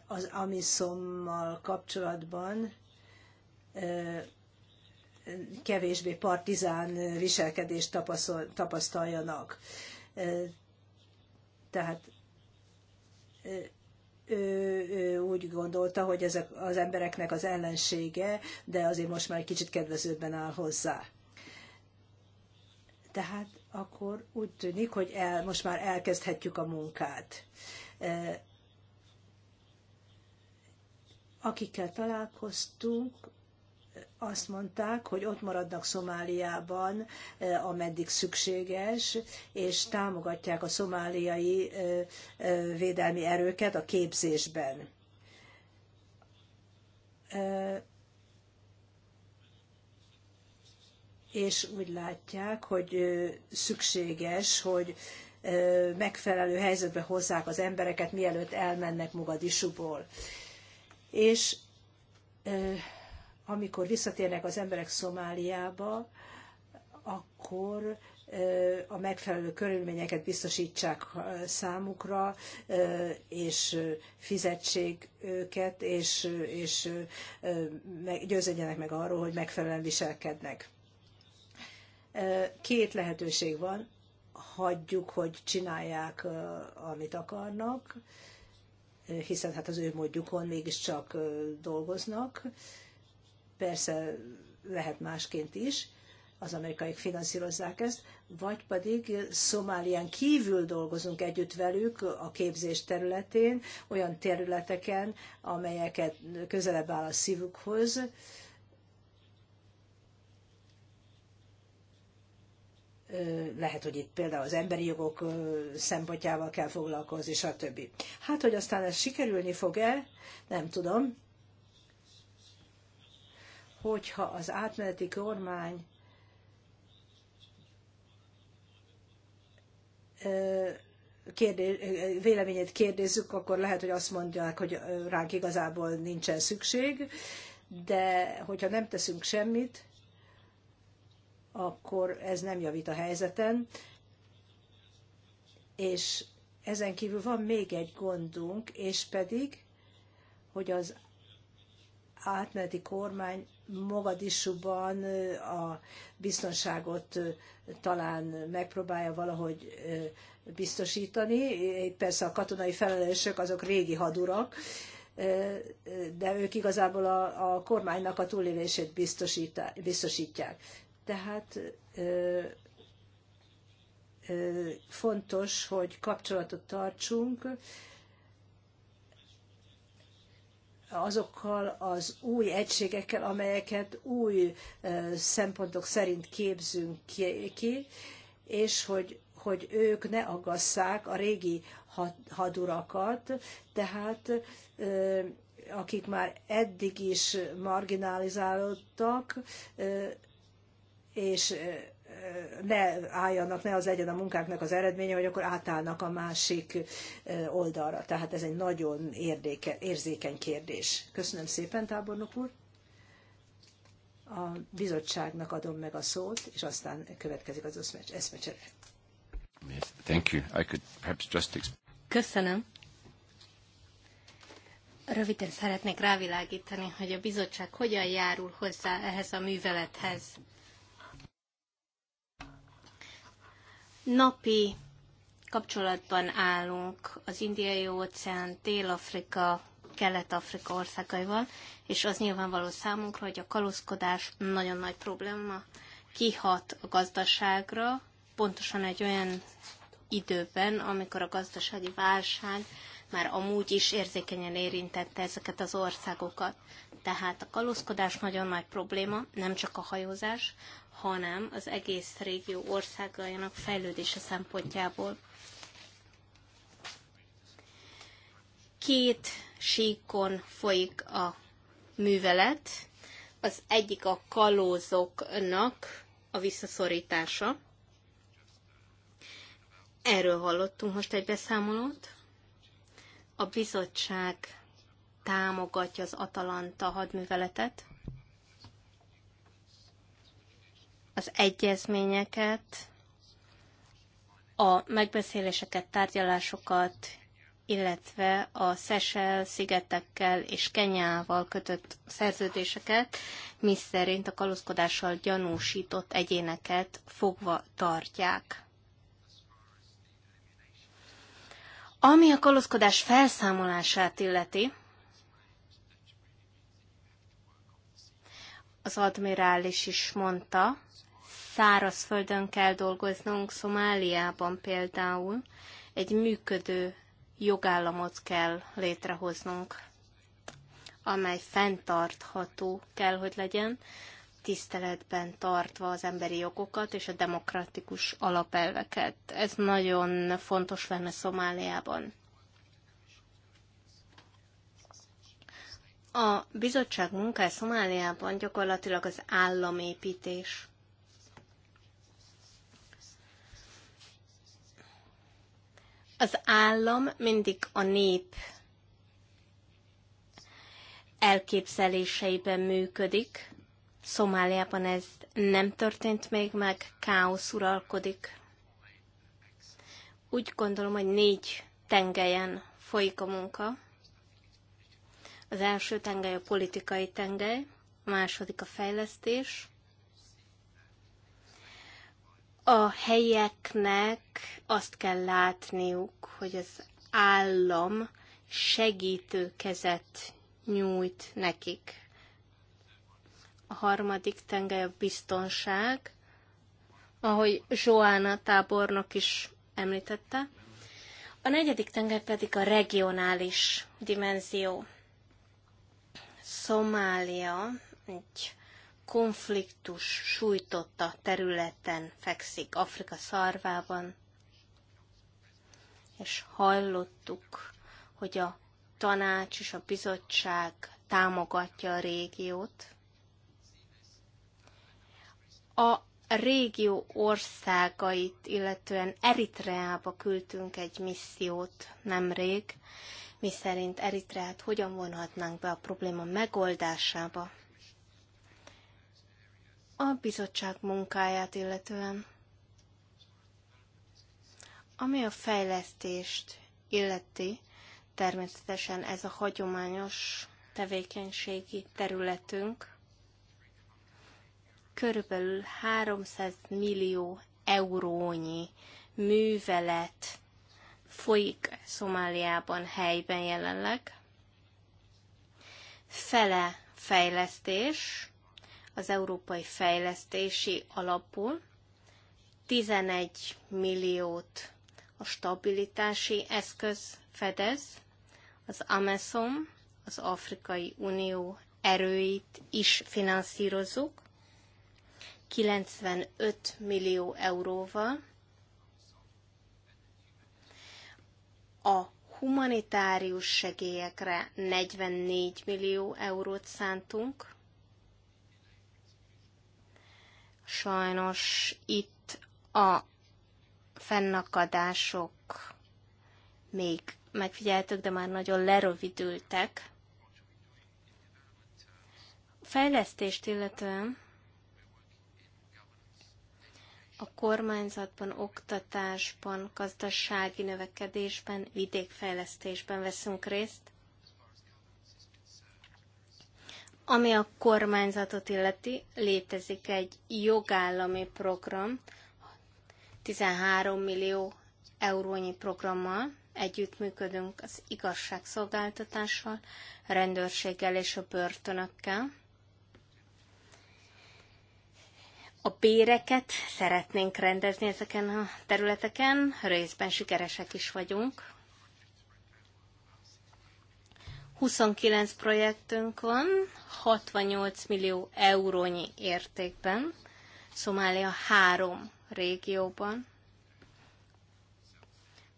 az amiszommal kapcsolatban kevésbé partizán viselkedést tapasztaljanak. Tehát ő, ő úgy gondolta, hogy ezek az embereknek az ellensége, de azért most már egy kicsit kedvezőbben áll hozzá. Tehát akkor úgy tűnik, hogy el, most már elkezdhetjük a munkát. Akikkel találkoztunk, azt mondták, hogy ott maradnak Szomáliában, ameddig szükséges, és támogatják a szomáliai védelmi erőket a képzésben. És úgy látják, hogy szükséges, hogy megfelelő helyzetbe hozzák az embereket, mielőtt elmennek Mogadisuból. És amikor visszatérnek az emberek Szomáliába, akkor a megfelelő körülményeket biztosítsák számukra, és fizetség őket, és, és győződjenek meg arról, hogy megfelelően viselkednek. Két lehetőség van, hagyjuk, hogy csinálják, amit akarnak, hiszen hát az ő módjukon mégiscsak dolgoznak, persze lehet másként is, az amerikaiak finanszírozzák ezt, vagy pedig Szomálián kívül dolgozunk együtt velük a képzés területén, olyan területeken, amelyeket közelebb áll a szívükhoz, lehet, hogy itt például az emberi jogok szempontjával kell foglalkozni, stb. Hát, hogy aztán ez sikerülni fog-e, nem tudom hogyha az átmeneti kormány kérdé, véleményét kérdezzük, akkor lehet, hogy azt mondják, hogy ránk igazából nincsen szükség, de hogyha nem teszünk semmit, akkor ez nem javít a helyzeten. És ezen kívül van még egy gondunk, és pedig, hogy az átmeneti kormány Mogadisúban a biztonságot talán megpróbálja valahogy biztosítani. Persze a katonai felelősök azok régi hadurak, de ők igazából a, a kormánynak a túlélését biztosítják. Tehát fontos, hogy kapcsolatot tartsunk, azokkal az új egységekkel, amelyeket új szempontok szerint képzünk ki, és hogy, hogy ők ne aggasszák a régi hadurakat, tehát akik már eddig is marginalizálódtak, és ne álljanak, ne az legyen a munkáknak az eredménye, hogy akkor átállnak a másik oldalra. Tehát ez egy nagyon érdéke, érzékeny kérdés. Köszönöm szépen, tábornok úr. A bizottságnak adom meg a szót, és aztán következik az eszmecsere. Thank you. I could perhaps just Köszönöm. Röviden szeretnék rávilágítani, hogy a bizottság hogyan járul hozzá ehhez a művelethez. Napi kapcsolatban állunk az Indiai óceán, Dél-Afrika, Kelet-Afrika országaival, és az nyilvánvaló számunkra, hogy a kalózkodás nagyon nagy probléma, kihat a gazdaságra, pontosan egy olyan időben, amikor a gazdasági válság már amúgy is érzékenyen érintette ezeket az országokat. Tehát a kalózkodás nagyon nagy probléma, nem csak a hajózás, hanem az egész régió országainak fejlődése szempontjából. Két síkon folyik a művelet, az egyik a kalózoknak a visszaszorítása. Erről hallottunk most egy beszámolót. A bizottság támogatja az Atalanta hadműveletet, az egyezményeket, a megbeszéléseket, tárgyalásokat, illetve a Szesel szigetekkel és Kenyával kötött szerződéseket, miszerint a kalózkodással gyanúsított egyéneket fogva tartják. Ami a kalózkodás felszámolását illeti, az admirális is mondta, szárazföldön kell dolgoznunk, Szomáliában például egy működő jogállamot kell létrehoznunk, amely fenntartható kell, hogy legyen, tiszteletben tartva az emberi jogokat és a demokratikus alapelveket. Ez nagyon fontos lenne Szomáliában. A bizottság munkája Szomáliában gyakorlatilag az államépítés. Az állam mindig a nép elképzeléseiben működik. Szomáliában ez nem történt még meg, káosz uralkodik. Úgy gondolom, hogy négy tengelyen folyik a munka. Az első tengely a politikai tengely, a második a fejlesztés, a helyeknek azt kell látniuk, hogy az állam segítő kezet nyújt nekik. A harmadik tengely a biztonság, ahogy Joanna tábornok is említette. A negyedik tenger pedig a regionális dimenzió. Szomália egy konfliktus sújtotta területen fekszik, Afrika szarvában, és hallottuk, hogy a tanács és a bizottság támogatja a régiót. A régió országait, illetően Eritreába küldtünk egy missziót nemrég, mi szerint Eritreát hogyan vonhatnánk be a probléma megoldásába a bizottság munkáját illetően. Ami a fejlesztést illeti, természetesen ez a hagyományos tevékenységi területünk. Körülbelül 300 millió eurónyi művelet folyik Szomáliában helyben jelenleg. Fele fejlesztés, az Európai Fejlesztési Alapból, 11 milliót a stabilitási eszköz fedez, az Amazon, az Afrikai Unió erőit is finanszírozunk, 95 millió euróval. A humanitárius segélyekre 44 millió eurót szántunk, Sajnos itt a fennakadások még megfigyeltük, de már nagyon lerövidültek. fejlesztést illetően a kormányzatban, oktatásban, gazdasági növekedésben, vidékfejlesztésben veszünk részt, Ami a kormányzatot illeti, létezik egy jogállami program, 13 millió eurónyi programmal, együttműködünk az igazságszolgáltatással, rendőrséggel és a börtönökkel. A béreket szeretnénk rendezni ezeken a területeken, részben sikeresek is vagyunk. 29 projektünk van, 68 millió eurónyi értékben, Szomália három régióban.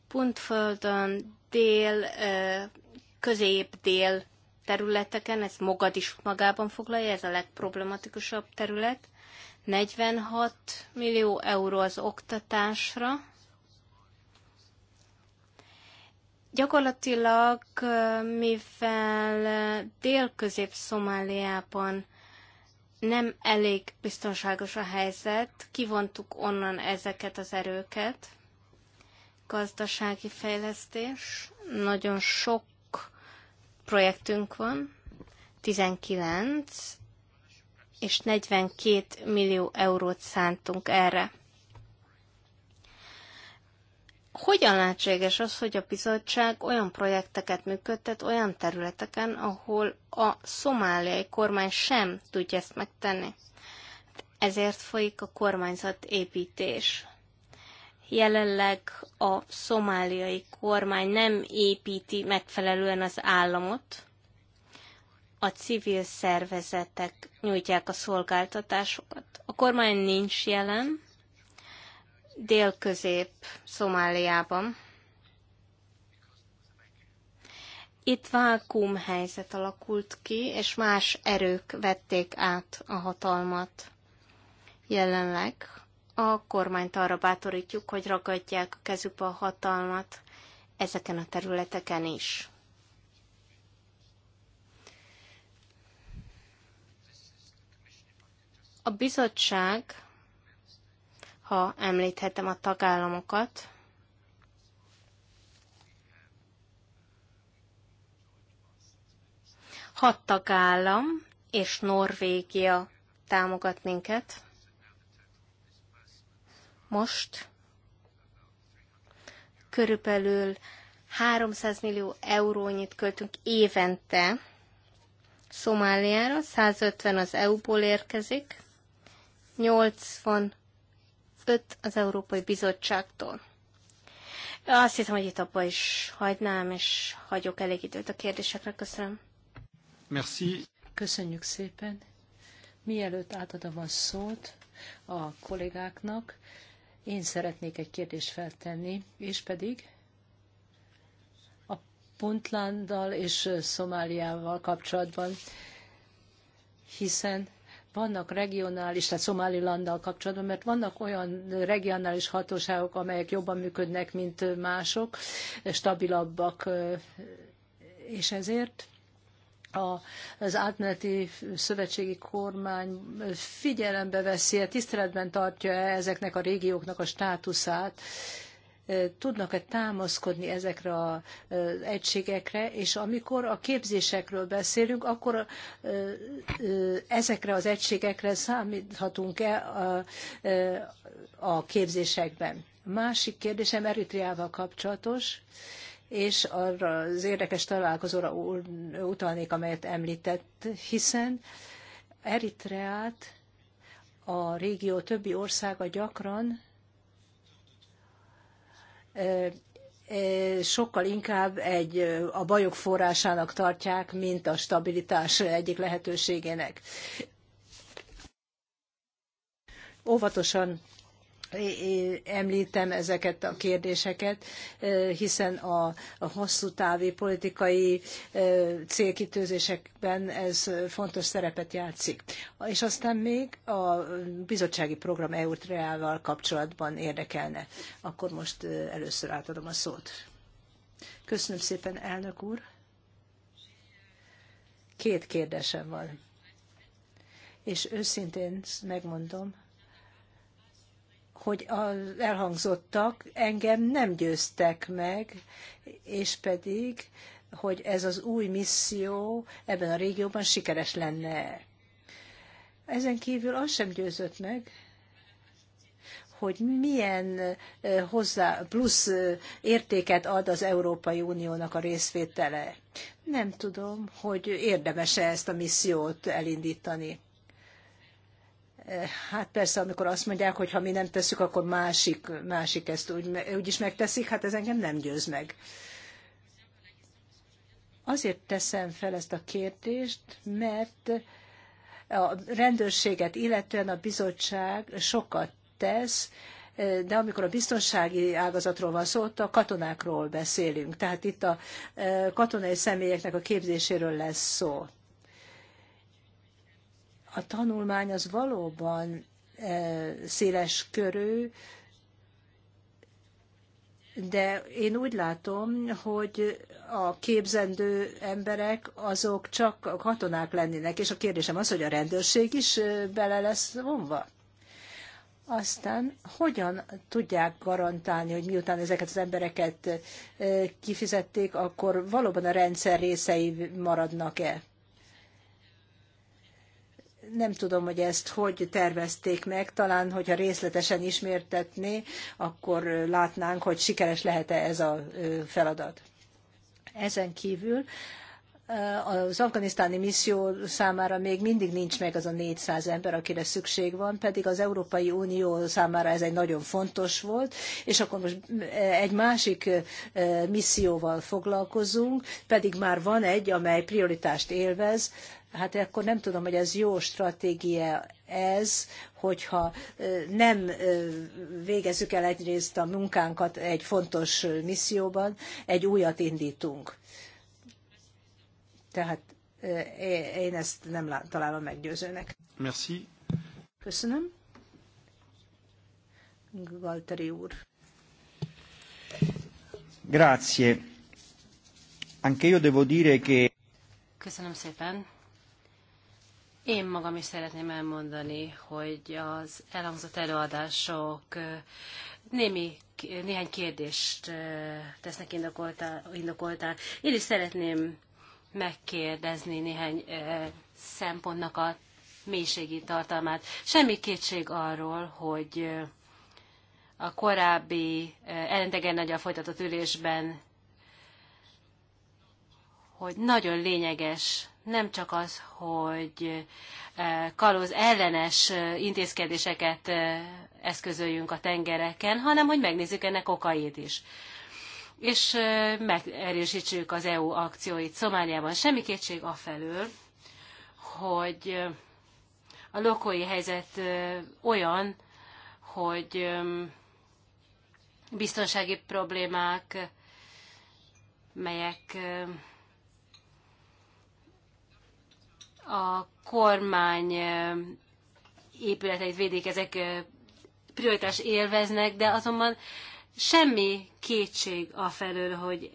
Puntföldön, dél, közép-dél területeken, ez magad is magában foglalja, ez a legproblematikusabb terület. 46 millió euró az oktatásra, Gyakorlatilag, mivel dél-közép-szomáliában nem elég biztonságos a helyzet, kivontuk onnan ezeket az erőket. Gazdasági fejlesztés, nagyon sok projektünk van, 19, és 42 millió eurót szántunk erre. Hogyan lehetséges az, hogy a bizottság olyan projekteket működtet olyan területeken, ahol a szomáliai kormány sem tudja ezt megtenni? Ezért folyik a kormányzat építés. Jelenleg a szomáliai kormány nem építi megfelelően az államot, a civil szervezetek nyújtják a szolgáltatásokat. A kormány nincs jelen, dél-közép Szomáliában. Itt vákum helyzet alakult ki, és más erők vették át a hatalmat. Jelenleg a kormányt arra bátorítjuk, hogy ragadják a kezükbe a hatalmat ezeken a területeken is. A bizottság ha említhetem a tagállamokat. Hat tagállam és Norvégia támogat minket. Most körülbelül 300 millió eurónyit költünk évente Szomáliára, 150 az EU-ból érkezik, 80 öt az Európai Bizottságtól. Azt hiszem, hogy itt abba is hagynám, és hagyok elég időt a kérdésekre. Köszönöm. Merci. Köszönjük szépen. Mielőtt átadom a szót a kollégáknak, én szeretnék egy kérdést feltenni, és pedig a Puntlanddal és Szomáliával kapcsolatban, hiszen vannak regionális, tehát Szomálilanddal kapcsolatban, mert vannak olyan regionális hatóságok, amelyek jobban működnek, mint mások, stabilabbak, és ezért a, az átmeneti szövetségi kormány figyelembe veszi, tiszteletben tartja -e ezeknek a régióknak a státuszát, tudnak-e támaszkodni ezekre az egységekre, és amikor a képzésekről beszélünk, akkor ezekre az egységekre számíthatunk-e a képzésekben. Másik kérdésem Eritriával kapcsolatos és arra az érdekes találkozóra utalnék, amelyet említett, hiszen Eritreát a régió többi országa gyakran sokkal inkább egy, a bajok forrásának tartják, mint a stabilitás egyik lehetőségének. Óvatosan említem ezeket a kérdéseket, hiszen a, hosszú távi politikai célkitőzésekben ez fontos szerepet játszik. És aztán még a bizottsági program EUTREA-val kapcsolatban érdekelne. Akkor most először átadom a szót. Köszönöm szépen, elnök úr. Két kérdésem van. És őszintén megmondom, hogy az elhangzottak engem nem győztek meg, és pedig, hogy ez az új misszió ebben a régióban sikeres lenne. Ezen kívül az sem győzött meg, hogy milyen hozzá plusz értéket ad az Európai Uniónak a részvétele. Nem tudom, hogy érdemes-e ezt a missziót elindítani. Hát persze, amikor azt mondják, hogy ha mi nem tesszük, akkor másik, másik ezt úgy, úgy is megteszik, hát ez engem nem győz meg. Azért teszem fel ezt a kérdést, mert a rendőrséget illetően a bizottság sokat tesz, de amikor a biztonsági ágazatról van szó, ott a katonákról beszélünk. Tehát itt a eh, katonai személyeknek a képzéséről lesz szó a tanulmány az valóban e, széles körű, de én úgy látom, hogy a képzendő emberek azok csak katonák lennének, és a kérdésem az, hogy a rendőrség is e, bele lesz vonva. Aztán hogyan tudják garantálni, hogy miután ezeket az embereket e, kifizették, akkor valóban a rendszer részei maradnak-e? nem tudom, hogy ezt hogy tervezték meg, talán, hogyha részletesen ismertetné, akkor látnánk, hogy sikeres lehet-e ez a feladat. Ezen kívül az afganisztáni misszió számára még mindig nincs meg az a 400 ember, akire szükség van, pedig az Európai Unió számára ez egy nagyon fontos volt, és akkor most egy másik misszióval foglalkozunk, pedig már van egy, amely prioritást élvez, Hát akkor nem tudom, hogy ez jó stratégia ez, hogyha nem végezzük el egyrészt a munkánkat egy fontos misszióban, egy újat indítunk. Tehát én ezt nem találom meggyőzőnek. Merci. Köszönöm. Galteri úr. Grazie. Anche io devo dire che... Köszönöm szépen. Én magam is szeretném elmondani, hogy az elhangzott előadások némi, néhány kérdést tesznek indokoltá. Én is szeretném megkérdezni néhány szempontnak a mélységi tartalmát. Semmi kétség arról, hogy a korábbi ellentegen a folytatott ülésben, hogy nagyon lényeges nem csak az, hogy eh, kalóz ellenes eh, intézkedéseket eh, eszközöljünk a tengereken, hanem hogy megnézzük ennek okait is és megerősítsük az EU akcióit Szomáliában. Semmi kétség afelől, hogy a lokói helyzet olyan, hogy biztonsági problémák, melyek a kormány épületeit védik, ezek prioritás élveznek, de azonban semmi kétség a felől, hogy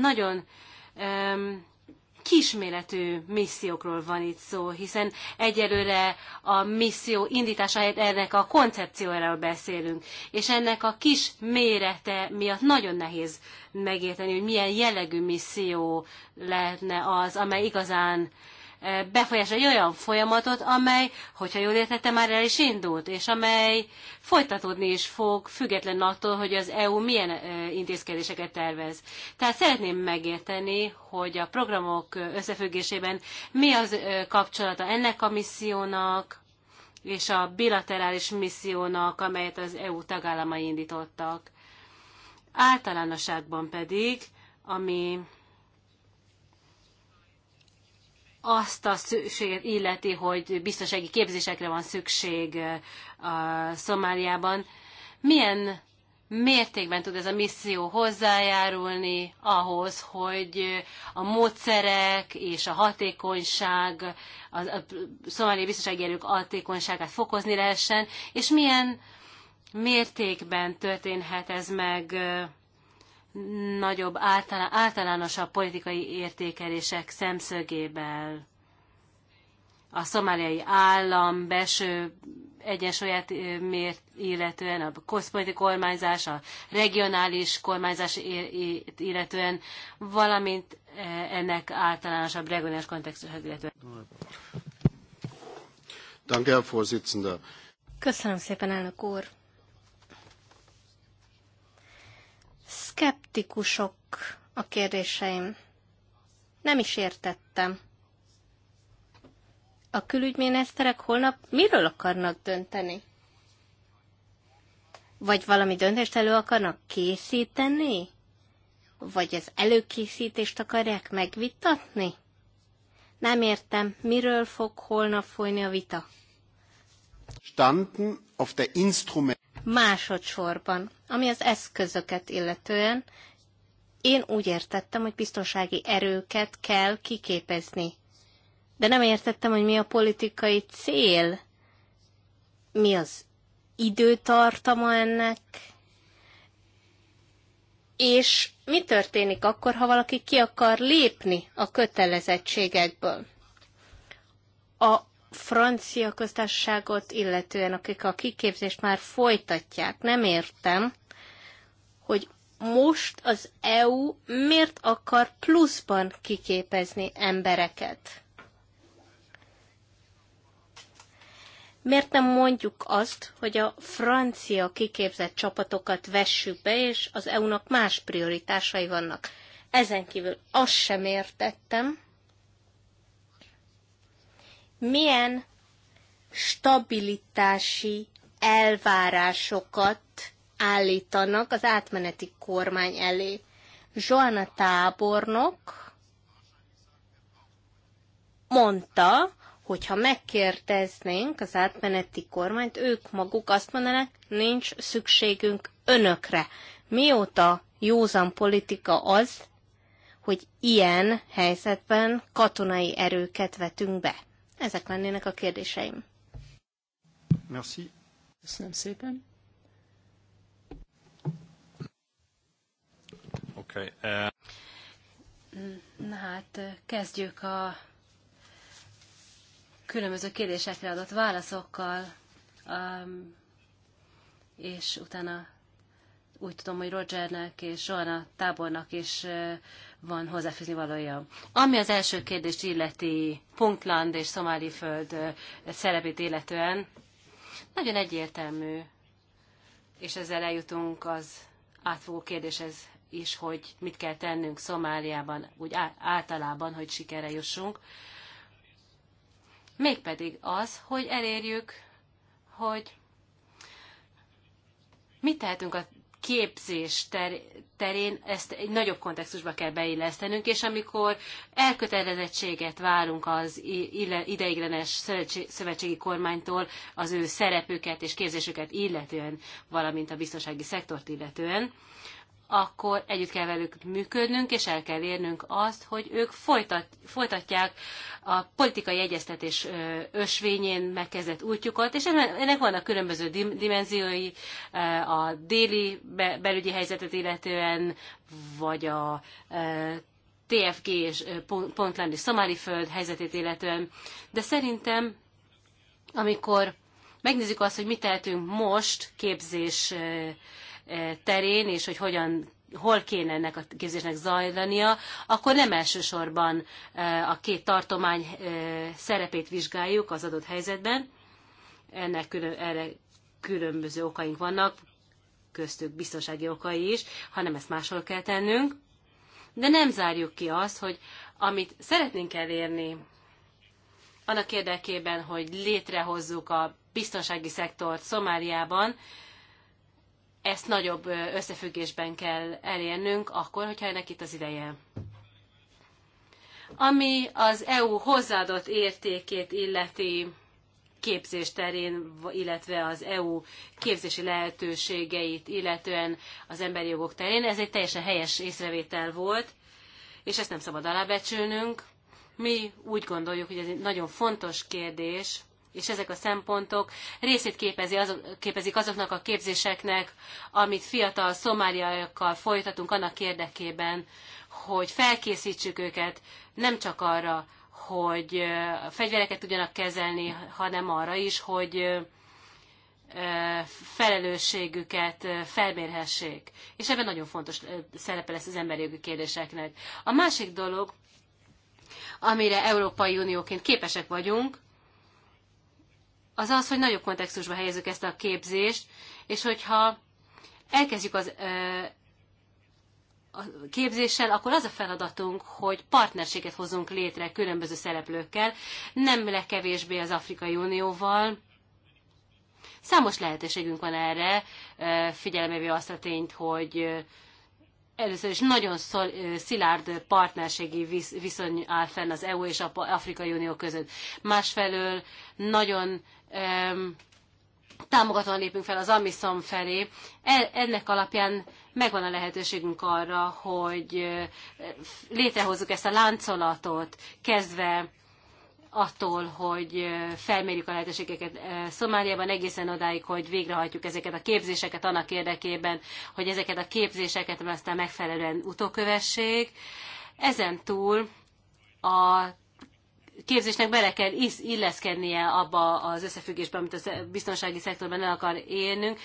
nagyon kisméretű missziókról van itt szó, hiszen egyelőre a misszió indítása helyett ennek a koncepcióról beszélünk, és ennek a kis mérete miatt nagyon nehéz megérteni, hogy milyen jellegű misszió lehetne az, amely igazán uh, befolyásolja egy olyan folyamatot, amely, hogyha jól értettem, már el is indult, és amely folytatódni is fog, független attól, hogy az EU milyen intézkedéseket tervez. Tehát szeretném megérteni, hogy a programok összefüggésében mi az kapcsolata ennek a missziónak, és a bilaterális missziónak, amelyet az EU tagállamai indítottak. Általánosságban pedig, ami azt a szükséget illeti, hogy biztonsági képzésekre van szükség a Szomáliában. Milyen mértékben tud ez a misszió hozzájárulni ahhoz, hogy a módszerek és a hatékonyság, a, a szomáliai biztonsági erők hatékonyságát fokozni lehessen, és milyen mértékben történhet ez meg nagyobb általánosabb politikai értékelések szemszögéből a szomáliai állam belső egyensúlyát mért, illetően a koszpolyti kormányzás, a regionális kormányzás illetően, valamint ennek általánosabb regionális kontextushoz illetően. Köszönöm szépen, elnök úr! Szkeptikusok a kérdéseim. Nem is értettem. A külügyminiszterek holnap miről akarnak dönteni? Vagy valami döntést elő akarnak készíteni? Vagy az előkészítést akarják megvitatni? Nem értem, miről fog holnap folyni a vita. Standen auf der Instrument. Másodszorban ami az eszközöket illetően, én úgy értettem, hogy biztonsági erőket kell kiképezni. De nem értettem, hogy mi a politikai cél, mi az időtartama ennek, és mi történik akkor, ha valaki ki akar lépni a kötelezettségekből. A francia köztársaságot, illetően akik a kiképzést már folytatják. Nem értem, hogy most az EU miért akar pluszban kiképezni embereket? Miért nem mondjuk azt, hogy a francia kiképzett csapatokat vessük be, és az EU-nak más prioritásai vannak? Ezen kívül azt sem értettem, milyen stabilitási elvárásokat állítanak az átmeneti kormány elé. Zsoana tábornok mondta, hogyha megkérdeznénk az átmeneti kormányt, ők maguk azt mondanák, nincs szükségünk önökre. Mióta józan politika az, hogy ilyen helyzetben katonai erőket vetünk be? Ezek lennének a kérdéseim. Merci. Köszönöm szépen. Okay. Uh... Na hát, kezdjük a különböző kérdésekre adott válaszokkal, um, és utána úgy tudom, hogy Rogernek és Joanna tábornak is uh, van hozzáfűzni valója. Ami az első kérdést illeti Puntland és föld szerepét illetően, nagyon egyértelmű, és ezzel eljutunk az átfogó kérdéshez is, hogy mit kell tennünk Szomáliában, úgy általában, hogy sikere jussunk. Mégpedig az, hogy elérjük, hogy mit tehetünk a képzés ter- terén ezt egy nagyobb kontextusba kell beillesztenünk, és amikor elkötelezettséget várunk az ideiglenes szövetségi kormánytól az ő szerepüket és képzésüket illetően, valamint a biztonsági szektort illetően, akkor együtt kell velük működnünk, és el kell érnünk azt, hogy ők folytat, folytatják a politikai egyeztetés ösvényén megkezdett útjukat, és ennek vannak különböző dimenziói, a déli belügyi helyzetet illetően, vagy a TFG és Pontlandi szomáli föld helyzetét illetően. De szerintem, amikor megnézzük azt, hogy mit tehetünk most képzés E, terén, és hogy hogyan hol kéne ennek a képzésnek zajlania, akkor nem elsősorban e, a két tartomány e, szerepét vizsgáljuk az adott helyzetben. Ennek külön, erre különböző okaink vannak, köztük biztonsági okai is, hanem ezt máshol kell tennünk. De nem zárjuk ki azt, hogy amit szeretnénk elérni, annak érdekében, hogy létrehozzuk a biztonsági szektort Szomáliában, ezt nagyobb összefüggésben kell elérnünk, akkor, hogyha ennek itt az ideje. Ami az EU hozzáadott értékét illeti képzés terén, illetve az EU képzési lehetőségeit, illetően az emberi jogok terén, ez egy teljesen helyes észrevétel volt, és ezt nem szabad alábecsülnünk. Mi úgy gondoljuk, hogy ez egy nagyon fontos kérdés, és ezek a szempontok részét képezi azok, képezik azoknak a képzéseknek, amit fiatal szomáliaiakkal folytatunk annak érdekében, hogy felkészítsük őket nem csak arra, hogy a fegyvereket tudjanak kezelni, hanem arra is, hogy felelősségüket felmérhessék. És ebben nagyon fontos szerepe lesz az emberi jogi kérdéseknek. A másik dolog, amire Európai Unióként képesek vagyunk, az az, hogy nagyobb kontextusba helyezzük ezt a képzést, és hogyha elkezdjük az a képzéssel, akkor az a feladatunk, hogy partnerséget hozzunk létre különböző szereplőkkel, nem legkevésbé az Afrikai Unióval. Számos lehetőségünk van erre, figyelembe véve azt a tényt, hogy először is nagyon szol, szilárd partnerségi viszony áll fenn az EU és az Afrikai Unió között. Másfelől nagyon um, támogatóan lépünk fel az Amisom felé. E, ennek alapján megvan a lehetőségünk arra, hogy létrehozzuk ezt a láncolatot, kezdve attól, hogy felmérjük a lehetőségeket Szomáliában egészen odáig, hogy végrehajtjuk ezeket a képzéseket annak érdekében, hogy ezeket a képzéseket aztán megfelelően utókövessék. Ezen túl a képzésnek bele kell illeszkednie abba az összefüggésbe, amit a biztonsági szektorban el akar élnünk.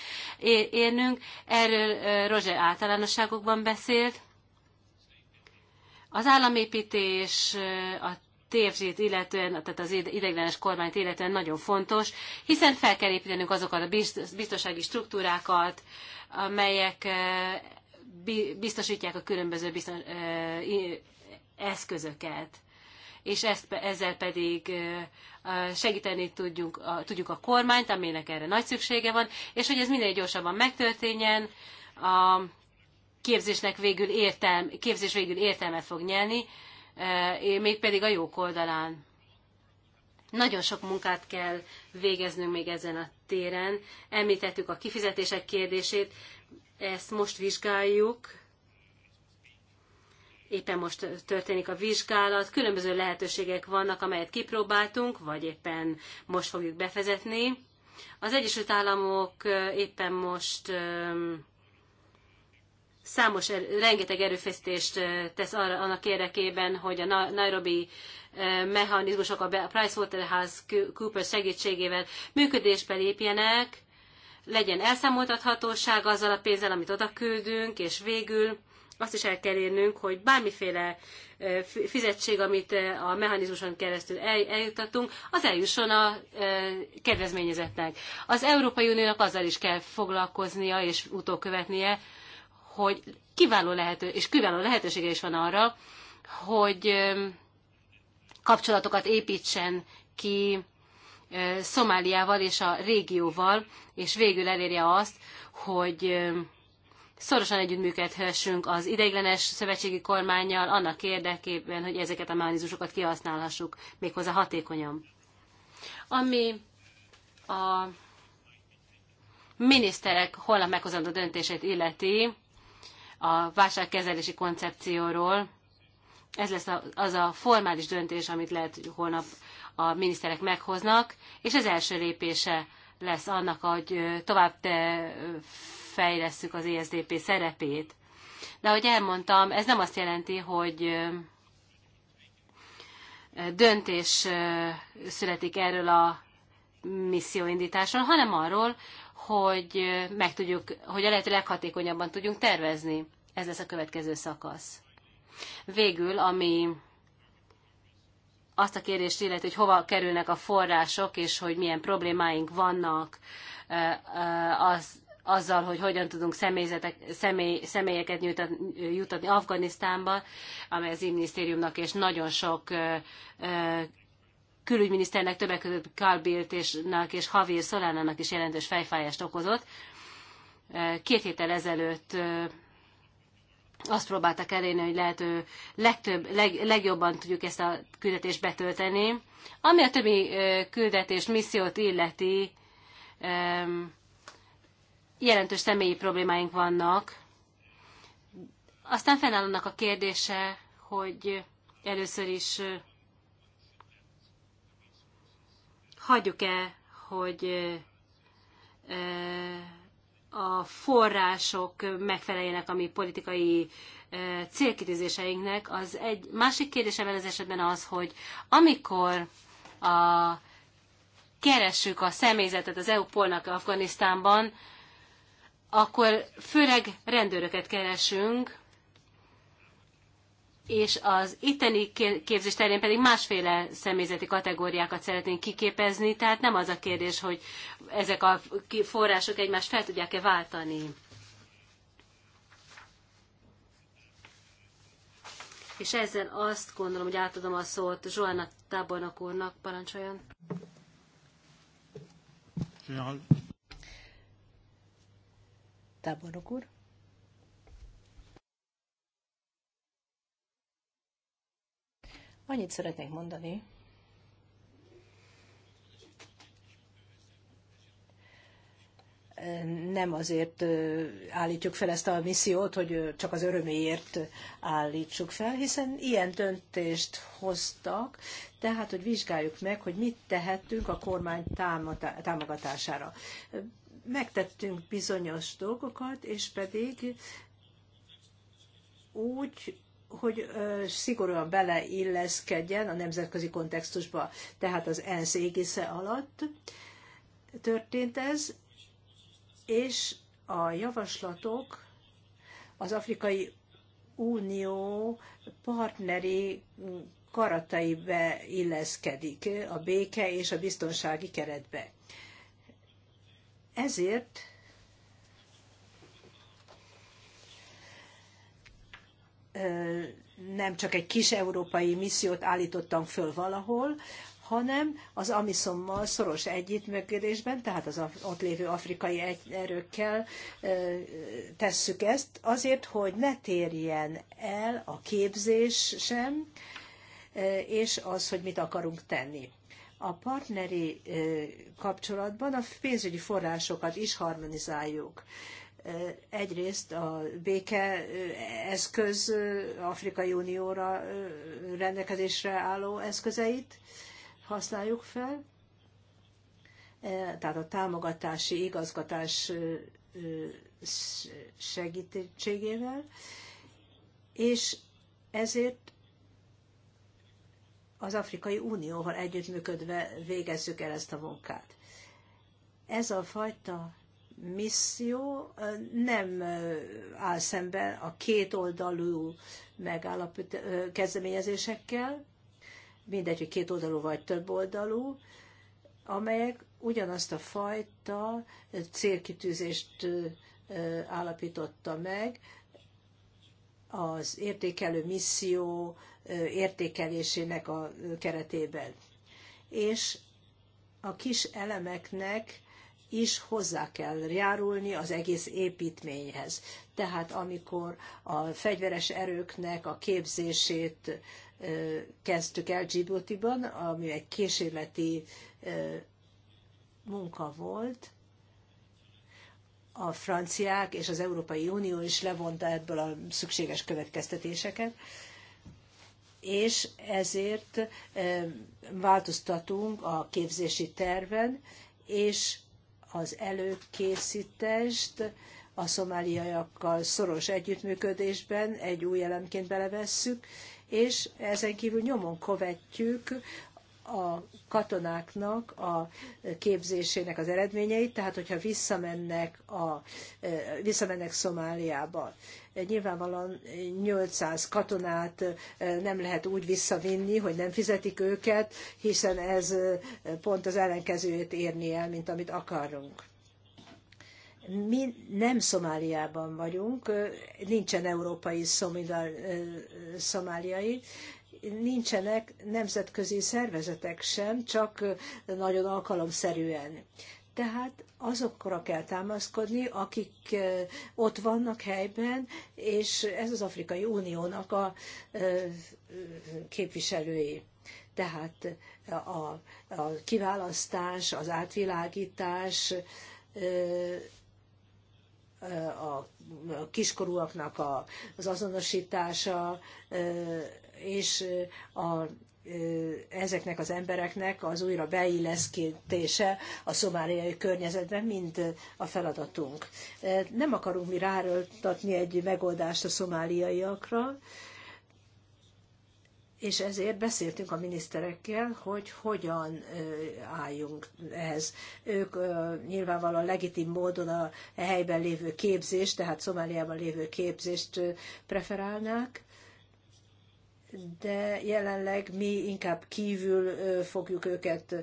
élnünk. Erről Roger általánosságokban beszélt. Az államépítés, a TFG-t illetően, tehát az ideiglenes kormányt illetően nagyon fontos, hiszen fel kell építenünk azokat a biztonsági struktúrákat, amelyek eh, biztosítják a különböző bizton, eh, eszközöket és ezt, ezzel pedig eh, segíteni tudjunk a, tudjuk a kormányt, aminek erre nagy szüksége van, és hogy ez minél gyorsabban megtörténjen, a képzésnek végül értelm, képzés végül értelmet fog nyelni, E, mégpedig a jók oldalán. Nagyon sok munkát kell végeznünk még ezen a téren. Említettük a kifizetések kérdését, ezt most vizsgáljuk. Éppen most történik a vizsgálat, különböző lehetőségek vannak, amelyet kipróbáltunk, vagy éppen most fogjuk befezetni. Az Egyesült Államok e, éppen most e, számos, er- rengeteg erőfeszítést tesz arra, annak érdekében, hogy a Nairobi mechanizmusok a Cooper segítségével működésbe lépjenek, legyen elszámoltathatóság azzal a pénzzel, amit oda küldünk, és végül azt is el kell érnünk, hogy bármiféle fizetség, amit a mechanizmuson keresztül eljuttatunk, az eljusson a kedvezményezetnek. Az Európai Uniónak azzal is kell foglalkoznia és utókövetnie, követnie, hogy kiváló lehető, és kiváló lehetősége is van arra, hogy kapcsolatokat építsen ki Szomáliával és a régióval, és végül elérje azt, hogy szorosan együttműködhessünk az ideiglenes szövetségi kormányjal annak érdekében, hogy ezeket a mechanizmusokat kihasználhassuk méghozzá hatékonyan. Ami a miniszterek holnap meghozandó döntését illeti, a válságkezelési koncepcióról. Ez lesz az a formális döntés, amit lehet, hogy holnap a miniszterek meghoznak, és ez első lépése lesz annak, hogy tovább fejlesszük az ESDP szerepét. De ahogy elmondtam, ez nem azt jelenti, hogy döntés születik erről a misszióindításról, hanem arról, hogy meg tudjuk, hogy a lehető leghatékonyabban tudjunk tervezni. Ez lesz a következő szakasz. Végül, ami azt a kérdést illeti, hogy hova kerülnek a források, és hogy milyen problémáink vannak az, azzal, hogy hogyan tudunk személyzetek, személy, személyeket jutatni Afganisztánba, amely az minisztériumnak és nagyon sok külügyminiszternek többek között Carl Bildtnak és Javier nak is jelentős fejfájást okozott. Két héttel ezelőtt azt próbáltak elérni, hogy lehető legtöbb, leg, legjobban tudjuk ezt a küldetést betölteni. Ami a többi küldetés missziót illeti, jelentős személyi problémáink vannak. Aztán fennáll annak a kérdése, hogy először is hagyjuk-e, hogy a források megfeleljenek a mi politikai célkitűzéseinknek. Az egy másik kérdésem az esetben az, hogy amikor a, keressük a személyzetet az EU-polnak Afganisztánban, akkor főleg rendőröket keresünk, és az itteni képzés terén pedig másféle személyzeti kategóriákat szeretnénk kiképezni, tehát nem az a kérdés, hogy ezek a források egymást fel tudják-e váltani. És ezzel azt gondolom, hogy átadom a szót Zsoana Tábornok úrnak, parancsoljon. Tábornok úr. Annyit szeretnék mondani, nem azért állítjuk fel ezt a missziót, hogy csak az öröméért állítsuk fel, hiszen ilyen döntést hoztak, tehát hogy vizsgáljuk meg, hogy mit tehetünk a kormány támogatására. Megtettünk bizonyos dolgokat, és pedig úgy, hogy szigorúan beleilleszkedjen a nemzetközi kontextusba. Tehát az ENSZ égisze alatt történt ez, és a javaslatok az Afrikai Unió partneri karataibe illeszkedik a béke és a biztonsági keretbe. Ezért nem csak egy kis európai missziót állítottam föl valahol, hanem az Amisommal szoros együttműködésben, tehát az ott lévő afrikai erőkkel tesszük ezt, azért, hogy ne térjen el a képzés sem, és az, hogy mit akarunk tenni. A partneri kapcsolatban a pénzügyi forrásokat is harmonizáljuk egyrészt a béke eh, eszköz, eh, Afrikai Unióra eh, rendelkezésre álló eszközeit használjuk fel, tehát a támogatási igazgatás segítségével, és ezért az Afrikai Unióval együttműködve végezzük el ezt a munkát. Ez a fajta misszió nem áll szemben a kétoldalú megállapít kezdeményezésekkel, mindegy, hogy kétoldalú vagy többoldalú, amelyek ugyanazt a fajta célkitűzést állapította meg, az értékelő misszió értékelésének a keretében. És a kis elemeknek is hozzá kell járulni az egész építményhez. Tehát amikor a fegyveres erőknek a képzését kezdtük el Djiboutiban, ami egy kísérleti munka volt, a franciák és az Európai Unió is levonta ebből a szükséges következtetéseket, és ezért változtatunk a képzési terven, és az előkészítést a szomáliaiakkal szoros együttműködésben egy új elemként belevesszük, és ezen kívül nyomon követjük a katonáknak a képzésének az eredményeit, tehát hogyha visszamennek, a, visszamennek Szomáliába. Nyilvánvalóan 800 katonát nem lehet úgy visszavinni, hogy nem fizetik őket, hiszen ez pont az ellenkezőjét érni el, mint amit akarunk. Mi nem Szomáliában vagyunk, nincsen európai szomidal, szomáliai, nincsenek nemzetközi szervezetek sem, csak nagyon alkalomszerűen. Tehát azokra kell támaszkodni, akik ott vannak helyben, és ez az Afrikai Uniónak a képviselői. Tehát a, a kiválasztás, az átvilágítás, a kiskorúaknak az azonosítása és a ezeknek az embereknek az újra beilleszkedése a szomáliai környezetben mind a feladatunk. Nem akarunk mi ráöltatni egy megoldást a szomáliaiakra, és ezért beszéltünk a miniszterekkel, hogy hogyan álljunk ehhez. Ők nyilvánvalóan legitim módon a helyben lévő képzést, tehát Szomáliában lévő képzést preferálnák, de jelenleg mi inkább kívül fogjuk őket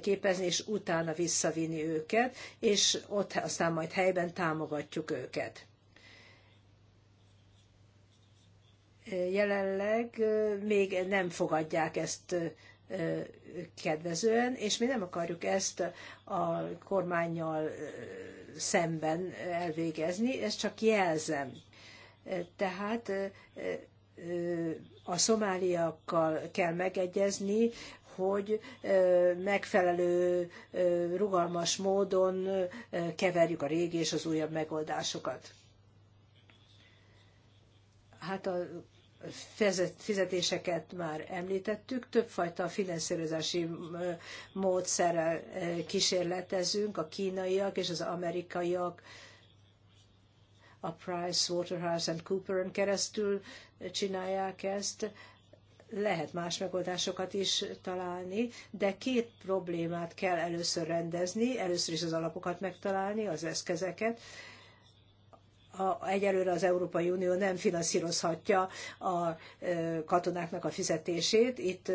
képezni, és utána visszavinni őket, és ott aztán majd helyben támogatjuk őket. Jelenleg még nem fogadják ezt kedvezően, és mi nem akarjuk ezt a kormányjal szemben elvégezni, ezt csak jelzem. Tehát a szomáliakkal kell megegyezni, hogy megfelelő, rugalmas módon keverjük a régi és az újabb megoldásokat. Hát a fizetéseket már említettük, többfajta finanszírozási módszerrel kísérletezünk, a kínaiak és az amerikaiak, a Price, Waterhouse and Cooperen keresztül csinálják ezt, lehet más megoldásokat is találni, de két problémát kell először rendezni, először is az alapokat megtalálni, az eszközeket, a, egyelőre az Európai Unió nem finanszírozhatja a katonáknak a fizetését, itt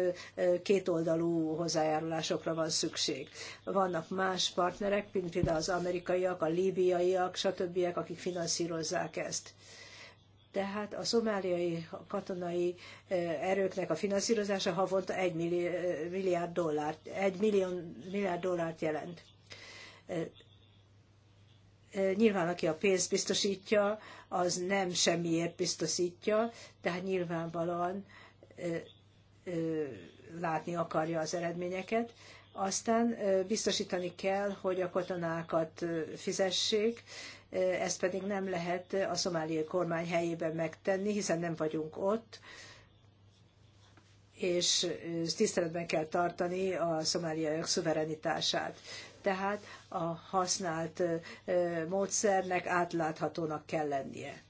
kétoldalú hozzájárulásokra van szükség. Vannak más partnerek, mint például az amerikaiak, a líbiaiak, stb., akik finanszírozzák ezt. Tehát a szomáliai katonai erőknek a finanszírozása havonta 1 milliárd dollárt, 1 millió milliárd dollárt jelent. Nyilván, aki a pénzt biztosítja, az nem semmiért biztosítja, tehát nyilvánvalóan látni akarja az eredményeket. Aztán biztosítani kell, hogy a katonákat fizessék, ezt pedig nem lehet a szomáliai kormány helyében megtenni, hiszen nem vagyunk ott, és tiszteletben kell tartani a szomáliaiak szuverenitását. Tehát a használt módszernek átláthatónak kell lennie.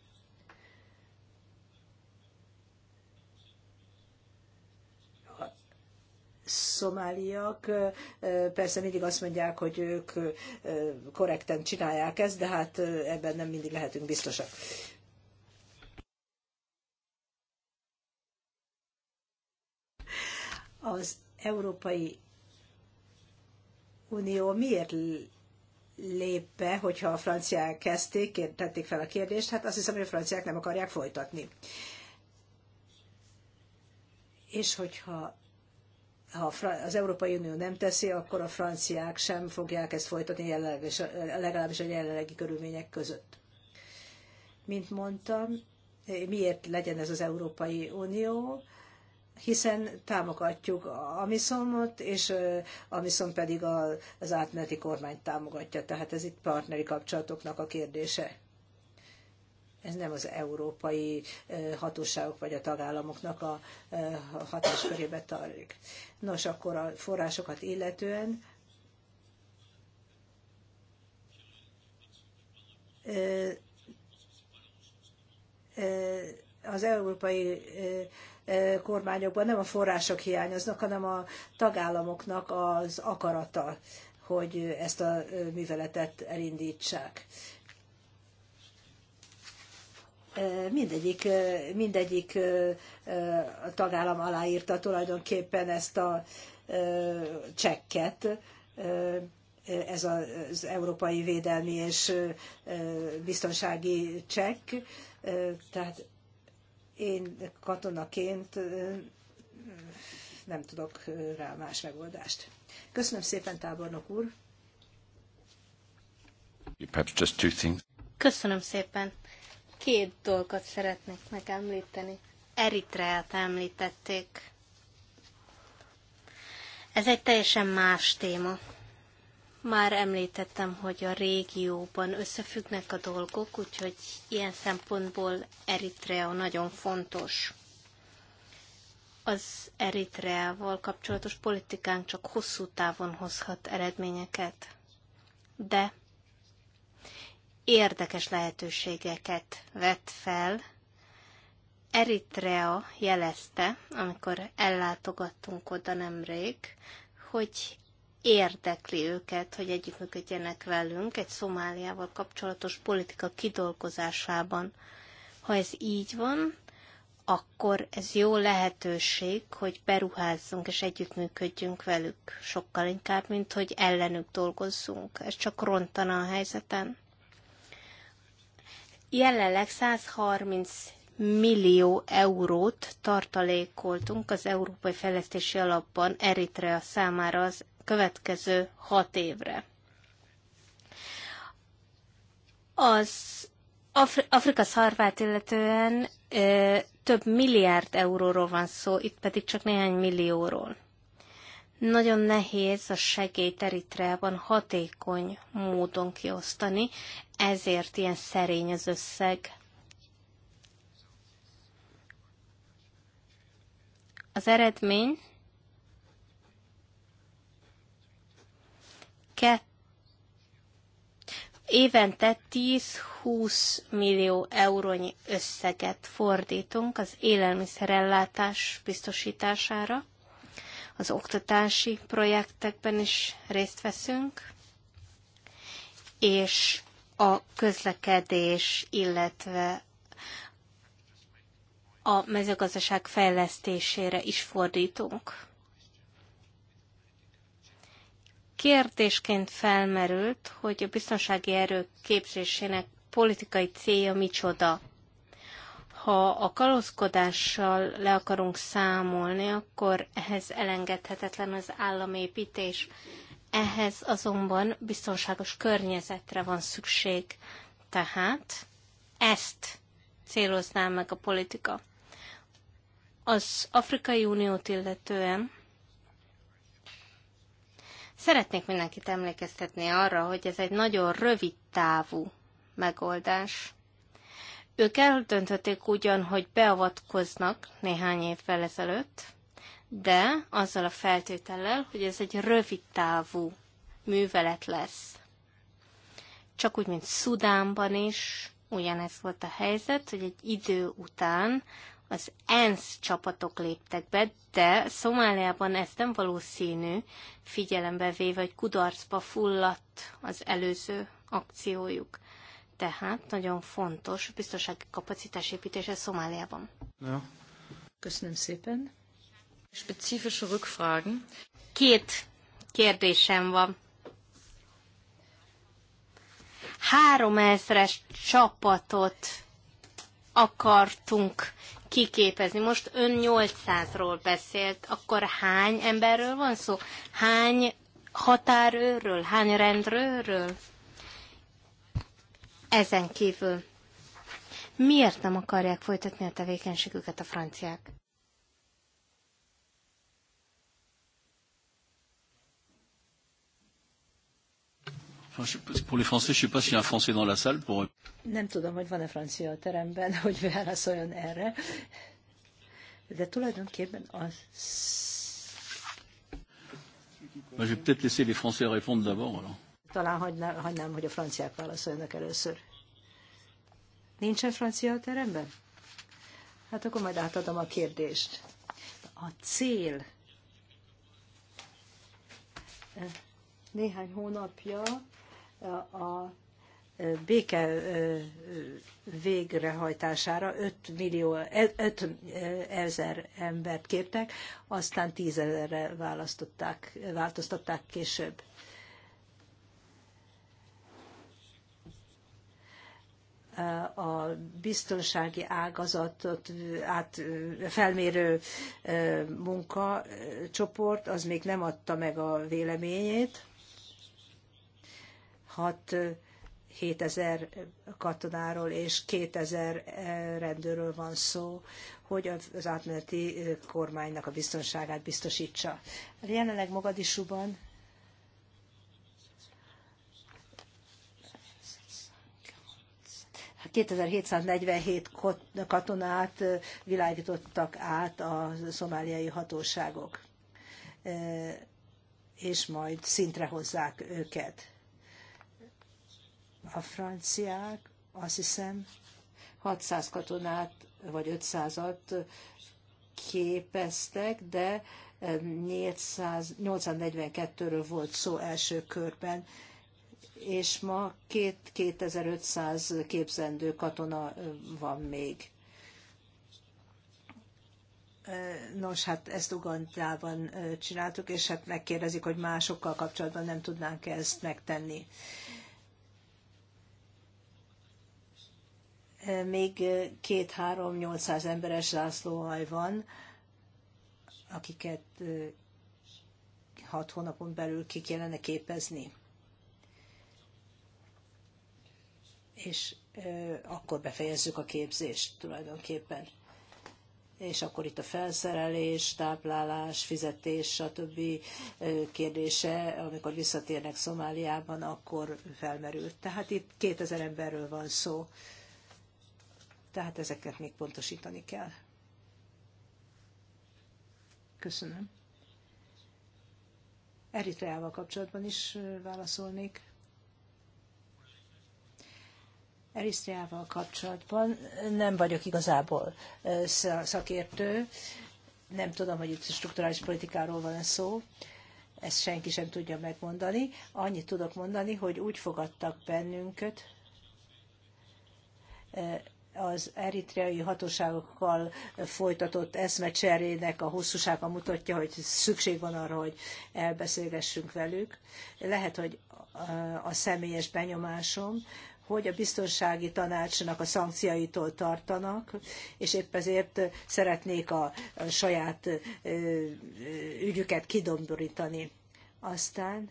szomáliak persze mindig azt mondják, hogy ők korrekten csinálják ezt, de hát ebben nem mindig lehetünk biztosak. Az Európai Unió miért lép be, hogyha a franciák kezdték, tették fel a kérdést, hát azt hiszem, hogy a franciák nem akarják folytatni. És hogyha ha az Európai Unió nem teszi, akkor a franciák sem fogják ezt folytatni, jelenleges, legalábbis a jelenlegi körülmények között. Mint mondtam, miért legyen ez az Európai Unió? hiszen támogatjuk a Amiszomot, és a Amiszom pedig az átmeneti kormányt támogatja. Tehát ez itt partneri kapcsolatoknak a kérdése. Ez nem az európai hatóságok vagy a tagállamoknak a hatáskörébe tartozik. Nos, akkor a forrásokat illetően az európai kormányokban nem a források hiányoznak, hanem a tagállamoknak az akarata, hogy ezt a műveletet elindítsák mindegyik, mindegyik tagállam aláírta tulajdonképpen ezt a csekket, ez az európai védelmi és biztonsági csekk, tehát én katonaként nem tudok rá más megoldást. Köszönöm szépen, tábornok úr! Köszönöm szépen. Két dolgot szeretnék megemlíteni. Eritreát említették. Ez egy teljesen más téma. Már említettem, hogy a régióban összefüggnek a dolgok, úgyhogy ilyen szempontból Eritrea nagyon fontos. Az Eritreával kapcsolatos politikánk csak hosszú távon hozhat eredményeket. De érdekes lehetőségeket vett fel. Eritrea jelezte, amikor ellátogattunk oda nemrég, hogy érdekli őket, hogy együttműködjenek velünk egy Szomáliával kapcsolatos politika kidolgozásában. Ha ez így van, akkor ez jó lehetőség, hogy beruházzunk és együttműködjünk velük sokkal inkább, mint hogy ellenük dolgozzunk. Ez csak rontana a helyzeten jelenleg 130 millió eurót tartalékoltunk az Európai Fejlesztési Alapban Eritrea számára az következő hat évre. Az Afri- Afrika szarvát illetően ö, több milliárd euróról van szó, itt pedig csak néhány millióról. Nagyon nehéz a segélyt Eritreában hatékony módon kiosztani, ezért ilyen szerény az összeg. Az eredmény 2 évente 10-20 millió eurónyi összeget fordítunk az élelmiszerellátás biztosítására. Az oktatási projektekben is részt veszünk, és a közlekedés, illetve a mezőgazdaság fejlesztésére is fordítunk. Kérdésként felmerült, hogy a biztonsági erők képzésének politikai célja micsoda. Ha a kalózkodással le akarunk számolni, akkor ehhez elengedhetetlen az államépítés. Ehhez azonban biztonságos környezetre van szükség. Tehát ezt célozná meg a politika. Az Afrikai Uniót illetően szeretnék mindenkit emlékeztetni arra, hogy ez egy nagyon rövid távú megoldás. Ők eldöntötték ugyan, hogy beavatkoznak néhány évvel ezelőtt, de azzal a feltétellel, hogy ez egy rövid távú művelet lesz. Csak úgy, mint Szudánban is ugyanez volt a helyzet, hogy egy idő után az ENSZ csapatok léptek be, de Szomáliában ez nem valószínű, figyelembe véve, hogy kudarcba fulladt az előző akciójuk. Tehát nagyon fontos a biztonsági építése Szomáliában. Ja. Köszönöm szépen. Spezifische Rückfragen. Két kérdésem van. három ezres csapatot akartunk kiképezni. Most ön 800-ról beszélt, akkor hány emberről van szó? Hány határőről, hány rendről? Ezen kívül miért nem akarják folytatni a tevékenységüket a franciák? Pour les Français, je sais pas s'il y a un Français dans la salle pour... Nem tudom, hogy van-e francia a teremben, hogy válaszoljon erre. De tulajdonképpen az... Bah, je vais peut-être laisser les Français répondre d'abord, Talán hagynám, hagynám, hogy a franciák válaszoljanak először. Nincsen francia a teremben? Hát akkor majd átadom a kérdést. A cél néhány hónapja a béke végrehajtására 5 millió, 5 ezer embert kértek, aztán 10 ezerre választották, változtatták később. a biztonsági ágazatot át, felmérő munkacsoport az még nem adta meg a véleményét, 6 7000 katonáról és 2000 rendőről van szó, hogy az átmeneti kormánynak a biztonságát biztosítsa. Jelenleg Mogadisúban ...2747 katonát világítottak át a szomáliai hatóságok, és majd szintre hozzák őket a franciák azt hiszem 600 katonát vagy 500-at képeztek, de 400, eh, 842-ről volt szó első körben, és ma 2, 2500 képzendő katona eh, van még. Eh, nos, hát ezt Ugandában csináltuk, és hát megkérdezik, hogy másokkal kapcsolatban nem tudnánk ezt megtenni. még két-három 800 emberes zászlóhaj van, akiket hat hónapon belül ki kellene képezni. És akkor befejezzük a képzést tulajdonképpen. És akkor itt a felszerelés, táplálás, fizetés, stb. kérdése, amikor visszatérnek Szomáliában, akkor felmerült. Tehát itt 2000 emberről van szó tehát ezeket még pontosítani kell. Köszönöm. Eritreával kapcsolatban is válaszolnék. Erisztriával kapcsolatban nem vagyok igazából szakértő, nem tudom, hogy itt strukturális politikáról van szó, ezt senki sem tudja megmondani. Annyit tudok mondani, hogy úgy fogadtak bennünket, az eritreai hatóságokkal folytatott eszmecserének a hosszúsága mutatja, hogy szükség van arra, hogy elbeszélgessünk velük. Lehet, hogy a személyes benyomásom, hogy a biztonsági tanácsnak a szankciaitól tartanak, és épp ezért szeretnék a saját ügyüket kidomborítani. Aztán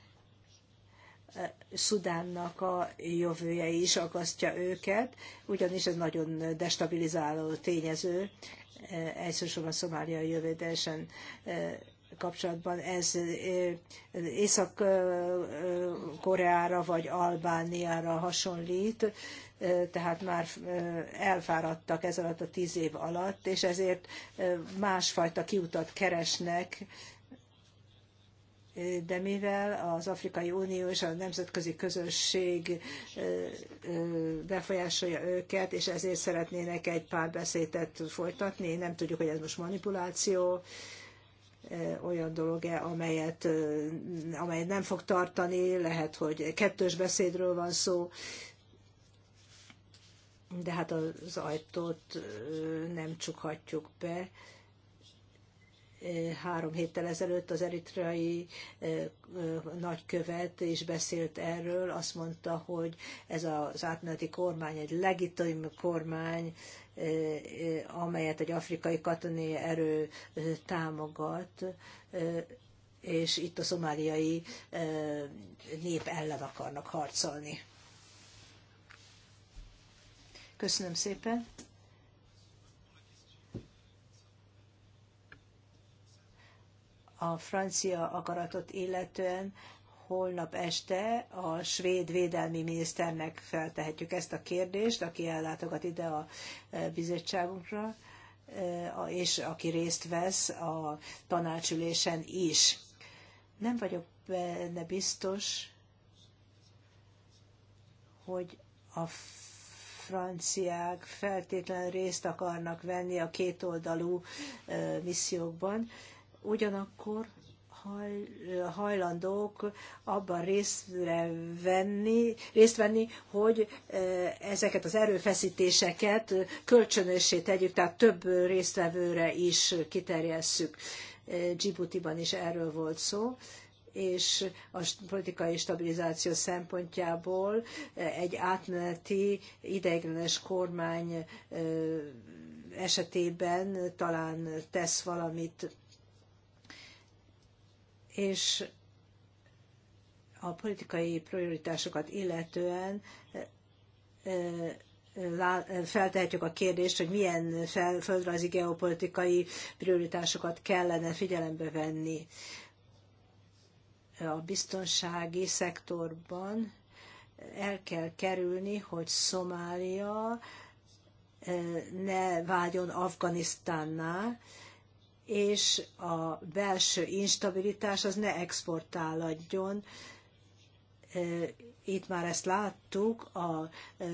Szudánnak a jövője is akasztja őket, ugyanis ez nagyon destabilizáló tényező, eh, elsősorban Szomália jövődésen eh, kapcsolatban ez eh, Észak-Koreára vagy Albániára hasonlít, tehát már elfáradtak ez alatt a tíz év alatt, és ezért másfajta kiutat keresnek, de mivel az Afrikai Unió és a nemzetközi közösség befolyásolja őket, és ezért szeretnének egy pár beszédet folytatni, nem tudjuk, hogy ez most manipuláció, olyan dolog-e, amelyet, amelyet nem fog tartani, lehet, hogy kettős beszédről van szó, de hát az ajtót nem csukhatjuk be három héttel ezelőtt az eritreai eh, eh, nagykövet és beszélt erről, azt mondta, hogy ez az átmeneti kormány egy legitim kormány, eh, amelyet egy afrikai katonai erő támogat, és itt a szomáliai nép ellen akarnak harcolni. Köszönöm szépen! a francia akaratot illetően holnap este a svéd védelmi miniszternek feltehetjük ezt a kérdést, aki ellátogat ide a e, bizottságunkra, e, és aki részt vesz a tanácsülésen is. Nem vagyok benne biztos, hogy a franciák feltétlenül részt akarnak venni a kétoldalú e, missziókban, ugyanakkor hajlandók abban részre venni, részt venni, hogy e, ezeket az erőfeszítéseket kölcsönössé tegyük, tehát több résztvevőre is kiterjesszük. E, Djiboutiban ban is erről volt szó és a politikai stabilizáció szempontjából e, egy átmeneti ideiglenes kormány esetében talán tesz valamit és a politikai prioritásokat illetően eh, eh, feltehetjük a kérdést, hogy milyen földrajzi geopolitikai prioritásokat kellene figyelembe venni a biztonsági szektorban. El kell kerülni, hogy Szomália eh, ne vágyon Afganisztánnál, és a belső instabilitás az ne exportáladjon, Itt már ezt láttuk, a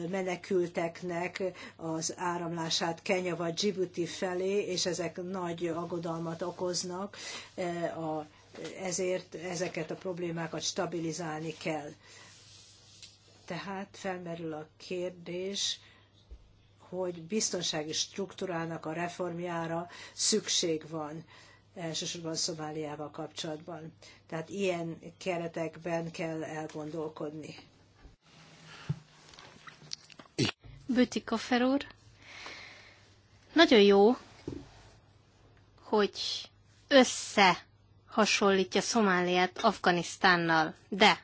menekülteknek az áramlását Kenya vagy Djibouti felé, és ezek nagy aggodalmat okoznak, a, ezért ezeket a problémákat stabilizálni kell. Tehát felmerül a kérdés, hogy biztonsági struktúrának a reformjára szükség van elsősorban Szomáliával kapcsolatban. Tehát ilyen keretekben kell elgondolkodni. Bütikofer úr, nagyon jó, hogy összehasonlítja Szomáliát Afganisztánnal, de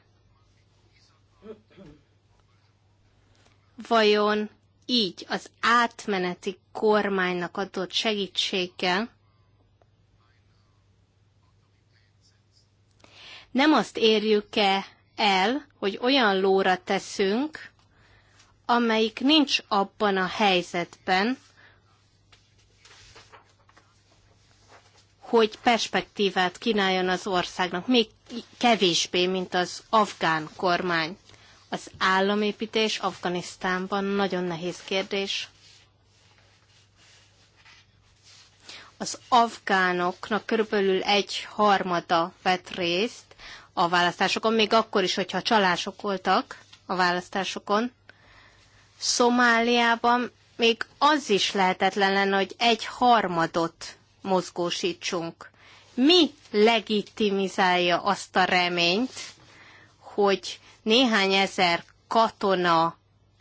vajon így az átmeneti kormánynak adott segítséggel nem azt érjük-e el, hogy olyan lóra teszünk, amelyik nincs abban a helyzetben, hogy perspektívát kínáljon az országnak, még kevésbé, mint az afgán kormány. Az államépítés Afganisztánban nagyon nehéz kérdés. Az afgánoknak körülbelül egy harmada vett részt a választásokon, még akkor is, hogyha csalások voltak a választásokon. Szomáliában még az is lehetetlen lenne, hogy egy harmadot mozgósítsunk. Mi legitimizálja azt a reményt, hogy néhány ezer katona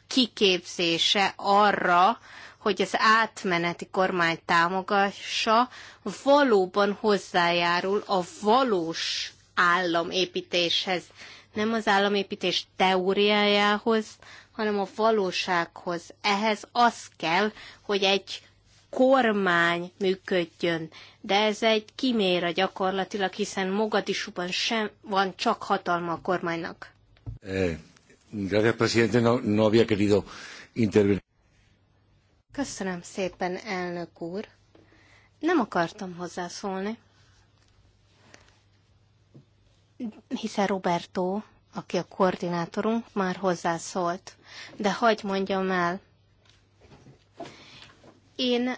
kiképzése arra, hogy az átmeneti kormány támogassa, valóban hozzájárul a valós államépítéshez. Nem az államépítés teóriájához, hanem a valósághoz. Ehhez az kell, hogy egy kormány működjön. De ez egy kiméra gyakorlatilag, hiszen Mogadisúban sem van csak hatalma a kormánynak. Eh, gracias, presidente. No, no había querido intervenir. Köszönöm szépen, elnök úr. Nem akartam hozzászólni, hiszen Roberto, aki a koordinátorunk, már hozzászólt. De hagy mondjam el, én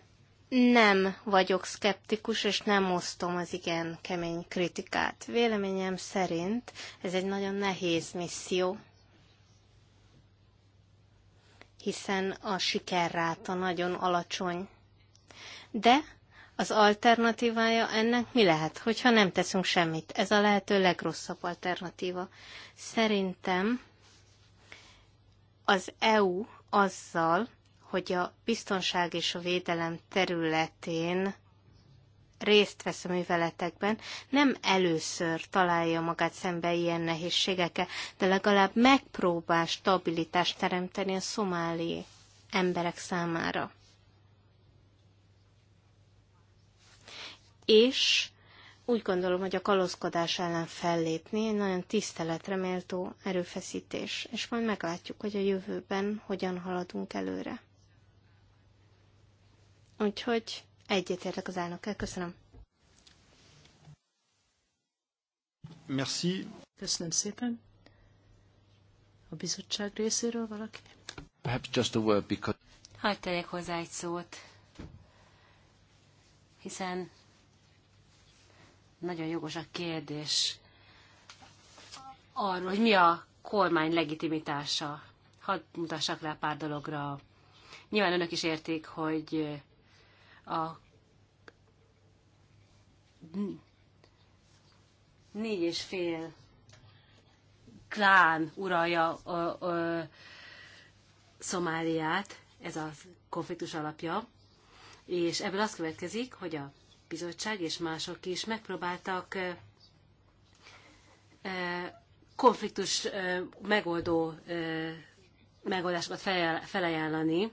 nem vagyok szkeptikus, és nem osztom az igen kemény kritikát. Véleményem szerint ez egy nagyon nehéz misszió, hiszen a sikerráta nagyon alacsony. De az alternatívája ennek mi lehet, hogyha nem teszünk semmit? Ez a lehető legrosszabb alternatíva. Szerintem az EU azzal, hogy a biztonság és a védelem területén részt vesz a műveletekben, nem először találja magát szembe ilyen nehézségekkel, de legalább megpróbál stabilitást teremteni a szomáli emberek számára. És úgy gondolom, hogy a kalózkodás ellen fellépni egy nagyon tiszteletre méltó erőfeszítés, és majd meglátjuk, hogy a jövőben hogyan haladunk előre. Úgyhogy egyetértek az elnökkel. Köszönöm. Merci. Köszönöm szépen. A bizottság részéről valaki? Perhaps just a word because... Hadd tegyek hozzá egy szót, hiszen nagyon jogos a kérdés arról, hogy mi a kormány legitimitása. Hadd mutassak le pár dologra. Nyilván önök is értik, hogy a négy és fél klán uralja ö, ö, Szomáliát, ez a konfliktus alapja, és ebből az következik, hogy a bizottság és mások is megpróbáltak ö, ö, konfliktus ö, megoldó ö, megoldásokat felajánlani,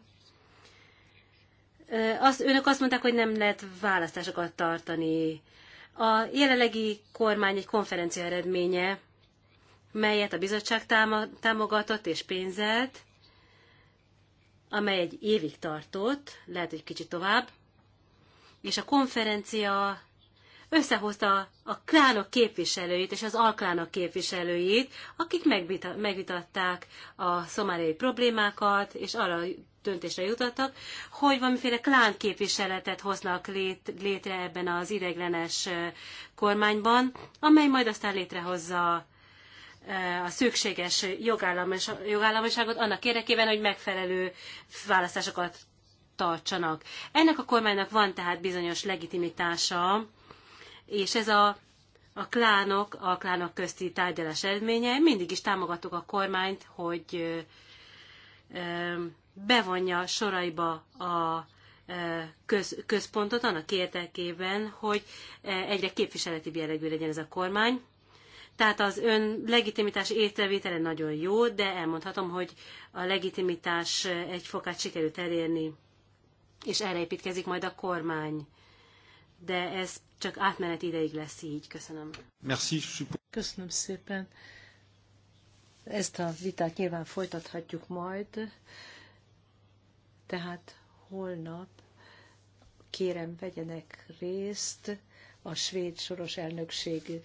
azt, önök azt mondták, hogy nem lehet választásokat tartani. A jelenlegi kormány egy konferencia eredménye, melyet a bizottság támogatott és pénzelt, amely egy évig tartott, lehet, hogy kicsit tovább, és a konferencia összehozta a klánok képviselőit és az alklánok képviselőit, akik megvitatták a szomáliai problémákat, és arra döntésre jutottak, hogy valamiféle klán képviseletet hoznak lét, létre ebben az ideglenes kormányban, amely majd aztán létrehozza a szükséges jogállamiságot annak érdekében, hogy megfelelő választásokat tartsanak. Ennek a kormánynak van tehát bizonyos legitimitása, és ez a, a klánok, a klánok közti tárgyalás eredménye. Mindig is támogattuk a kormányt, hogy ö, ö, bevonja soraiba a e, köz, központot annak érdekében, hogy e, egyre képviseleti jellegű legyen ez a kormány. Tehát az ön legitimitás értelvétele nagyon jó, de elmondhatom, hogy a legitimitás egy fokát sikerült elérni, és erre építkezik majd a kormány. De ez csak átmenet ideig lesz így. Köszönöm. Merci. Köszönöm szépen. Ezt a vitát nyilván folytathatjuk majd. Tehát holnap kérem vegyenek részt a svéd soros elnökség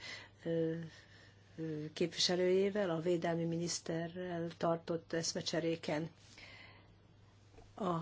képviselőjével, a védelmi miniszterrel tartott eszmecseréken. A